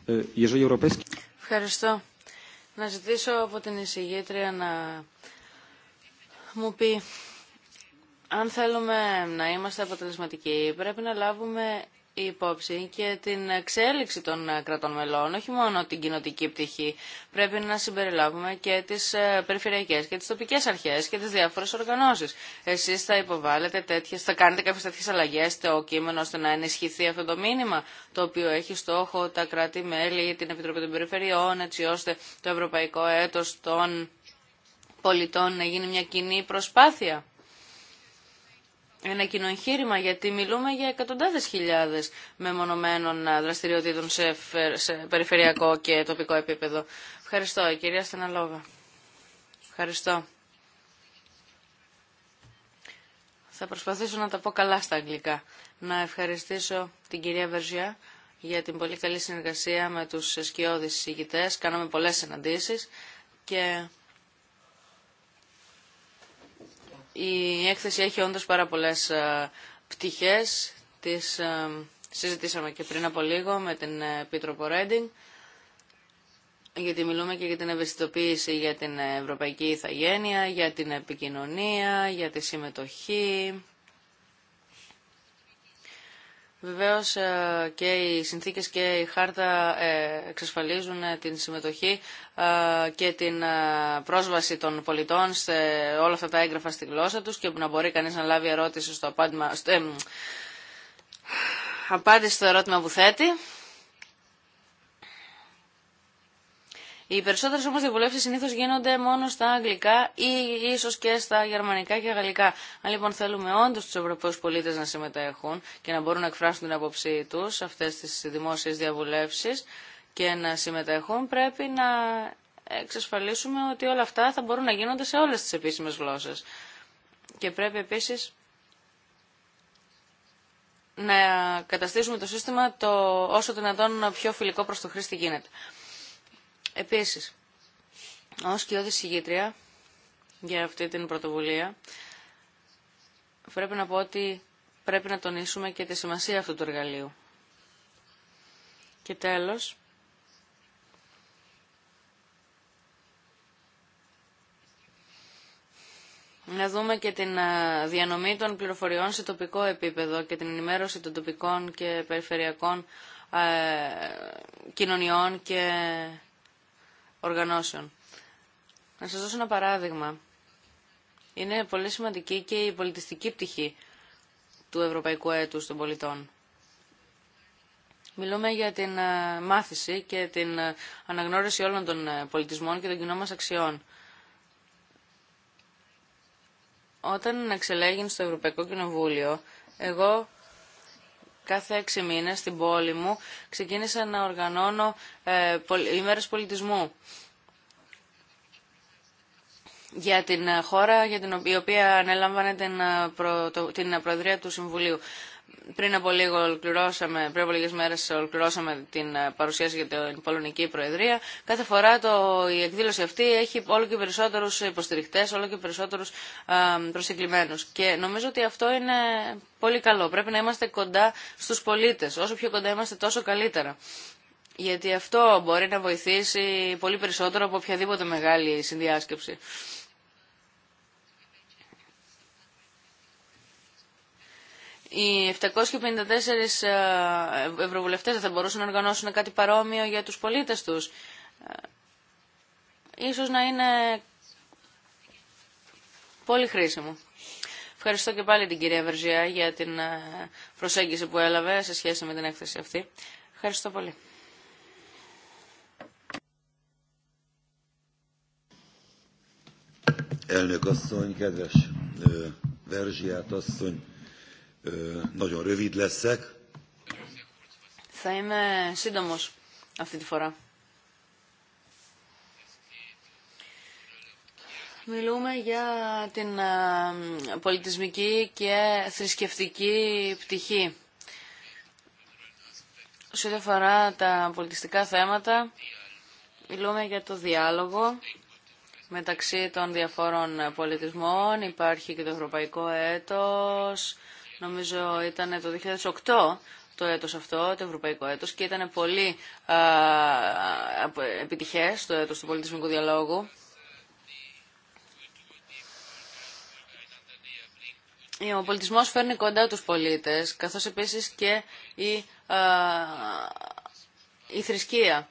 S4: Ε, Ευχαριστώ. Να ζητήσω από την εισηγήτρια να μου πει αν θέλουμε να είμαστε αποτελεσματικοί πρέπει να λάβουμε υπόψη και την εξέλιξη των ε, κρατών μελών, όχι μόνο την κοινοτική πτυχή. Πρέπει να συμπεριλάβουμε και τις ε, περιφερειακές και τις τοπικές αρχές και τις διάφορες οργανώσεις. Εσείς θα υποβάλλετε τέτοιες, θα κάνετε κάποιες τέτοιες αλλαγές στο κείμενο ώστε να ενισχυθεί αυτό το μήνυμα, το οποίο έχει στόχο τα κράτη-μέλη, την Επιτροπή των Περιφερειών, έτσι ώστε το Ευρωπαϊκό Έτος των Πολιτών να γίνει μια κοινή προσπάθεια ένα κοινό εγχείρημα, γιατί μιλούμε για εκατοντάδες χιλιάδες μεμονωμένων ε, δραστηριοτήτων σε, περιφερειακό και τοπικό επίπεδο. Ευχαριστώ, κυρία Στεναλόγα. Ευχαριστώ. Θα προσπαθήσω να τα πω καλά στα αγγλικά. Να ευχαριστήσω την κυρία Βερζιά για την πολύ καλή συνεργασία με τους σκιώδεις συζητητές. Κάναμε πολλές συναντήσεις και Η έκθεση έχει όντως πάρα πολλές ε, πτυχές. Τις ε, συζητήσαμε και πριν από λίγο με την Επίτροπο Ρέντινγκ, γιατί μιλούμε και για την ευαισθητοποίηση για την ευρωπαϊκή ηθαγένεια, για την επικοινωνία, για τη συμμετοχή, Βεβαίω, ε, και οι συνθήκες και η χάρτα ε, εξασφαλίζουν ε, την συμμετοχή και την πρόσβαση των πολιτών σε όλα αυτά τα έγγραφα στη γλώσσα τους και να μπορεί κανείς να λάβει ερώτηση στο στο, απάντηση στο ερώτημα που θέτει. Οι περισσότερε όμω διαβουλεύσει συνήθω γίνονται μόνο στα αγγλικά ή ίσω και στα γερμανικά και γαλλικά. Αν λοιπόν θέλουμε όντω του ευρωπαίου πολίτε να συμμετέχουν και να μπορούν να εκφράσουν την άποψή του σε αυτές τις δημόσιες διαβουλεύσεις και να συμμετέχουν πρέπει να εξασφαλίσουμε ότι όλα αυτά θα μπορούν να γίνονται σε όλε τι επίσημε γλώσσε. Και πρέπει επίση να καταστήσουμε το σύστημα το όσο δυνατόν πιο φιλικό προς το χρήστη γίνεται. Επίσης, ως κοιόδη συγγήτρια για αυτή την πρωτοβουλία, πρέπει να πω ότι πρέπει να τονίσουμε και τη σημασία αυτού του εργαλείου. Και τέλος, να δούμε και την διανομή των πληροφοριών σε τοπικό επίπεδο και την ενημέρωση των τοπικών και περιφερειακών κοινωνιών και οργανώσεων. Να σας δώσω ένα παράδειγμα. Είναι πολύ σημαντική και η πολιτιστική πτυχή του Ευρωπαϊκού Έτους των Πολιτών. Μιλούμε για την ε, μάθηση και την ε, αναγνώριση όλων των ε, πολιτισμών και των κοινών μας αξιών. Όταν εξελέγει στο Ευρωπαϊκό Κοινοβούλιο, εγώ Κάθε έξι μήνες στην πόλη μου ξεκίνησα να οργανώνω ε, ημέρες πολιτισμού για την ε, χώρα για την οποία ανέλαμβανε την, ε, την ε, Προεδρία του Συμβουλίου πριν από λίγο ολοκληρώσαμε, πριν από λίγες μέρες ολοκληρώσαμε την ε, παρουσίαση για την Πολωνική Προεδρία. Κάθε φορά το, η εκδήλωση αυτή έχει όλο και περισσότερους υποστηριχτές, όλο και περισσότερους ε, προσεκλημένους. Και νομίζω ότι αυτό είναι πολύ καλό. Πρέπει να είμαστε κοντά στους πολίτες. Όσο πιο κοντά είμαστε τόσο καλύτερα. Γιατί αυτό μπορεί να βοηθήσει πολύ περισσότερο από οποιαδήποτε μεγάλη συνδιάσκεψη. οι 754 ε, ευρωβουλευτές δεν θα μπορούσαν να οργανώσουν κάτι παρόμοιο για τους πολίτες τους. Ε, ίσως να είναι πολύ χρήσιμο. Ευχαριστώ και πάλι την κυρία Βερζιά για την ε, προσέγγιση που έλαβε σε σχέση με την έκθεση αυτή. Ευχαριστώ πολύ.
S5: Elnök asszony,
S4: θα είμαι σύντομος αυτή τη φορά. Μιλούμε για την ε, πολιτισμική και θρησκευτική πτυχή. Σε ό,τι αφορά τα πολιτιστικά θέματα, μιλούμε για το διάλογο μεταξύ των διαφόρων πολιτισμών. Υπάρχει και το Ευρωπαϊκό Έτος, Νομίζω ήταν το 2008 το έτος αυτό, το ευρωπαϊκό έτος και ήταν πολύ επιτυχές το έτος του πολιτισμικού διαλόγου. Ο πολιτισμός φέρνει κοντά τους πολίτες, καθώς επίσης και η, α, η θρησκεία.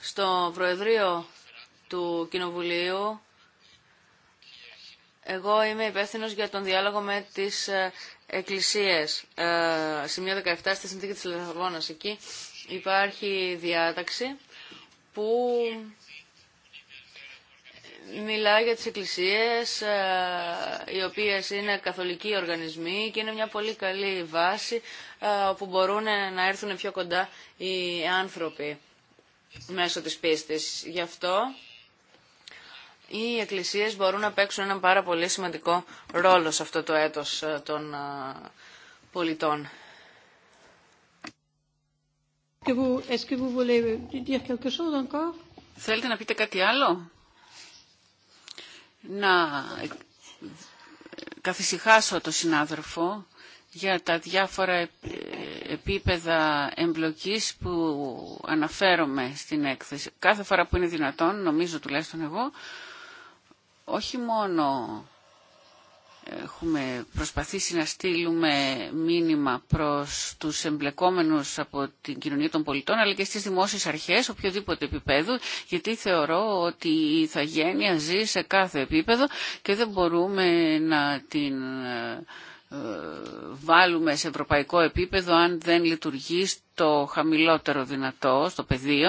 S4: Στο Προεδρείο του Κοινοβουλίου εγώ είμαι υπεύθυνο για τον διάλογο με τις ε, εκκλησίες. Ε, σημείο 17 στη συνθήκη της Εκεί υπάρχει διάταξη που μιλάει για τις εκκλησίες ε, οι οποίες είναι καθολικοί οργανισμοί και είναι μια πολύ καλή βάση ε, όπου μπορούν να έρθουν πιο κοντά οι άνθρωποι μέσω της πίστης. Γι' αυτό οι εκκλησίες μπορούν να παίξουν έναν πάρα πολύ σημαντικό ρόλο σε αυτό το έτος των πολιτών.
S1: Θέλετε να πείτε κάτι άλλο? Να ε, καθησυχάσω το συνάδελφο για τα διάφορα ε, επίπεδα εμπλοκής που αναφέρομαι στην έκθεση. Κάθε φορά που είναι δυνατόν, νομίζω τουλάχιστον εγώ, όχι μόνο έχουμε προσπαθήσει να στείλουμε μήνυμα προς τους εμπλεκόμενους από την κοινωνία των πολιτών αλλά και στις δημόσιες αρχές οποιοδήποτε επίπεδο γιατί θεωρώ ότι η ηθαγένεια ζει σε κάθε επίπεδο και δεν μπορούμε να την ε, βάλουμε σε ευρωπαϊκό επίπεδο αν δεν λειτουργεί στο χαμηλότερο δυνατό, στο πεδίο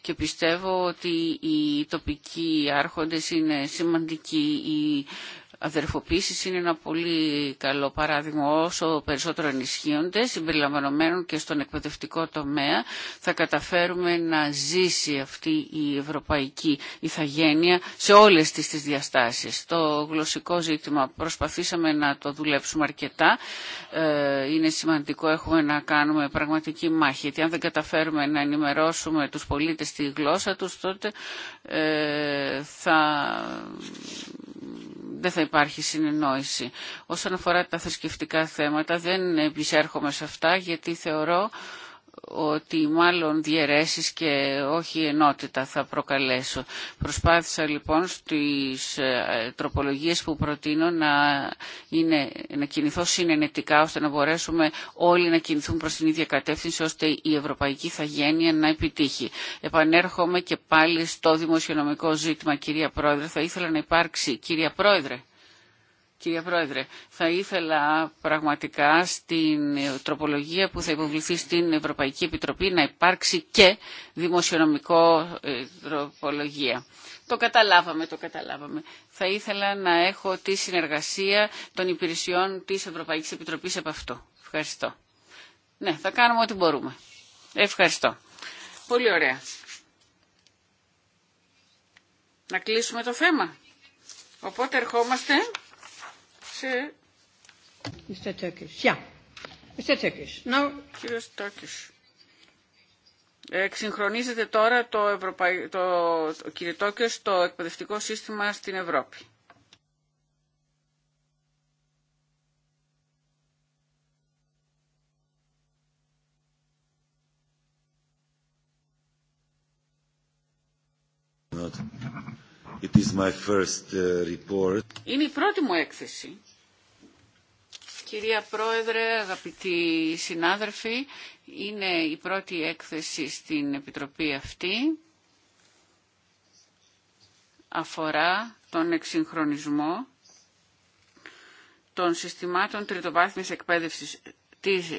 S1: και πιστεύω ότι οι τοπικοί άρχοντες είναι σημαντικοί, Αδερφοποίηση είναι ένα πολύ καλό παράδειγμα όσο περισσότερο ενισχύονται, συμπεριλαμβανομένων και στον εκπαιδευτικό τομέα θα καταφέρουμε να ζήσει αυτή η ευρωπαϊκή ηθαγένεια σε όλες τι τις διαστάσεις. Το γλωσσικό ζήτημα προσπαθήσαμε να το δουλέψουμε αρκετά. Ε, είναι σημαντικό, έχουμε να κάνουμε πραγματική μάχη, γιατί αν δεν καταφέρουμε να ενημερώσουμε τους πολίτε τη γλώσσα τους, τότε ε, θα δεν θα υπάρχει συνεννόηση. Όσον αφορά τα θρησκευτικά θέματα δεν επισέρχομαι σε αυτά γιατί θεωρώ ότι μάλλον διαιρέσεις και όχι ενότητα θα προκαλέσω. Προσπάθησα λοιπόν στις ε, τροπολογίες που προτείνω να, είναι, να κινηθώ συνενετικά ώστε να μπορέσουμε όλοι να κινηθούν προς την ίδια κατεύθυνση ώστε η ευρωπαϊκή θαγένεια να επιτύχει. Επανέρχομαι και πάλι στο δημοσιονομικό ζήτημα κυρία Πρόεδρε. Θα ήθελα να υπάρξει κυρία Πρόεδρε Κύριε Πρόεδρε, θα ήθελα πραγματικά στην τροπολογία που θα υποβληθεί στην Ευρωπαϊκή Επιτροπή να υπάρξει και δημοσιονομικό ε, τροπολογία. Το καταλάβαμε, το καταλάβαμε. Θα ήθελα να έχω τη συνεργασία των υπηρεσιών της Ευρωπαϊκής Επιτροπής από αυτό. Ευχαριστώ. Ναι, θα κάνουμε ό,τι μπορούμε. Ευχαριστώ. Πολύ ωραία. Να κλείσουμε το θέμα. Οπότε ερχόμαστε Εξυγχρονίζεται τώρα το, Ευρωπαϊ... το... Κύριε στο εκπαιδευτικό σύστημα στην Ευρώπη. Uh, Είναι η πρώτη μου έκθεση Κυρία Πρόεδρε, αγαπητοί συνάδελφοι, είναι η πρώτη έκθεση στην Επιτροπή αυτή. Αφορά τον εξυγχρονισμό των συστημάτων τριτοβάθμιας εκπαίδευσης της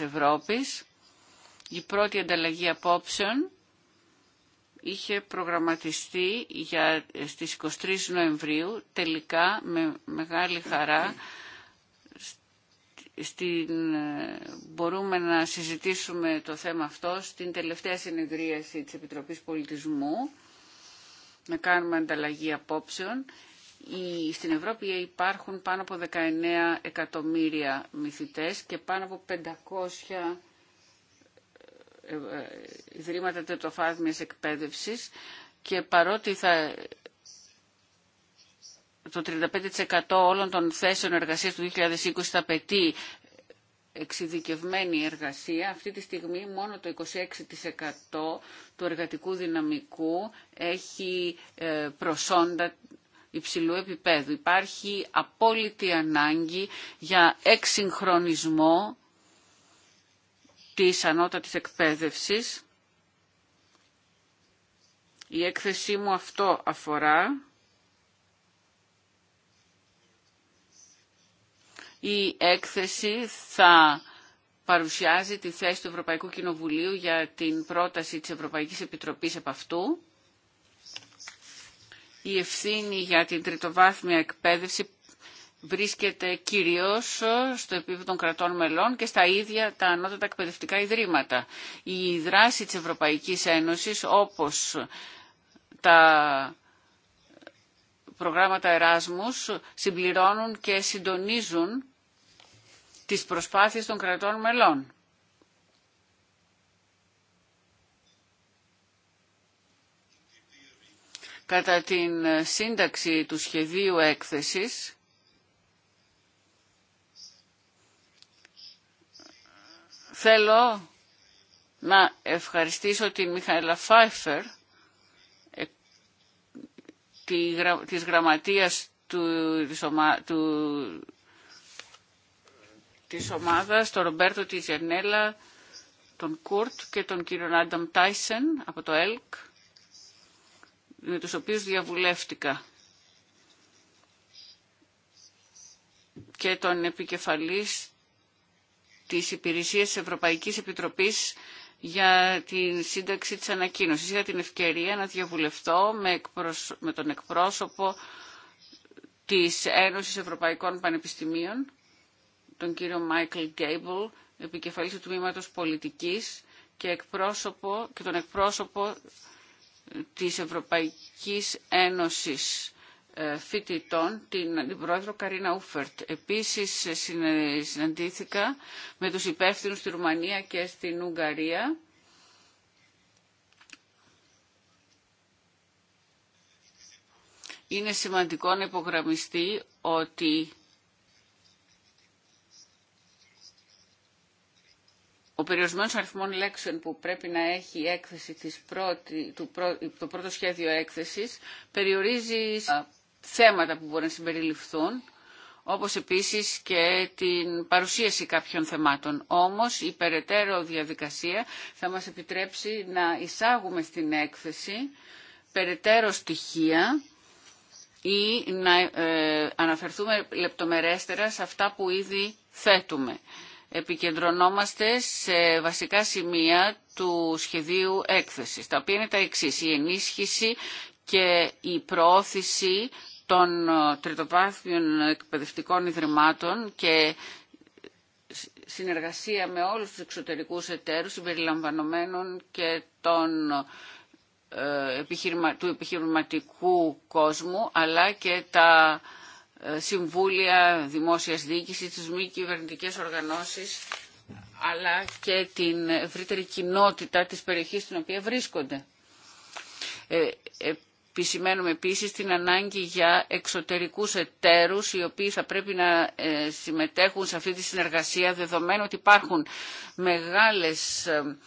S1: Ευρώπης. Η πρώτη ανταλλαγή απόψεων είχε προγραμματιστεί για στις 23 Νοεμβρίου. Τελικά, με μεγάλη χαρά, στην, ε, μπορούμε να συζητήσουμε το θέμα αυτό στην τελευταία συνεδρίαση της Επιτροπής Πολιτισμού, να κάνουμε ανταλλαγή απόψεων. Στην Ευρώπη υπάρχουν πάνω από 19 εκατομμύρια μυθητές και πάνω από 500 ε, ε, ιδρύματα φάσμα εκπαίδευσης και παρότι θα το 35% όλων των θέσεων εργασίας του 2020 θα απαιτεί εξειδικευμένη εργασία. Αυτή τη στιγμή μόνο το 26% του εργατικού δυναμικού έχει ε, προσόντα υψηλού επίπεδου. Υπάρχει απόλυτη ανάγκη για εξυγχρονισμό της ανώτατης εκπαίδευσης. Η έκθεσή μου αυτό αφορά Η έκθεση θα παρουσιάζει τη θέση του Ευρωπαϊκού Κοινοβουλίου για την πρόταση της Ευρωπαϊκής Επιτροπής επ' αυτού. Η ευθύνη για την τριτοβάθμια εκπαίδευση βρίσκεται κυρίως στο επίπεδο των κρατών μελών και στα ίδια τα ανώτατα εκπαιδευτικά ιδρύματα. Η δράση της Ευρωπαϊκής Ένωσης όπως τα προγράμματα Εράσμους συμπληρώνουν και συντονίζουν τις προσπάθειες των κρατών μελών. Κατά την ε, σύνταξη του σχεδίου έκθεσης, θέλω να ευχαριστήσω την Μιχαήλα Φάιφερ, της γραμματείας του, της, ομα, του, της ομάδας, τον Ρομπέρτο Τιζενέλα, τον Κούρτ και τον κύριο Άνταμ Τάισεν από το ΕΛΚ, με τους οποίους διαβουλεύτηκα. Και τον επικεφαλής της Υπηρεσίας Ευρωπαϊκής Επιτροπής για την σύνταξη της ανακοίνωσης. για την ευκαιρία να διαβουλευτώ με τον εκπρόσωπο της Ένωσης Ευρωπαϊκών Πανεπιστημίων, τον κύριο Μάικλ Γκέιμπλ, επικεφαλής του Τμήματος Πολιτικής και, εκπρόσωπο, και τον εκπρόσωπο της Ευρωπαϊκής Ένωσης ε, φοιτητών, την πρόεδρο Καρίνα Ούφερτ. Επίσης ε, συναντήθηκα με τους υπεύθυνους στη Ρουμανία και στην Ουγγαρία. Είναι σημαντικό να υπογραμμιστεί ότι Ο περιορισμένος αριθμών λέξεων που πρέπει να έχει η έκθεση της πρώτη, του το πρώτο σχέδιο έκθεσης περιορίζει θέματα που μπορεί να συμπεριληφθούν, όπως επίσης και την παρουσίαση κάποιων θεμάτων. Όμως η περαιτέρω διαδικασία θα μας επιτρέψει να εισάγουμε στην έκθεση περαιτέρω στοιχεία ή να ε, αναφερθούμε λεπτομερέστερα σε αυτά που ήδη θέτουμε. Επικεντρωνόμαστε σε βασικά σημεία του σχεδίου έκθεσης, τα οποία είναι τα εξής. Η ενίσχυση και η προώθηση των ε, τριτοβάθμιων εκπαιδευτικών ιδρυμάτων και συνεργασία με όλους τους εξωτερικούς εταίρους συμπεριλαμβανομένων και των, ε, του επιχειρηματικού κόσμου αλλά και τα ε, συμβούλια δημόσιας διοίκησης, τις μη κυβερνητικέ οργανώσεις αλλά και την ευρύτερη κοινότητα της περιοχής στην οποία βρίσκονται. Επισημαίνουμε επίσης την ανάγκη για εξωτερικούς εταίρους οι οποίοι θα πρέπει να ε, συμμετέχουν σε αυτή τη συνεργασία δεδομένου ότι υπάρχουν μεγάλες ε,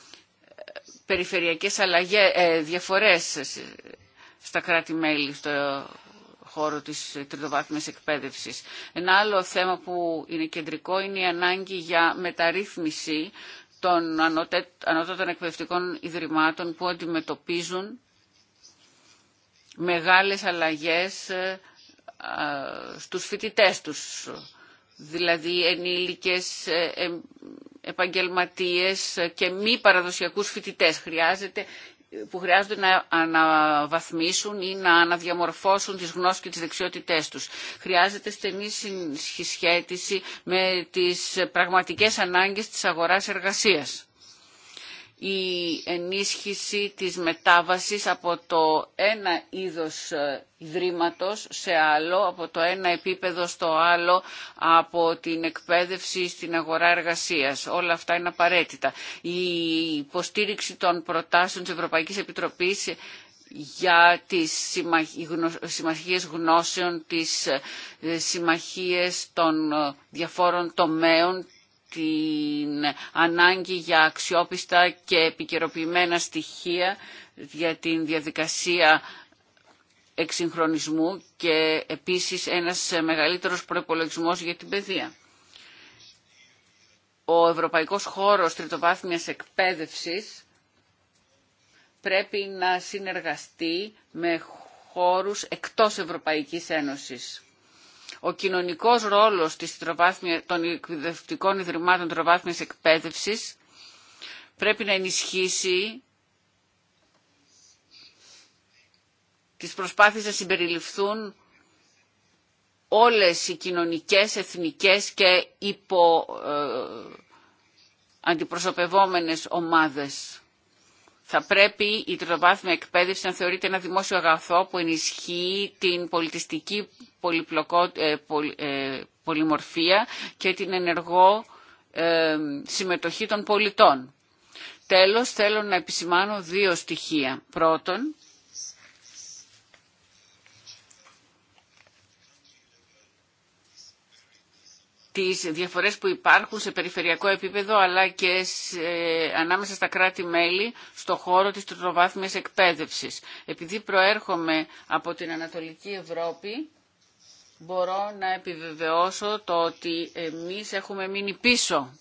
S1: περιφερειακές αλλαγές, ε, διαφορές στα κράτη-μέλη στο χώρο της τριτοβάθμιας εκπαίδευσης. Ένα άλλο θέμα που είναι κεντρικό είναι η ανάγκη για μεταρρύθμιση των ανώτατων εκπαιδευτικών ιδρυμάτων που αντιμετωπίζουν μεγάλες αλλαγές ε, στους φοιτητές τους, δηλαδή ενήλικες ε, ε, επαγγελματίες και μη παραδοσιακούς φοιτητές. Χρειάζεται που χρειάζονται να αναβαθμίσουν ή να αναδιαμορφώσουν τις γνώσεις και τις δεξιότητές τους. Χρειάζεται στενή συσχέτιση με τις πραγματικές ανάγκες της αγοράς εργασίας η ενίσχυση της μετάβασης από το ένα είδος ε, ιδρύματος σε άλλο, από το ένα επίπεδο στο άλλο, από την εκπαίδευση στην αγορά εργασίας. Όλα αυτά είναι απαραίτητα. Η υποστήριξη των προτάσεων της Ευρωπαϊκής Επιτροπής για τις συμμαχίες γνώσεων, τις ε, συμμαχίες των ε, διαφόρων τομέων, την ανάγκη για αξιόπιστα και επικαιροποιημένα στοιχεία για την διαδικασία εξυγχρονισμού και επίσης ένας μεγαλύτερος προπολογισμό για την παιδεία. Ο Ευρωπαϊκός Χώρος Τριτοβάθμιας Εκπαίδευσης πρέπει να συνεργαστεί με χώρους εκτός Ευρωπαϊκής Ένωσης. Ο κοινωνικός ρόλος των εκπαιδευτικών ιδρυμάτων τροβάθμιας εκπαίδευσης πρέπει να ενισχύσει τις προσπάθειες να συμπεριληφθούν όλες οι κοινωνικές, εθνικές και υπο ε, αντιπροσωπευόμενες ομάδες. Θα πρέπει η τριτοβάθμια εκπαίδευση να θεωρείται ένα δημόσιο αγαθό που ενισχύει την πολιτιστική πολυπλοκό, ε, ε, πολυμορφία και την ενεργό ε, συμμετοχή των πολιτών. Τέλος, θέλω να επισημάνω δύο στοιχεία. Πρώτον, τις διαφορές που υπάρχουν σε περιφερειακό επίπεδο αλλά και ανάμεσα στα κράτη-μέλη στο χώρο της τριτοβάθμιας εκπαίδευσης. Επειδή προέρχομαι από την Ανατολική Ευρώπη, μπορώ να επιβεβαιώσω το ότι εμείς έχουμε μείνει πίσω.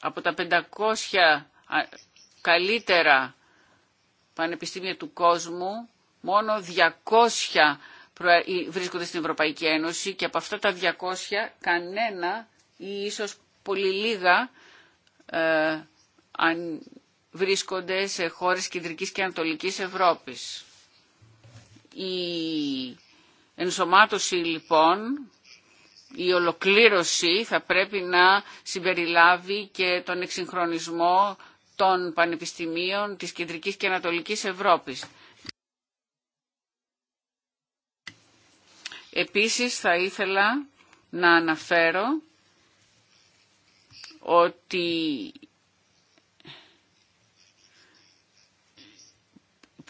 S1: Από τα 500 καλύτερα πανεπιστήμια του κόσμου, μόνο 200 ε, βρίσκονται στην Ευρωπαϊκή Ένωση και από αυτά τα 200 κανένα ή ίσως πολύ λίγα ε, βρίσκονται σε χώρες κεντρικής και ανατολικής Ευρώπης. Η ενσωμάτωση λοιπόν, η ολοκλήρωση θα πρέπει να συμπεριλάβει και τον εξυγχρονισμό των πανεπιστημίων της κεντρικής και ανατολικής Ευρώπης. Επίσης θα ήθελα να αναφέρω ότι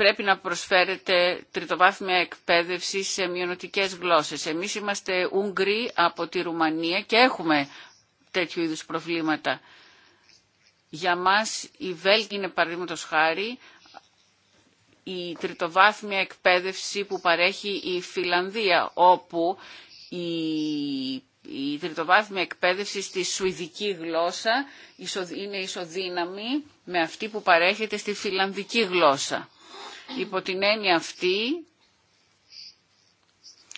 S1: πρέπει να προσφέρεται τριτοβάθμια εκπαίδευση σε μειονοτικές γλώσσες. Εμείς είμαστε Ουγγροί από τη Ρουμανία και έχουμε τέτοιου είδους προβλήματα. Για μας η Βέλγη είναι παραδείγματο χάρη η τριτοβάθμια εκπαίδευση που παρέχει η Φιλανδία, όπου η, η τριτοβάθμια εκπαίδευση στη σουηδική γλώσσα είναι ισοδύναμη με αυτή που παρέχεται στη φιλανδική γλώσσα. Υπό την έννοια αυτή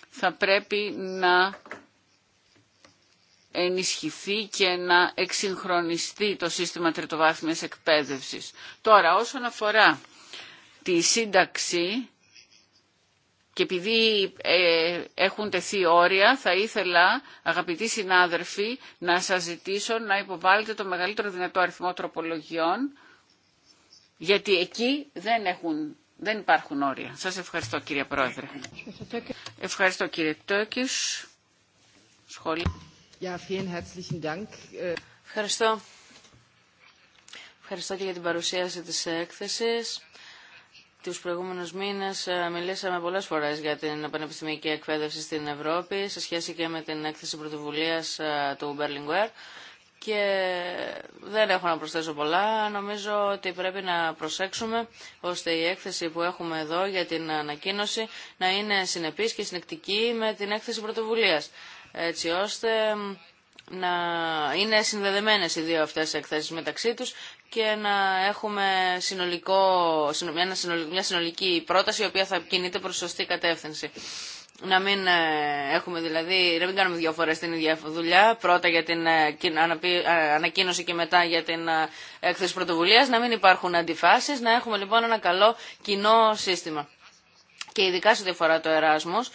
S1: θα πρέπει να ενισχυθεί και να εξυγχρονιστεί το σύστημα τριτοβάθμιας εκπαίδευσης. Τώρα, όσον αφορά τη σύνταξη, και επειδή ε, έχουν τεθεί όρια, θα ήθελα, αγαπητοί συνάδελφοι, να σας ζητήσω να υποβάλλετε το μεγαλύτερο δυνατό αριθμό τροπολογιών, γιατί εκεί δεν έχουν δεν υπάρχουν όρια. Σας ευχαριστώ κύριε Πρόεδρε. Ευχαριστώ κύριε Τόκης.
S4: Ευχαριστώ. Ευχαριστώ και για την παρουσίαση της έκθεσης. Τους προηγούμενους μήνες ε, μιλήσαμε πολλές φορές για την πανεπιστημιακή εκπαίδευση στην Ευρώπη σε σχέση και με την έκθεση πρωτοβουλίας ε, του Berlinguer και δεν έχω να προσθέσω πολλά. Νομίζω ότι πρέπει να προσέξουμε ώστε η έκθεση που έχουμε εδώ για την ανακοίνωση να είναι συνεπής και συνεκτική με την έκθεση πρωτοβουλίας. Έτσι ώστε να είναι συνδεδεμένες οι δύο αυτές οι εκθέσεις μεταξύ τους και να έχουμε συνολικό, μια συνολική πρόταση η οποία θα κινείται προς σωστή κατεύθυνση να μην ε, έχουμε δηλαδή, να κάνουμε δύο φορές την ίδια δουλειά, πρώτα για την ε, ε, ανακοίνωση και μετά για την έκθεση πρωτοβουλίας, να μην υπάρχουν αντιφάσεις, να έχουμε λοιπόν ένα καλό κοινό σύστημα. Και ειδικά σε ό,τι αφορά το Εράσμος,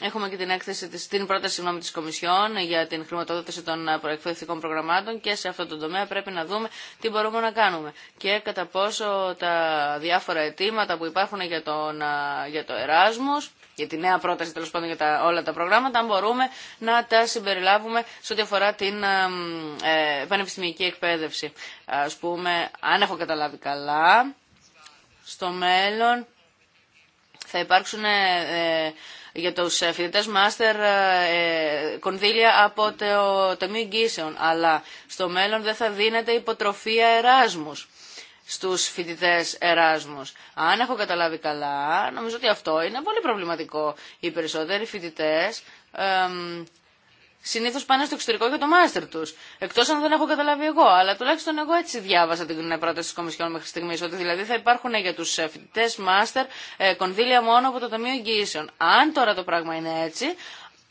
S4: Έχουμε και την, έκθεση, την πρόταση συγγνώμη της Κομισιόν για την χρηματοδότηση των ε, προεκπαιδευτικών προγραμμάτων και σε αυτό το τομέα πρέπει να δούμε τι μπορούμε να κάνουμε και κατά πόσο τα διάφορα αιτήματα που υπάρχουν για, τον, ε, για το Εράσμος για τη νέα πρόταση τέλο πάντων για όλα τα προγράμματα, αν μπορούμε να τα συμπεριλάβουμε σε ό,τι αφορά την ε, ε πανεπιστημιακή εκπαίδευση. Ας πούμε, αν έχω καταλάβει καλά, στο μέλλον θα υπάρξουν ε, για τους φοιτητές μάστερ ε, κονδύλια από το Ταμείο Εγγύσεων, αλλά στο μέλλον δεν θα δίνεται υποτροφία Εράσμους στους φοιτητέ Εράσμους. Αν έχω καταλάβει καλά, νομίζω ότι αυτό είναι πολύ προβληματικό. Οι περισσότεροι φοιτητέ συνήθω πάνε στο εξωτερικό για το μάστερ του. Εκτό αν δεν έχω καταλάβει εγώ. Αλλά τουλάχιστον εγώ έτσι διάβασα την πρόταση τη Κομισιόν μέχρι στιγμή. Ότι δηλαδή θα υπάρχουν για του ε, φοιτητέ μάστερ ε, κονδύλια μόνο από το Ταμείο Εγγυήσεων. Αν τώρα το πράγμα είναι έτσι,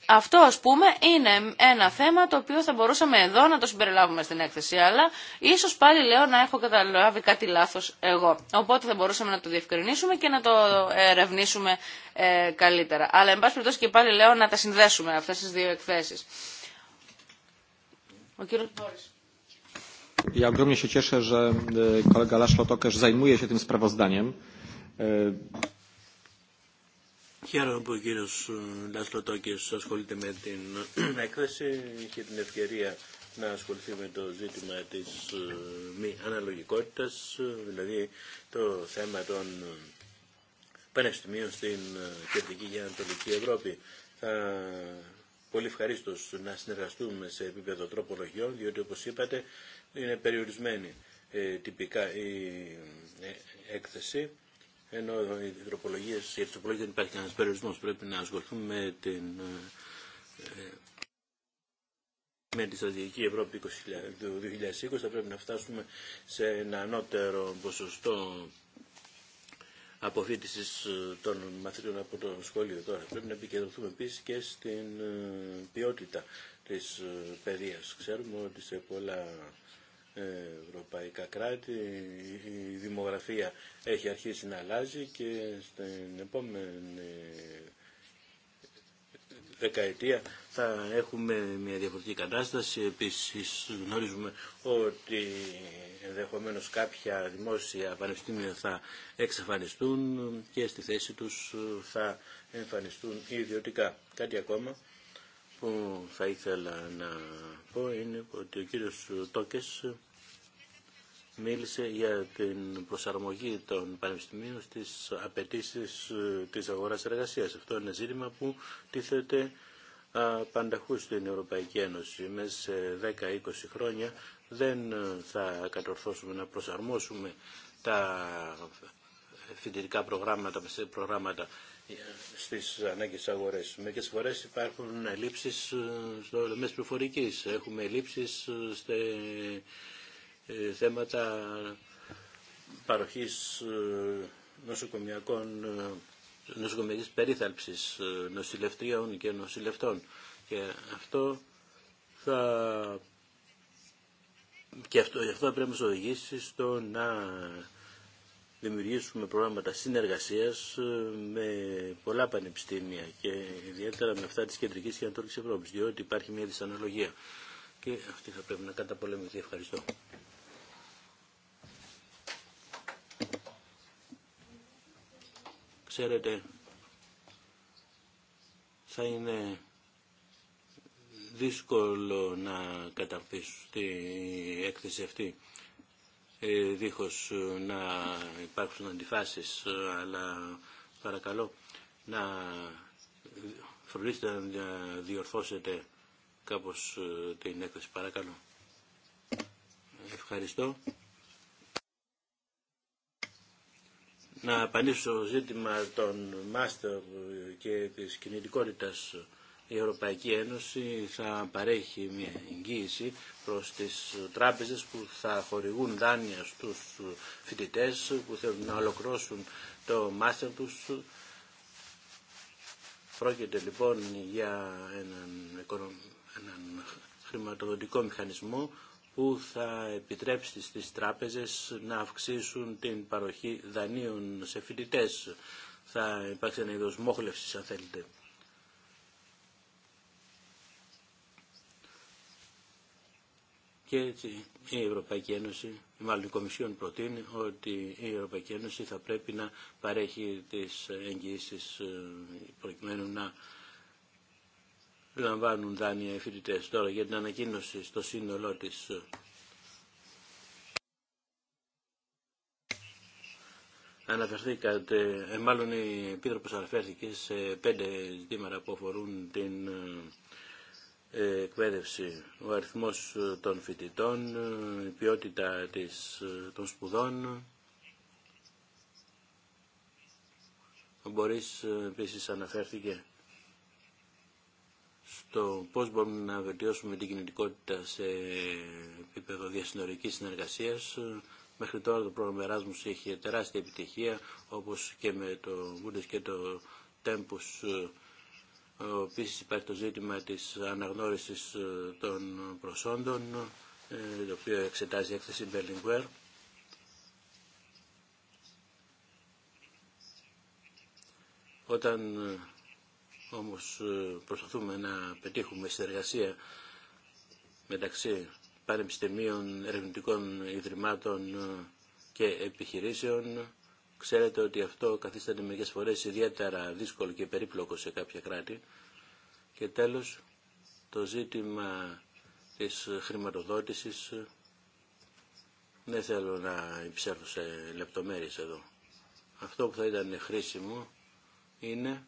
S4: αυτό ας πούμε είναι ένα θέμα το οποίο θα μπορούσαμε εδώ να το συμπεριλάβουμε στην έκθεση, αλλά ίσως πάλι λέω να έχω καταλάβει κάτι λάθος εγώ. Οπότε θα μπορούσαμε να το διευκρινίσουμε και να το ερευνήσουμε ε, καλύτερα. Αλλά εν πάση περιπτώσει και πάλι λέω να τα συνδέσουμε αυτές τις δύο εκθέσεις. Ο κύριος
S1: Μπόρης.
S5: Ja ogromnie się cieszę, że e, kolega Laszlo zajmuje
S3: się
S4: tym sprawozdaniem. E,
S3: Χαίρομαι που ο κύριος ε, Λασλοτόκης ασχολείται με την ε, έκθεση. Είχε την ευκαιρία να ασχοληθεί με το ζήτημα της ε, μη αναλογικότητας, δηλαδή το θέμα των πανεπιστημίων στην Κεντρική και Ανατολική Ευρώπη. Θα πολύ ευχαρίστω να συνεργαστούμε σε επίπεδο τροπολογιών, διότι όπως είπατε είναι περιορισμένη τυπικά η έκθεση ενώ οι τροπολογίε, για τι τροπολογίε δεν υπάρχει κανένα περιορισμό. Πρέπει να ασχοληθούμε με την. Ε, ε, με τη στρατηγική Ευρώπη του 2020 θα πρέπει να φτάσουμε σε ένα ανώτερο ποσοστό αποφύτησης ε, των μαθητών από το σχολείο τώρα. Πρέπει να επικεντρωθούμε επίση και στην ποιότητα της παιδείας. Ξέρουμε ότι σε πολλά ευρωπαϊκά κράτη. Η δημογραφία έχει αρχίσει να αλλάζει και στην επόμενη δεκαετία θα έχουμε μια διαφορετική κατάσταση. Επίσης γνωρίζουμε ότι ενδεχομένω κάποια δημόσια πανεπιστήμια θα εξαφανιστούν και στη θέση τους θα εμφανιστούν ιδιωτικά. Κάτι ακόμα που θα ήθελα να πω είναι ότι ο κύριος Τόκες μίλησε για την προσαρμογή των πανεπιστημίων στις απαιτήσει ε, της αγοράς εργασίας. Αυτό είναι ζήτημα που τίθεται πανταχού στην Ευρωπαϊκή Ένωση. Μέσα σε 10-20 χρόνια δεν ε, θα κατορθώσουμε να προσαρμόσουμε τα φοιτητικά προγράμματα, προγράμματα στις ανάγκες αγορέ. Μερικέ φορέ υπάρχουν ελλείψεις ε, στο ρεμέ προφορικής. Έχουμε ελλείψεις σε ε, θέματα παροχής ε, νοσοκομειακών νοσοκομιακής περίθαλψης νοσηλευτριών και νοσηλευτών. Και αυτό θα και αυτό, αυτό πρέπει να μας οδηγήσει στο να δημιουργήσουμε προγράμματα συνεργασίας ε, με πολλά πανεπιστήμια και ιδιαίτερα με αυτά της Κεντρικής και Ανατολικής Ευρώπης, διότι υπάρχει μια δυσαναλογία και αυτή θα πρέπει να καταπολεμηθεί. Ευχαριστώ. Ξέρετε, θα είναι δύσκολο να καταρτήσει την έκθεση αυτή ε, δίχως ε, να υπάρξουν αντιφάσεις, ε, αλλά παρακαλώ να φροντίσετε να διορθώσετε κάπως την έκθεση, παρακαλώ. Ευχαριστώ. Να απαντήσω στο ζήτημα των μάστερ και της κινητικότητας η Ευρωπαϊκή Ένωση θα παρέχει μια εγγύηση προς τις τράπεζες που θα χορηγούν δάνεια στους φοιτητές που θέλουν να ολοκληρώσουν το μάστερ τους. Πρόκειται λοιπόν για έναν, έναν χρηματοδοτικό μηχανισμό που θα επιτρέψει στις τράπεζες να αυξήσουν την παροχή δανείων σε φοιτητές. Θα υπάρξει ένα είδος μόχλευσης αν θέλετε και έτσι η Ευρωπαϊκή Ένωση, μάλλον η Κομισιόν προτείνει ότι η Ευρωπαϊκή Ένωση θα πρέπει να παρέχει τις εγγυήσεις ε, προκειμένου να λαμβάνουν δάνεια οι φοιτητές. Τώρα για την ανακοίνωση στο σύνολό της Αναφερθήκατε, ε, μάλλον η Επίτροπος αναφέρθηκε σε πέντε ζητήματα που αφορούν την ε, εκπαίδευση, ο αριθμός ε, των φοιτητών, ε, η ποιότητα της, ε, των σπουδών. Ο Μπορείς επίσης αναφέρθηκε στο πώς μπορούμε να βελτιώσουμε την κινητικότητα σε επίπεδο διασυνορικής συνεργασίας. Μέχρι τώρα το πρόγραμμα εράσμους είχε τεράστια επιτυχία, όπως και με το Βούντες και το Τέμπους, ε, Επίση υπάρχει το ζήτημα της αναγνώρισης ε, των προσόντων, ε, το οποίο εξετάζει η έκθεση Όταν όμως προσπαθούμε να πετύχουμε συνεργασία μεταξύ πανεπιστημίων, ερευνητικών ιδρυμάτων και επιχειρήσεων, Ξέρετε ότι αυτό καθίσταται μερικές φορές ιδιαίτερα δύσκολο και περίπλοκο σε κάποια κράτη. Και τέλος, το ζήτημα της χρηματοδότησης. Δεν θέλω να υψέρθω σε λεπτομέρειες εδώ. Αυτό που θα ήταν χρήσιμο είναι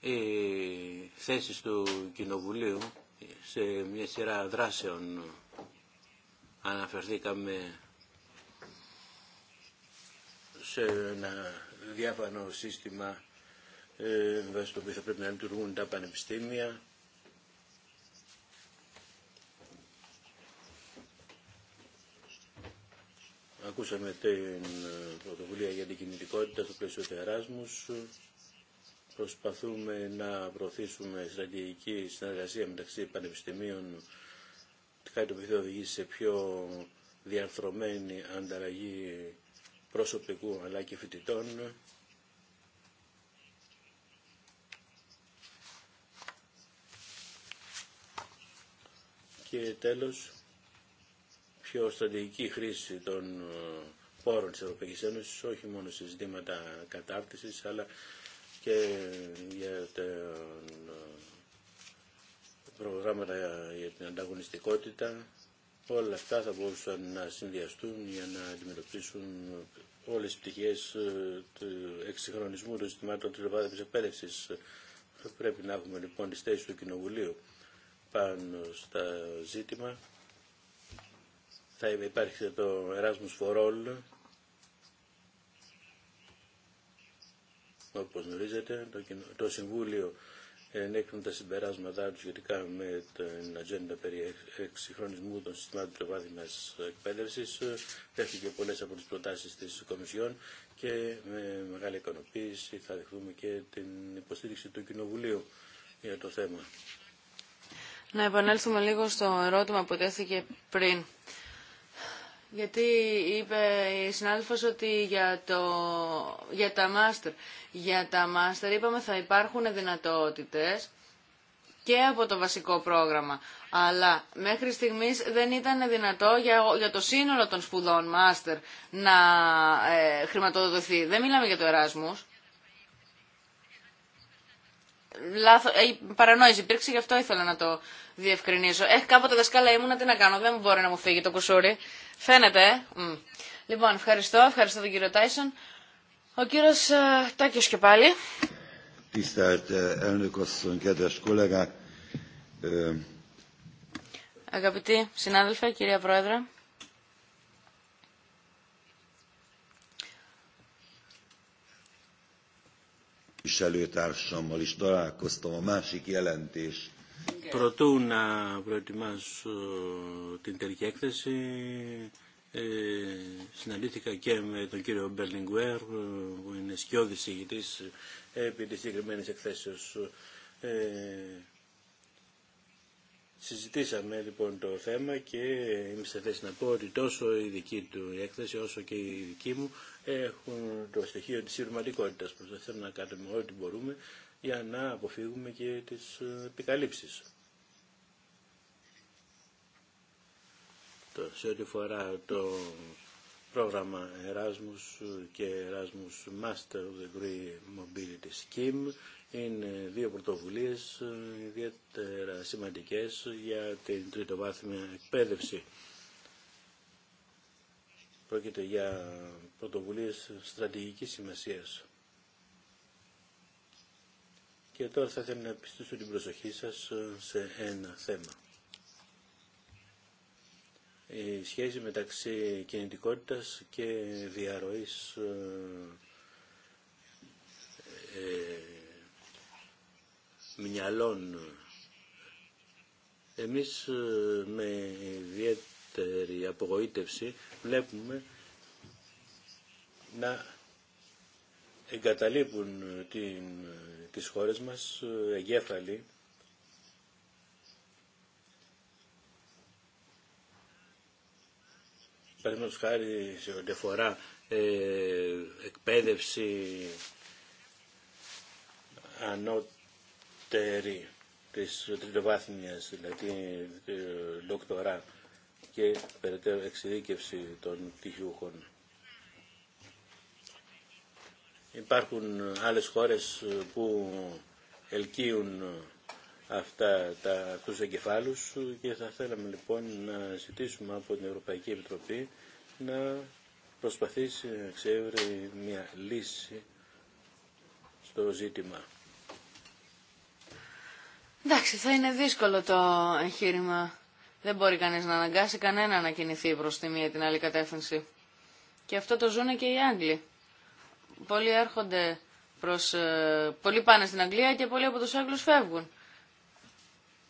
S3: οι θέσεις του Κοινοβουλίου σε μια σειρά δράσεων αναφερθήκαμε σε ένα διάφανο σύστημα ε, βάσει το οποίο θα πρέπει να λειτουργούν τα πανεπιστήμια. Ακούσαμε την ε, πρωτοβουλία για την κινητικότητα στο πλαίσιο του Εράσμους. Προσπαθούμε να προωθήσουμε στρατηγική συνεργασία μεταξύ πανεπιστημίων κάτι το θα οδηγήσει σε πιο διαρθρωμένη ανταλλαγή προσωπικού αλλά και φοιτητών. Και τέλος, πιο στρατηγική χρήση των ε, πόρων της Ευρωπαϊκής Ένωσης, όχι μόνο σε ζητήματα κατάρτισης, αλλά και για τον ε, προγράμματα για την ανταγωνιστικότητα, όλα αυτά θα μπορούσαν να συνδυαστούν για να αντιμετωπίσουν όλες τις πτυχές ε, του εξυγχρονισμού των συστημάτων της εκπαίδευσης. Θα πρέπει να έχουμε λοιπόν τις θέσεις του Κοινοβουλίου πάνω στα ζήτημα. Θα υπάρχει το Erasmus for All, όπως γνωρίζετε, το Συμβούλιο ενέκρινε τα συμπεράσματά του σχετικά με την ατζέντα περί εξυγχρονισμού των συστημάτων εκπαίδευσης εκπαίδευση. Δέχτηκε πολλέ από τι προτάσει τη Κομισιόν και με μεγάλη ικανοποίηση θα δεχθούμε και την υποστήριξη του Κοινοβουλίου για το θέμα.
S4: Να επανέλθουμε λίγο στο ερώτημα που τέθηκε πριν. Γιατί είπε η συνάδελφος ότι για, το, για τα μάστερ. Για τα μάστερ είπαμε θα υπάρχουν δυνατότητες και από το βασικό πρόγραμμα. Αλλά μέχρι στιγμής δεν ήταν δυνατό για, για το σύνολο των σπουδών μάστερ να ε, χρηματοδοτηθεί. Δεν μιλάμε για το Εράσμους λάθο, ε, παρανόηση υπήρξε, γι' αυτό ήθελα να το διευκρινίσω. Ε, κάποτε δασκάλα ήμουνα, τι να κάνω, δεν μπορεί να μου φύγει το κουσούρι. Φαίνεται, ε. Λοιπόν, ευχαριστώ, ευχαριστώ τον κύριο Τάισον. Ο κύριος ε, και πάλι.
S5: Ε, ε,
S4: Αγαπητοί συνάδελφοι, κυρία Πρόεδρε.
S5: képviselőtársammal
S3: Προτού να προετοιμάσω την τελική έκθεση, ε, συναντήθηκα και με τον κύριο Μπερλιγκουέρ, που είναι σκιώδης ηγητής επί της συγκεκριμένης εκθέσεως. Ε, Συζητήσαμε λοιπόν το θέμα και είμαι σε θέση να πω ότι τόσο η δική του έκθεση όσο και η δική μου έχουν το στοιχείο της που Θέλουμε να κάνουμε ό,τι μπορούμε για να αποφύγουμε και τις ε, επικαλύψεις. Σε ό,τι φορά το πρόγραμμα Erasmus και Erasmus Master Degree Mobility Scheme είναι δύο πρωτοβουλίες ε, ιδιαίτερα σημαντικές για την τριτοβάθμια εκπαίδευση. Πρόκειται για πρωτοβουλίες στρατηγικής σημασίας. Και τώρα θα ήθελα να πιστήσω την προσοχή σας ε, σε ένα θέμα. Η σχέση μεταξύ κινητικότητας και διαρροής ε, μυαλών. Εμείς ε, με ιδιαίτερη απογοήτευση βλέπουμε να εγκαταλείπουν την, τις χώρες μας ε, εγκέφαλοι Παραδείγματο χάρη σε ό,τι αφορά ε, εκπαίδευση ανώτερη φτερή της τριτοβάθμιας, δηλαδή δοκτορά ε, και περαιτέρω εξειδίκευση των πτυχιούχων. Υπάρχουν άλλες χώρες που ελκύουν αυτά τα, αυτούς εγκεφάλους και θα θέλαμε λοιπόν να ζητήσουμε από την Ευρωπαϊκή Επιτροπή να προσπαθήσει να ξεύρει μια λύση στο ζήτημα.
S4: Εντάξει, θα είναι δύσκολο το εγχείρημα. Δεν μπορεί κανείς να αναγκάσει κανένα να κινηθεί προς τη μία την άλλη κατεύθυνση. Και αυτό το ζουν και οι Άγγλοι. Πολλοί έρχονται προς... Ε, πολλοί πάνε στην Αγγλία και πολλοί από τους Άγγλους φεύγουν.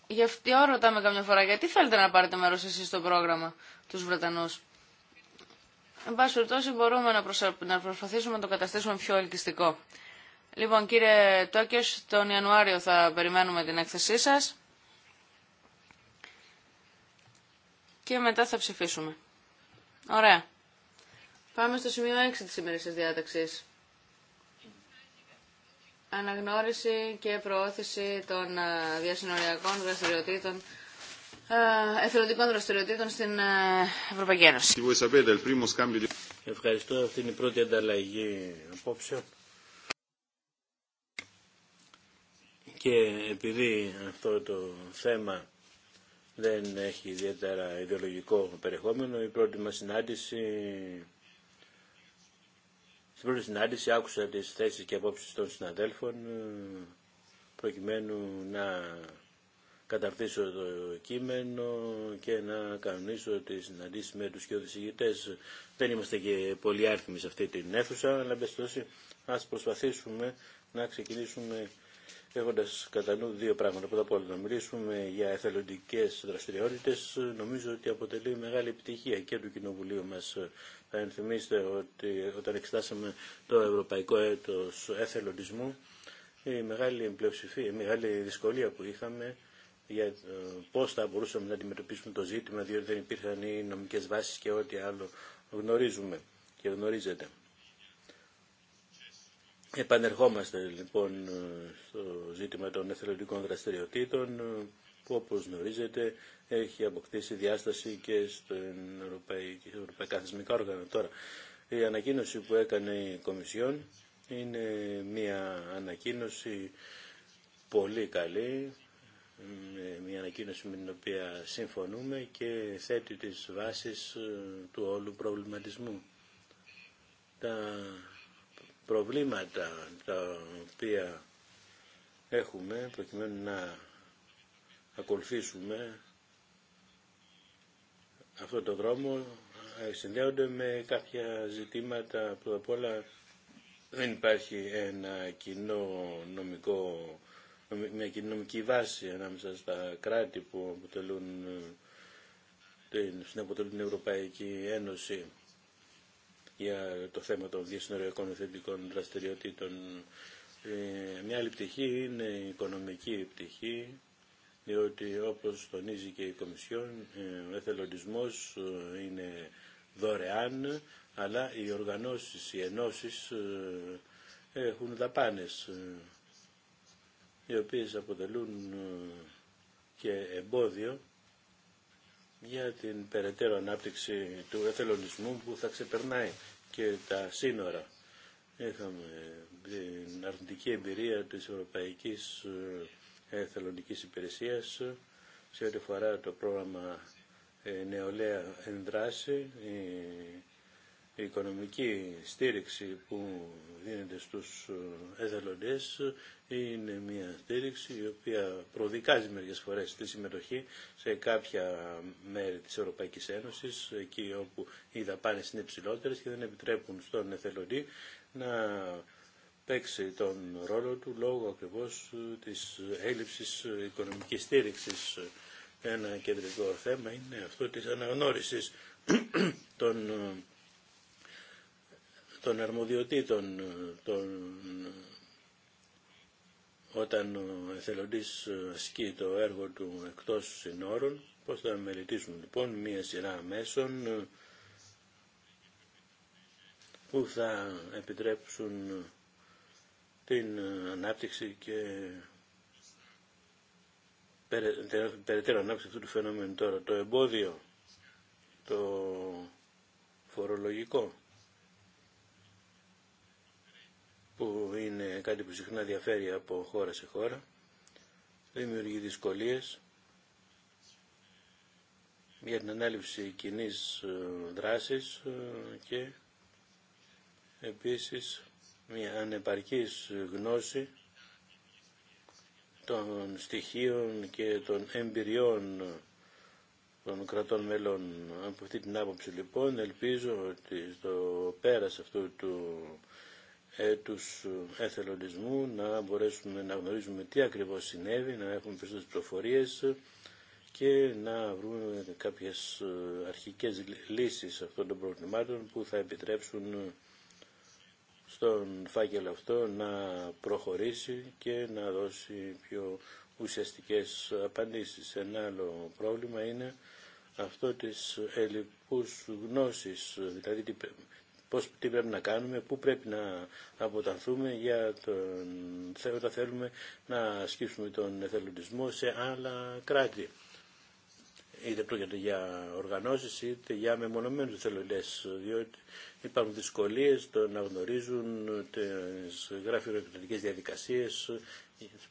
S4: Γι' αυτό ρωτάμε καμιά φορά, γιατί θέλετε να πάρετε μέρος εσείς στο πρόγραμμα τους Βρετανούς. Εν πάση περιπτώσει μπορούμε να, να προσπαθήσουμε να το καταστήσουμε πιο ελκυστικό. Λοιπόν, κύριε Τόκιος, τον Ιανουάριο θα περιμένουμε την έκθεσή σας και μετά θα ψηφίσουμε. Ωραία. Πάμε στο σημείο 6 της σημερινής διάταξης. Αναγνώριση και προώθηση των ε, διασυνοριακών δραστηριοτήτων ε, εθελοντικών δραστηριοτήτων στην ε, Ευρωπαϊκή Ένωση.
S3: Ευχαριστώ. Αυτή είναι η πρώτη ανταλλαγή απόψεων. Και επειδή αυτό το θέμα δεν έχει ιδιαίτερα ιδεολογικό περιεχόμενο, η πρώτη μας συνάντηση στην πρώτη συνάντηση άκουσα τις θέσεις και απόψεις των συναδέλφων ε, προκειμένου να καταρτήσω το κείμενο και να κανονίσω τη συνάντηση με τους κοιοδησηγητές. Δεν είμαστε και πολύ σε αυτή την αίθουσα, αλλά μπες ας προσπαθήσουμε να ξεκινήσουμε έχοντας κατά νου δύο πράγματα. Πρώτα απ' όλα να μιλήσουμε για εθελοντικές δραστηριότητες. Νομίζω ότι αποτελεί μεγάλη επιτυχία και του Κοινοβουλίου μας. Θα ενθυμίσετε ότι όταν εξετάσαμε το Ευρωπαϊκό έτο Εθελοντισμού, η μεγάλη, η μεγάλη δυσκολία που είχαμε για πώς θα μπορούσαμε να αντιμετωπίσουμε το ζήτημα, διότι δεν υπήρχαν οι νομικέ βάσει και ό,τι άλλο γνωρίζουμε και γνωρίζετε. Επανερχόμαστε λοιπόν στο ζήτημα των εθελοντικών δραστηριοτήτων που όπως γνωρίζετε έχει αποκτήσει διάσταση και στην Ευρωπαϊκή, Ευρωπαϊκά Θεσμικά Όργανα. Τώρα, η ανακοίνωση που έκανε η Κομισιόν είναι μια ανακοίνωση πολύ καλή, μια ανακοίνωση με την οποία συμφωνούμε και θέτει τις βάσεις ε, του όλου προβληματισμού. Τα προβλήματα τα οποία έχουμε προκειμένου να ακολουθήσουμε αυτό το δρόμο ε, συνδέονται με κάποια ζητήματα που απ' όλα δεν υπάρχει ένα κοινό νομικό, μια κοινή νομική βάση ανάμεσα στα κράτη που αποτελούν ε, την, στην Ευρωπαϊκή Ένωση για το θέμα των διασυνοριακών εθνικών δραστηριοτήτων. Ε, μια άλλη πτυχή είναι η οικονομική πτυχή, διότι όπως τονίζει και η Κομισιόν, ε, ο εθελοντισμός ε, είναι δωρεάν, αλλά οι οργανώσεις, οι ενώσεις έχουν δαπάνες, οι οποίες αποτελούν και εμπόδιο για την περαιτέρω ανάπτυξη του εθελοντισμού που θα ξεπερνάει και τα σύνορα. Είχαμε την αρνητική εμπειρία της Ευρωπαϊκής ε, Εθελοντικής Υπηρεσίας σε ό,τι φορά το πρόγραμμα ε, νεολαία ενδράση η οικονομική στήριξη που δίνεται στους ε, εθελοντές είναι μια στήριξη η οποία προδικάζει μερικές φορές τη συμμετοχή σε κάποια μέρη της Ευρωπαϊκής Ένωσης εκεί όπου οι δαπάνες είναι υψηλότερε και δεν επιτρέπουν στον εθελοντή να παίξει τον ρόλο του λόγω ακριβώς της έλλειψης οικονομικής στήριξης. Ένα κεντρικό θέμα είναι αυτό της αναγνώρισης των ε, των αρμοδιοτήτων ε, των... όταν ο εθελοντής ε, ασκεί το έργο του εκτός συνόρων, πώς θα μελετήσουν λοιπόν μία σειρά μέσων ε, που θα επιτρέψουν την ανάπτυξη και περαιτέρω ανάπτυξη αυτού του φαινόμενου τώρα. Το εμπόδιο, το φορολογικό, που είναι κάτι που συχνά διαφέρει από χώρα σε χώρα, δημιουργεί δυσκολίες για την ανάληψη κοινή ε, δράσης ε, και επίσης μια ανεπαρκής γνώση των στοιχείων και των εμπειριών των κρατών μελών. Από αυτή την άποψη λοιπόν ελπίζω ότι στο πέρας αυτού του τους εθελοντισμού, να μπορέσουμε να γνωρίζουμε τι ακριβώς συνέβη, να έχουμε περισσότερες πληροφορίες και να βρούμε κάποιες ε, αρχικές λύσεις αυτών των προβλημάτων που θα επιτρέψουν στον φάκελο αυτό να προχωρήσει και να δώσει πιο ουσιαστικές απαντήσεις. Ένα άλλο πρόβλημα είναι αυτό της ελλειπούς γνώσης, δηλαδή πώς, τι πρέπει να κάνουμε, πού πρέπει να αποτανθούμε για τον, όταν θέλουμε να ασκήσουμε τον εθελοντισμό σε άλλα κράτη. Είτε πρόκειται για οργανώσεις είτε για μεμονωμένους εθελοντές, διότι υπάρχουν δυσκολίες το να γνωρίζουν τις γραφειοκρατικές διαδικασίες,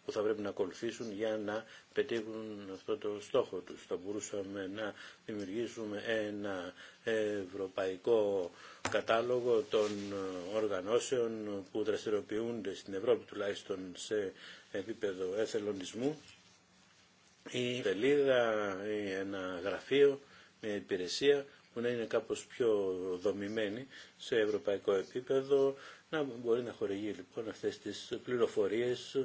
S3: που θα πρέπει να ακολουθήσουν για να πετύχουν αυτό το στόχο τους. Θα μπορούσαμε να δημιουργήσουμε ένα ευρωπαϊκό κατάλογο των οργανώσεων που δραστηριοποιούνται στην Ευρώπη τουλάχιστον σε επίπεδο εθελοντισμού ή τελίδα ή ένα γραφείο, μια υπηρεσία που να είναι κάπως πιο δομημένη σε ευρωπαϊκό επίπεδο, να μπορεί να χορηγεί λοιπόν αυτές τις πληροφορίες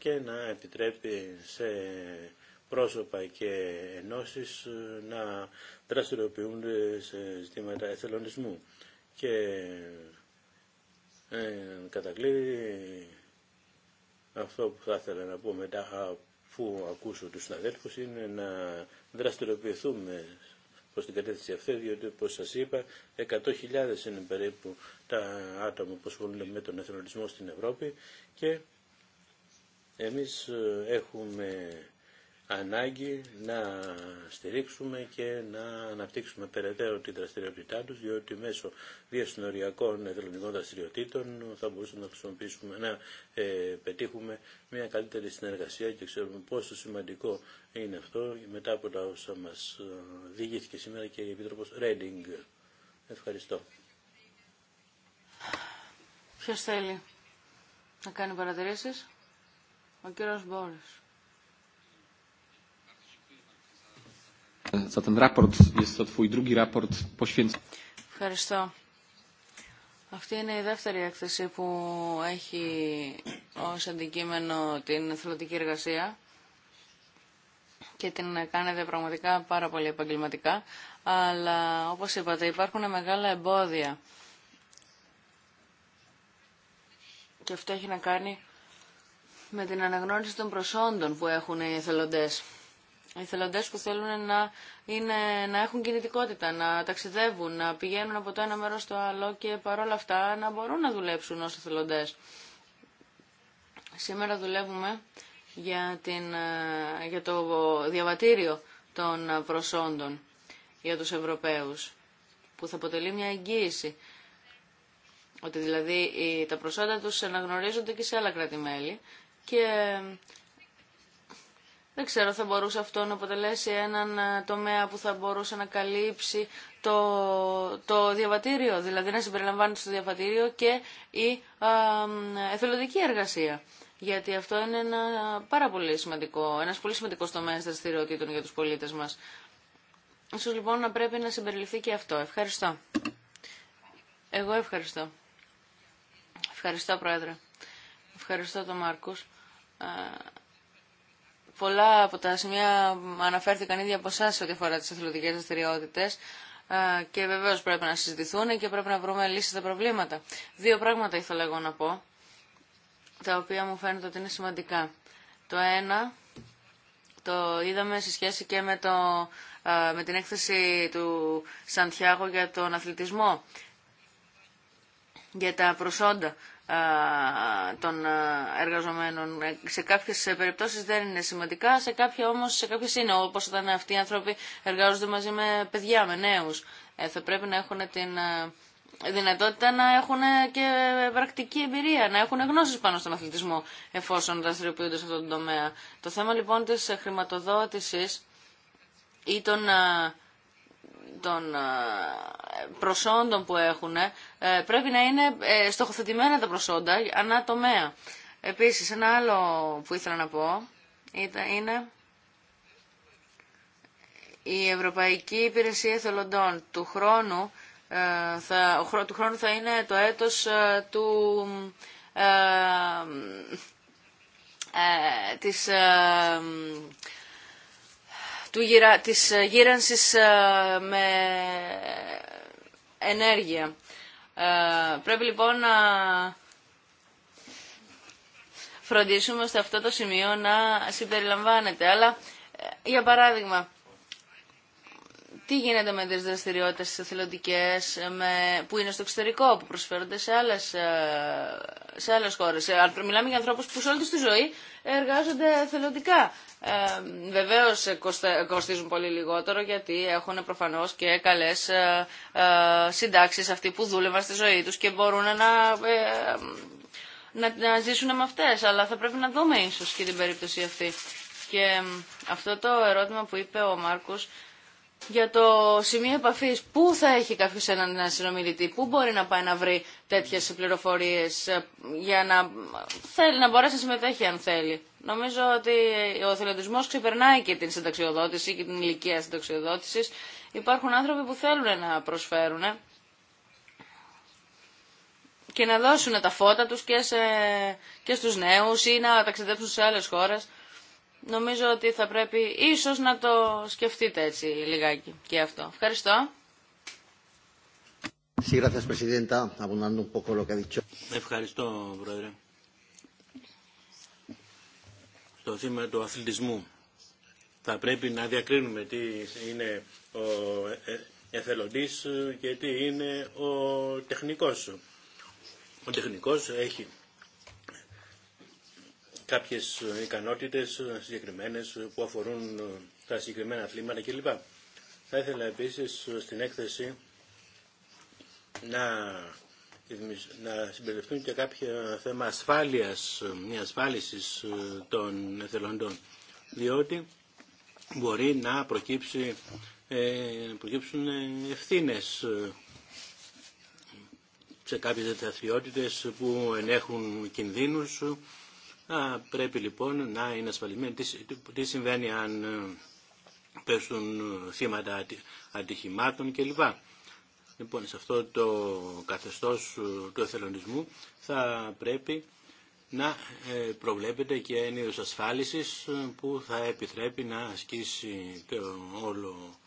S3: και να επιτρέπει σε πρόσωπα και ενώσεις να δραστηριοποιούνται σε ζητήματα εθελονισμού. Και ε, αυτό που θα ήθελα να πω μετά αφού ακούσω τους συναδέλφους είναι να δραστηριοποιηθούμε προς την κατεύθυνση αυτή, διότι όπως σας είπα 100.000 είναι περίπου τα άτομα που ασχολούνται με τον εθελοντισμό στην Ευρώπη και εμείς ε, έχουμε ανάγκη να στηρίξουμε και να αναπτύξουμε περαιτέρω την δραστηριότητά του, διότι μέσω διασυνοριακών εθελοντικών δραστηριοτήτων θα μπορούσαμε να χρησιμοποιήσουμε, να ε, πετύχουμε μια καλύτερη συνεργασία και ξέρουμε πόσο σημαντικό είναι αυτό μετά από τα όσα μα ε, διηγήθηκε σήμερα και η Επίτροπος Ρέντινγκ. Ευχαριστώ.
S1: Ποιο θέλει
S4: να κάνει παρατηρήσει, ο κύριος Ευχαριστώ. Αυτή είναι η δεύτερη έκθεση που έχει ως αντικείμενο την εθελοντική εργασία και την κάνετε πραγματικά πάρα πολύ επαγγελματικά, αλλά όπως είπατε υπάρχουν μεγάλα εμπόδια και αυτό έχει να κάνει με την αναγνώριση των προσόντων που έχουν οι εθελοντές. Οι εθελοντές που θέλουν να, είναι, να έχουν κινητικότητα, να ταξιδεύουν, να πηγαίνουν από το ένα μέρος στο άλλο και παρόλα αυτά να μπορούν να δουλέψουν ως εθελοντές. Σήμερα δουλεύουμε για, την, για το διαβατήριο των προσόντων για τους Ευρωπαίους, που θα αποτελεί μια εγγύηση. Ότι δηλαδή τα προσόντα τους αναγνωρίζονται και σε άλλα κράτη-μέλη και δεν ξέρω, θα μπορούσε αυτό να αποτελέσει έναν ε, τομέα που θα μπορούσε να καλύψει το, το διαβατήριο, δηλαδή να συμπεριλαμβάνεται στο διαβατήριο και η α, εθελοντική εργασία. Γιατί αυτό είναι ένα πάρα πολύ σημαντικό, ένας πολύ σημαντικός τομέας δραστηριοτήτων για τους πολίτες μας. Ίσως λοιπόν να πρέπει να συμπεριληφθεί και αυτό. Ευχαριστώ. Εγώ ευχαριστώ. Ευχαριστώ Πρόεδρε. Ευχαριστώ τον Μάρκους. Ε, πολλά από τα σημεία αναφέρθηκαν ήδη από εσά ό,τι αφορά τι αθλητικέ δραστηριότητε ε, και βεβαίω πρέπει να συζητηθούν και πρέπει να βρούμε λύσει στα προβλήματα. Δύο πράγματα ήθελα εγώ να πω, τα οποία μου φαίνεται ότι είναι σημαντικά. Το ένα, το είδαμε σε σχέση και με, το, ε, με την έκθεση του Σαντιάγο για τον αθλητισμό, για τα προσόντα των εργαζομένων. Ε, σε κάποιες ε, περιπτώσεις δεν είναι σημαντικά, σε κάποια όμως σε κάποιες είναι, όπω όταν αυτοί οι άνθρωποι εργάζονται μαζί με παιδιά, με νέους. Ε, θα πρέπει να έχουν την δυνατότητα να έχουν και πρακτική εμπειρία, να έχουν γνώσεις πάνω στον αθλητισμό, εφόσον δραστηριοποιούνται σε αυτόν τον τομέα. Το θέμα λοιπόν της χρηματοδότησης ή των των ε, προσόντων που έχουν ε, πρέπει να είναι ε, στοχοθετημένα τα προσόντα ανά τομέα. Επίσης, ένα άλλο που ήθελα να πω είναι η Ευρωπαϊκή Υπηρεσία Εθελοντών του χρόνου θα, του χρόνου θα είναι το έτος του, της του γυρα, της ε, γύρανσης ε, με ενέργεια. Ε, πρέπει λοιπόν να φροντίσουμε στο αυτό το σημείο να συμπεριλαμβάνεται. Αλλά, για παράδειγμα, τι γίνεται με τις δραστηριότητες εθελοντικές με, που είναι στο εξωτερικό, που προσφέρονται σε άλλες, ε, σε άλλες χώρες. Ε, μιλάμε για ανθρώπους που σε όλη τους τη ζωή εργάζονται εθελοντικά. Ε, βεβαίως ε, κοστίζουν πολύ λιγότερο γιατί έχουν προφανώς και καλές ε, συντάξεις αυτοί που δούλευαν στη ζωή τους και μπορούν να... να, να ζήσουν με αυτές, αλλά θα πρέπει να δούμε ίσως και την περίπτωση αυτή. Και αυτό το ερώτημα που είπε ο Μάρκος για το σημείο επαφή, Πού θα έχει κάποιο έναν συνομιλητή, πού μπορεί να πάει να βρει τέτοιε πληροφορίε ε, για να, θέλει, να μπορέσει να συμμετέχει αν θέλει. Νομίζω ότι ο θελοντισμός ξεπερνάει και την συνταξιοδότηση και την ηλικία συνταξιοδότηση. Υπάρχουν άνθρωποι που θέλουν να προσφέρουν ε, και να δώσουν τα φώτα τους και, σε, και στους νέους ή να ταξιδέψουν σε άλλες χώρες. Νομίζω ότι θα πρέπει ίσως να το σκεφτείτε έτσι λιγάκι και αυτό. Ευχαριστώ.
S3: Ευχαριστώ, Πρόεδρε. Στο θέμα του αθλητισμού θα πρέπει να διακρίνουμε τι είναι ο ε, εθελοντής και τι είναι ο τεχνικός. Ο τεχνικός έχει κάποιες ε, ικανότητες ε, συγκεκριμένες ε, που αφορούν τα συγκεκριμένα αθλήματα κλπ. Θα ήθελα επίσης στην έκθεση να, να συμπεριληφθούν και κάποια θέμα ασφάλειας, μια ασφάλισης των εθελοντών, διότι μπορεί να προκύψει, προκύψουν ευθύνες σε κάποιες δραστηριότητε που ενέχουν κινδύνους θα πρέπει λοιπόν να είναι ασφαλισμένοι. Τι, τι συμβαίνει αν ε, πέσουν ε, θύματα ατυχημάτων κλπ. Λοιπόν, σε αυτό το καθεστώς ε, του εθελοντισμού θα πρέπει να προβλέπεται και ένα είδος ασφάλισης που θα επιτρέπει να ασκήσει το όλο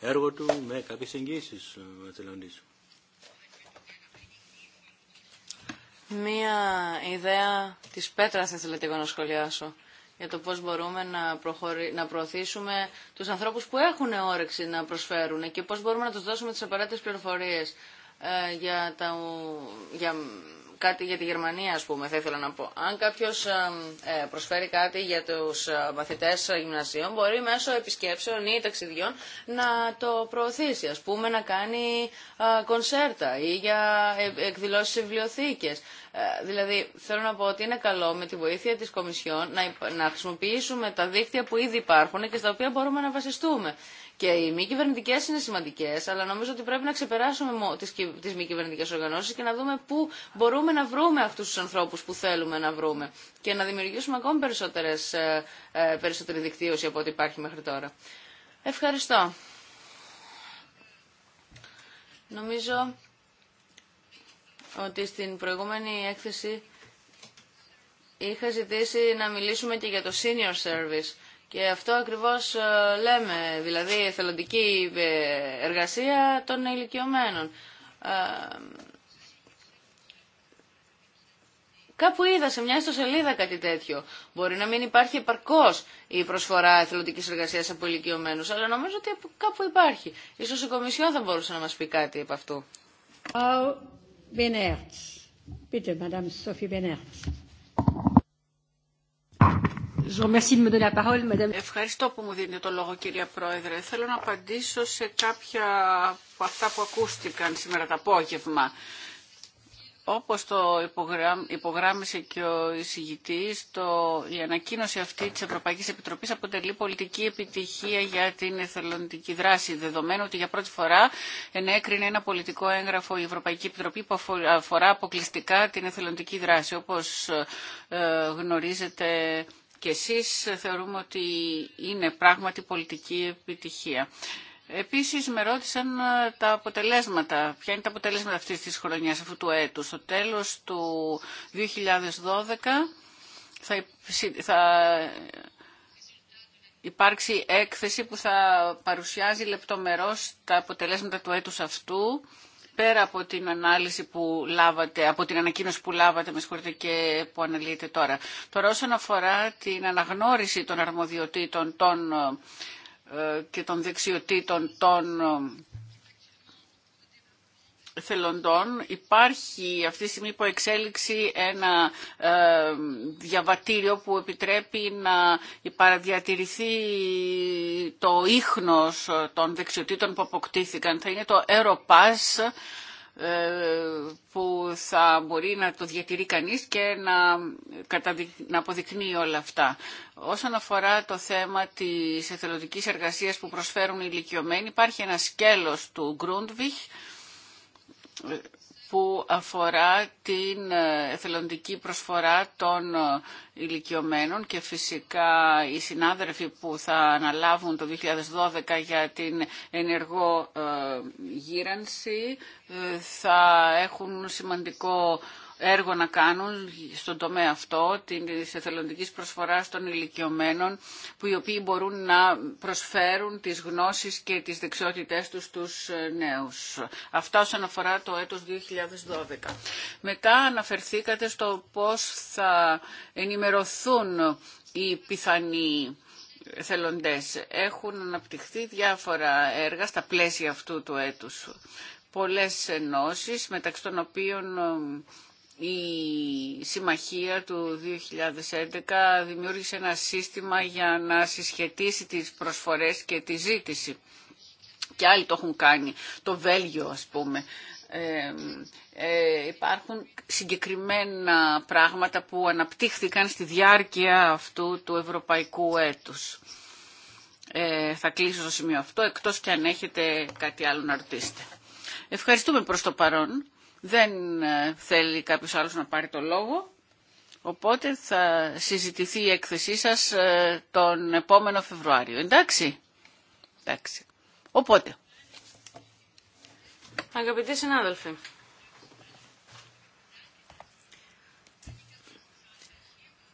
S3: έργο του με κάποιες εγγύσεις ο
S4: Μία ιδέα της πέτρας θα ήθελα να σχολιάσω για το πώς μπορούμε να, προχωρη... να προωθήσουμε τους ανθρώπους που έχουν όρεξη να προσφέρουν και πώς μπορούμε να τους δώσουμε τις απαραίτητες πληροφορίες ε, για, τα, για κάτι για τη Γερμανία, ας πούμε, θα ήθελα να πω. Αν κάποιος ε, ε, προσφέρει κάτι για τους ε, μαθητές γυμνασίων, μπορεί μέσω επισκέψεων ή ταξιδιών να το προωθήσει, ας πούμε, να κάνει κονσέρτα ή για εκδηλώσεις σε βιβλιοθήκες. Δηλαδή, θέλω να πω ότι είναι καλό με τη βοήθεια της Κομισιόν να χρησιμοποιήσουμε τα δίκτυα που ήδη υπάρχουν και στα οποία μπορούμε να βασιστούμε και οι μη κυβερνητικέ είναι σημαντικέ, αλλά νομίζω ότι πρέπει να ξεπεράσουμε τι μη κυβερνητικέ οργανώσει και να δούμε πού μπορούμε να βρούμε αυτού του ανθρώπου που θέλουμε να βρούμε και να δημιουργήσουμε ακόμη περισσότερες, ε, ε, περισσότερη δικτύωση από ό,τι υπάρχει μέχρι τώρα. Ευχαριστώ. Νομίζω ότι στην προηγούμενη έκθεση είχα ζητήσει να μιλήσουμε και για το senior service και αυτό ακριβώς ε, λέμε, δηλαδή εθελοντική ε, εργασία των ηλικιωμένων. Ε, κάπου είδα σε μια ιστοσελίδα κάτι τέτοιο. Μπορεί να μην υπάρχει επαρκώ η προσφορά εθελοντική εργασία από ηλικιωμένου, αλλά νομίζω ότι κάπου υπάρχει. σω η Κομισιόν θα μπορούσε να μα πει κάτι
S1: από αυτού.
S2: Madame Sophie
S1: Ευχαριστώ που μου δίνετε το λόγο κυρία Πρόεδρε. Θέλω να απαντήσω σε κάποια από αυτά που ακούστηκαν σήμερα το απόγευμα. Όπως το υπογράμμισε και ο εισηγητής, το, η ανακοίνωση αυτή της Ευρωπαϊκής Επιτροπής αποτελεί πολιτική επιτυχία για την εθελοντική δράση, δεδομένου ότι για πρώτη φορά ενέκρινε ένα πολιτικό έγγραφο η Ευρωπαϊκή Επιτροπή που αφορά αποκλειστικά την εθελοντική δράση. Όπως ε, γνωρίζετε, και εσείς θεωρούμε ότι είναι πράγματι πολιτική επιτυχία. Επίσης με ρώτησαν τα αποτελέσματα, ποια είναι τα αποτελέσματα αυτής της χρονιάς, αυτού του έτους. Στο τέλος του 2012 θα, θα υπάρξει έκθεση που θα παρουσιάζει λεπτομερώς τα αποτελέσματα του έτους αυτού πέρα από την ανάλυση που λάβατε, από την ανακοίνωση που λάβατε, με συγχωρείτε και που αναλύεται τώρα. Τώρα όσον αφορά την αναγνώριση των αρμοδιοτήτων των, ε, και των δεξιοτήτων των ε, θελοντών υπάρχει αυτή τη στιγμή υπό εξέλιξη ένα ε, διαβατήριο που επιτρέπει να παραδιατηρηθεί το ίχνος των δεξιοτήτων που αποκτήθηκαν. Θα είναι το Aeropass ε, που θα μπορεί να το διατηρεί κανείς και να, να αποδεικνύει όλα αυτά. Όσον αφορά το θέμα της εθελοντικής εργασίας που προσφέρουν οι ηλικιωμένοι, υπάρχει ένα σκέλος του Grundwich που αφορά την ε, εθελοντική προσφορά των ε, ηλικιωμένων και φυσικά οι συνάδελφοι που θα αναλάβουν το 2012 για την ενεργό ε, γύρανση θα έχουν σημαντικό έργο να κάνουν στον τομέα αυτό της εθελοντικής προσφοράς των ηλικιωμένων που οι οποίοι μπορούν να προσφέρουν τις γνώσεις και τις δεξιότητές τους στους ε, νέους. Αυτά όσον αφορά το έτος 2012. Μετά αναφερθήκατε στο πώς θα ενημερωθούν οι πιθανοί θελοντές. Έχουν αναπτυχθεί διάφορα έργα στα πλαίσια αυτού του έτους πολλές ενώσεις μεταξύ των οποίων η συμμαχία του 2011 δημιούργησε ένα σύστημα για να συσχετίσει τις προσφορές και τη ζήτηση. Και άλλοι το έχουν κάνει. Το Βέλγιο ας πούμε. Ε, υπάρχουν συγκεκριμένα πράγματα που αναπτύχθηκαν στη διάρκεια αυτού του ευρωπαϊκού έτους. Ε, θα κλείσω στο σημείο αυτό, εκτός και αν έχετε κάτι άλλο να ρωτήσετε. Ευχαριστούμε προς το παρόν. Δεν ε, θέλει κάποιος άλλος να πάρει το λόγο. Οπότε θα συζητηθεί η έκθεσή σας ε, τον επόμενο Φεβρουάριο. Εντάξει. Εντάξει. Οπότε.
S4: Αγαπητοί συνάδελφοι.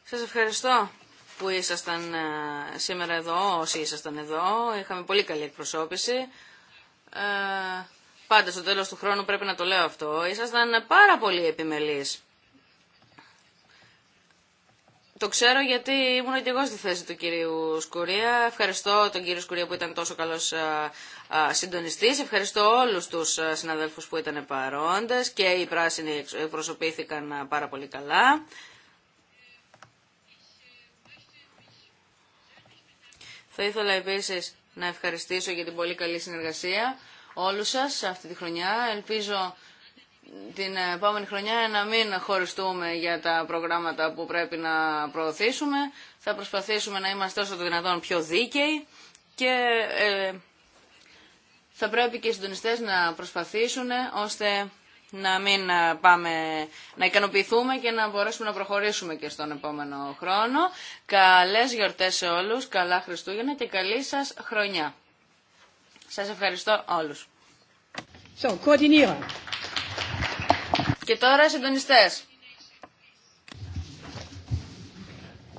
S4: Σας ευχαριστώ που ήσασταν ε, σήμερα εδώ, όσοι ήσασταν εδώ. Είχαμε πολύ καλή εκπροσώπηση. Πάντα στο τέλος του χρόνου πρέπει να το λέω αυτό. Ήσασταν πάρα πολύ επιμελής. Το ξέρω γιατί ήμουν και εγώ στη θέση του κυρίου Σκουρία. Ευχαριστώ τον κύριο Σκουρία που ήταν τόσο καλός συντονιστής. Ευχαριστώ όλους τους συναδέλφους που ήταν παρόντες και οι πράσινοι προσωπήθηκαν πάρα πολύ καλά. Θα ήθελα επίσης να ευχαριστήσω για την πολύ καλή συνεργασία όλους σας αυτή τη χρονιά. Ελπίζω την επόμενη χρονιά να μην χωριστούμε για τα προγράμματα που πρέπει να προωθήσουμε. Θα προσπαθήσουμε να είμαστε όσο το δυνατόν πιο δίκαιοι και ε, θα πρέπει και οι συντονιστές να προσπαθήσουν ώστε να μην πάμε να ικανοποιηθούμε και να μπορέσουμε να προχωρήσουμε και στον επόμενο χρόνο. Καλές γιορτές σε όλους, καλά Χριστούγεννα και καλή σας χρονιά. Σας ευχαριστώ όλους. So,
S2: Και τώρα συντονιστές.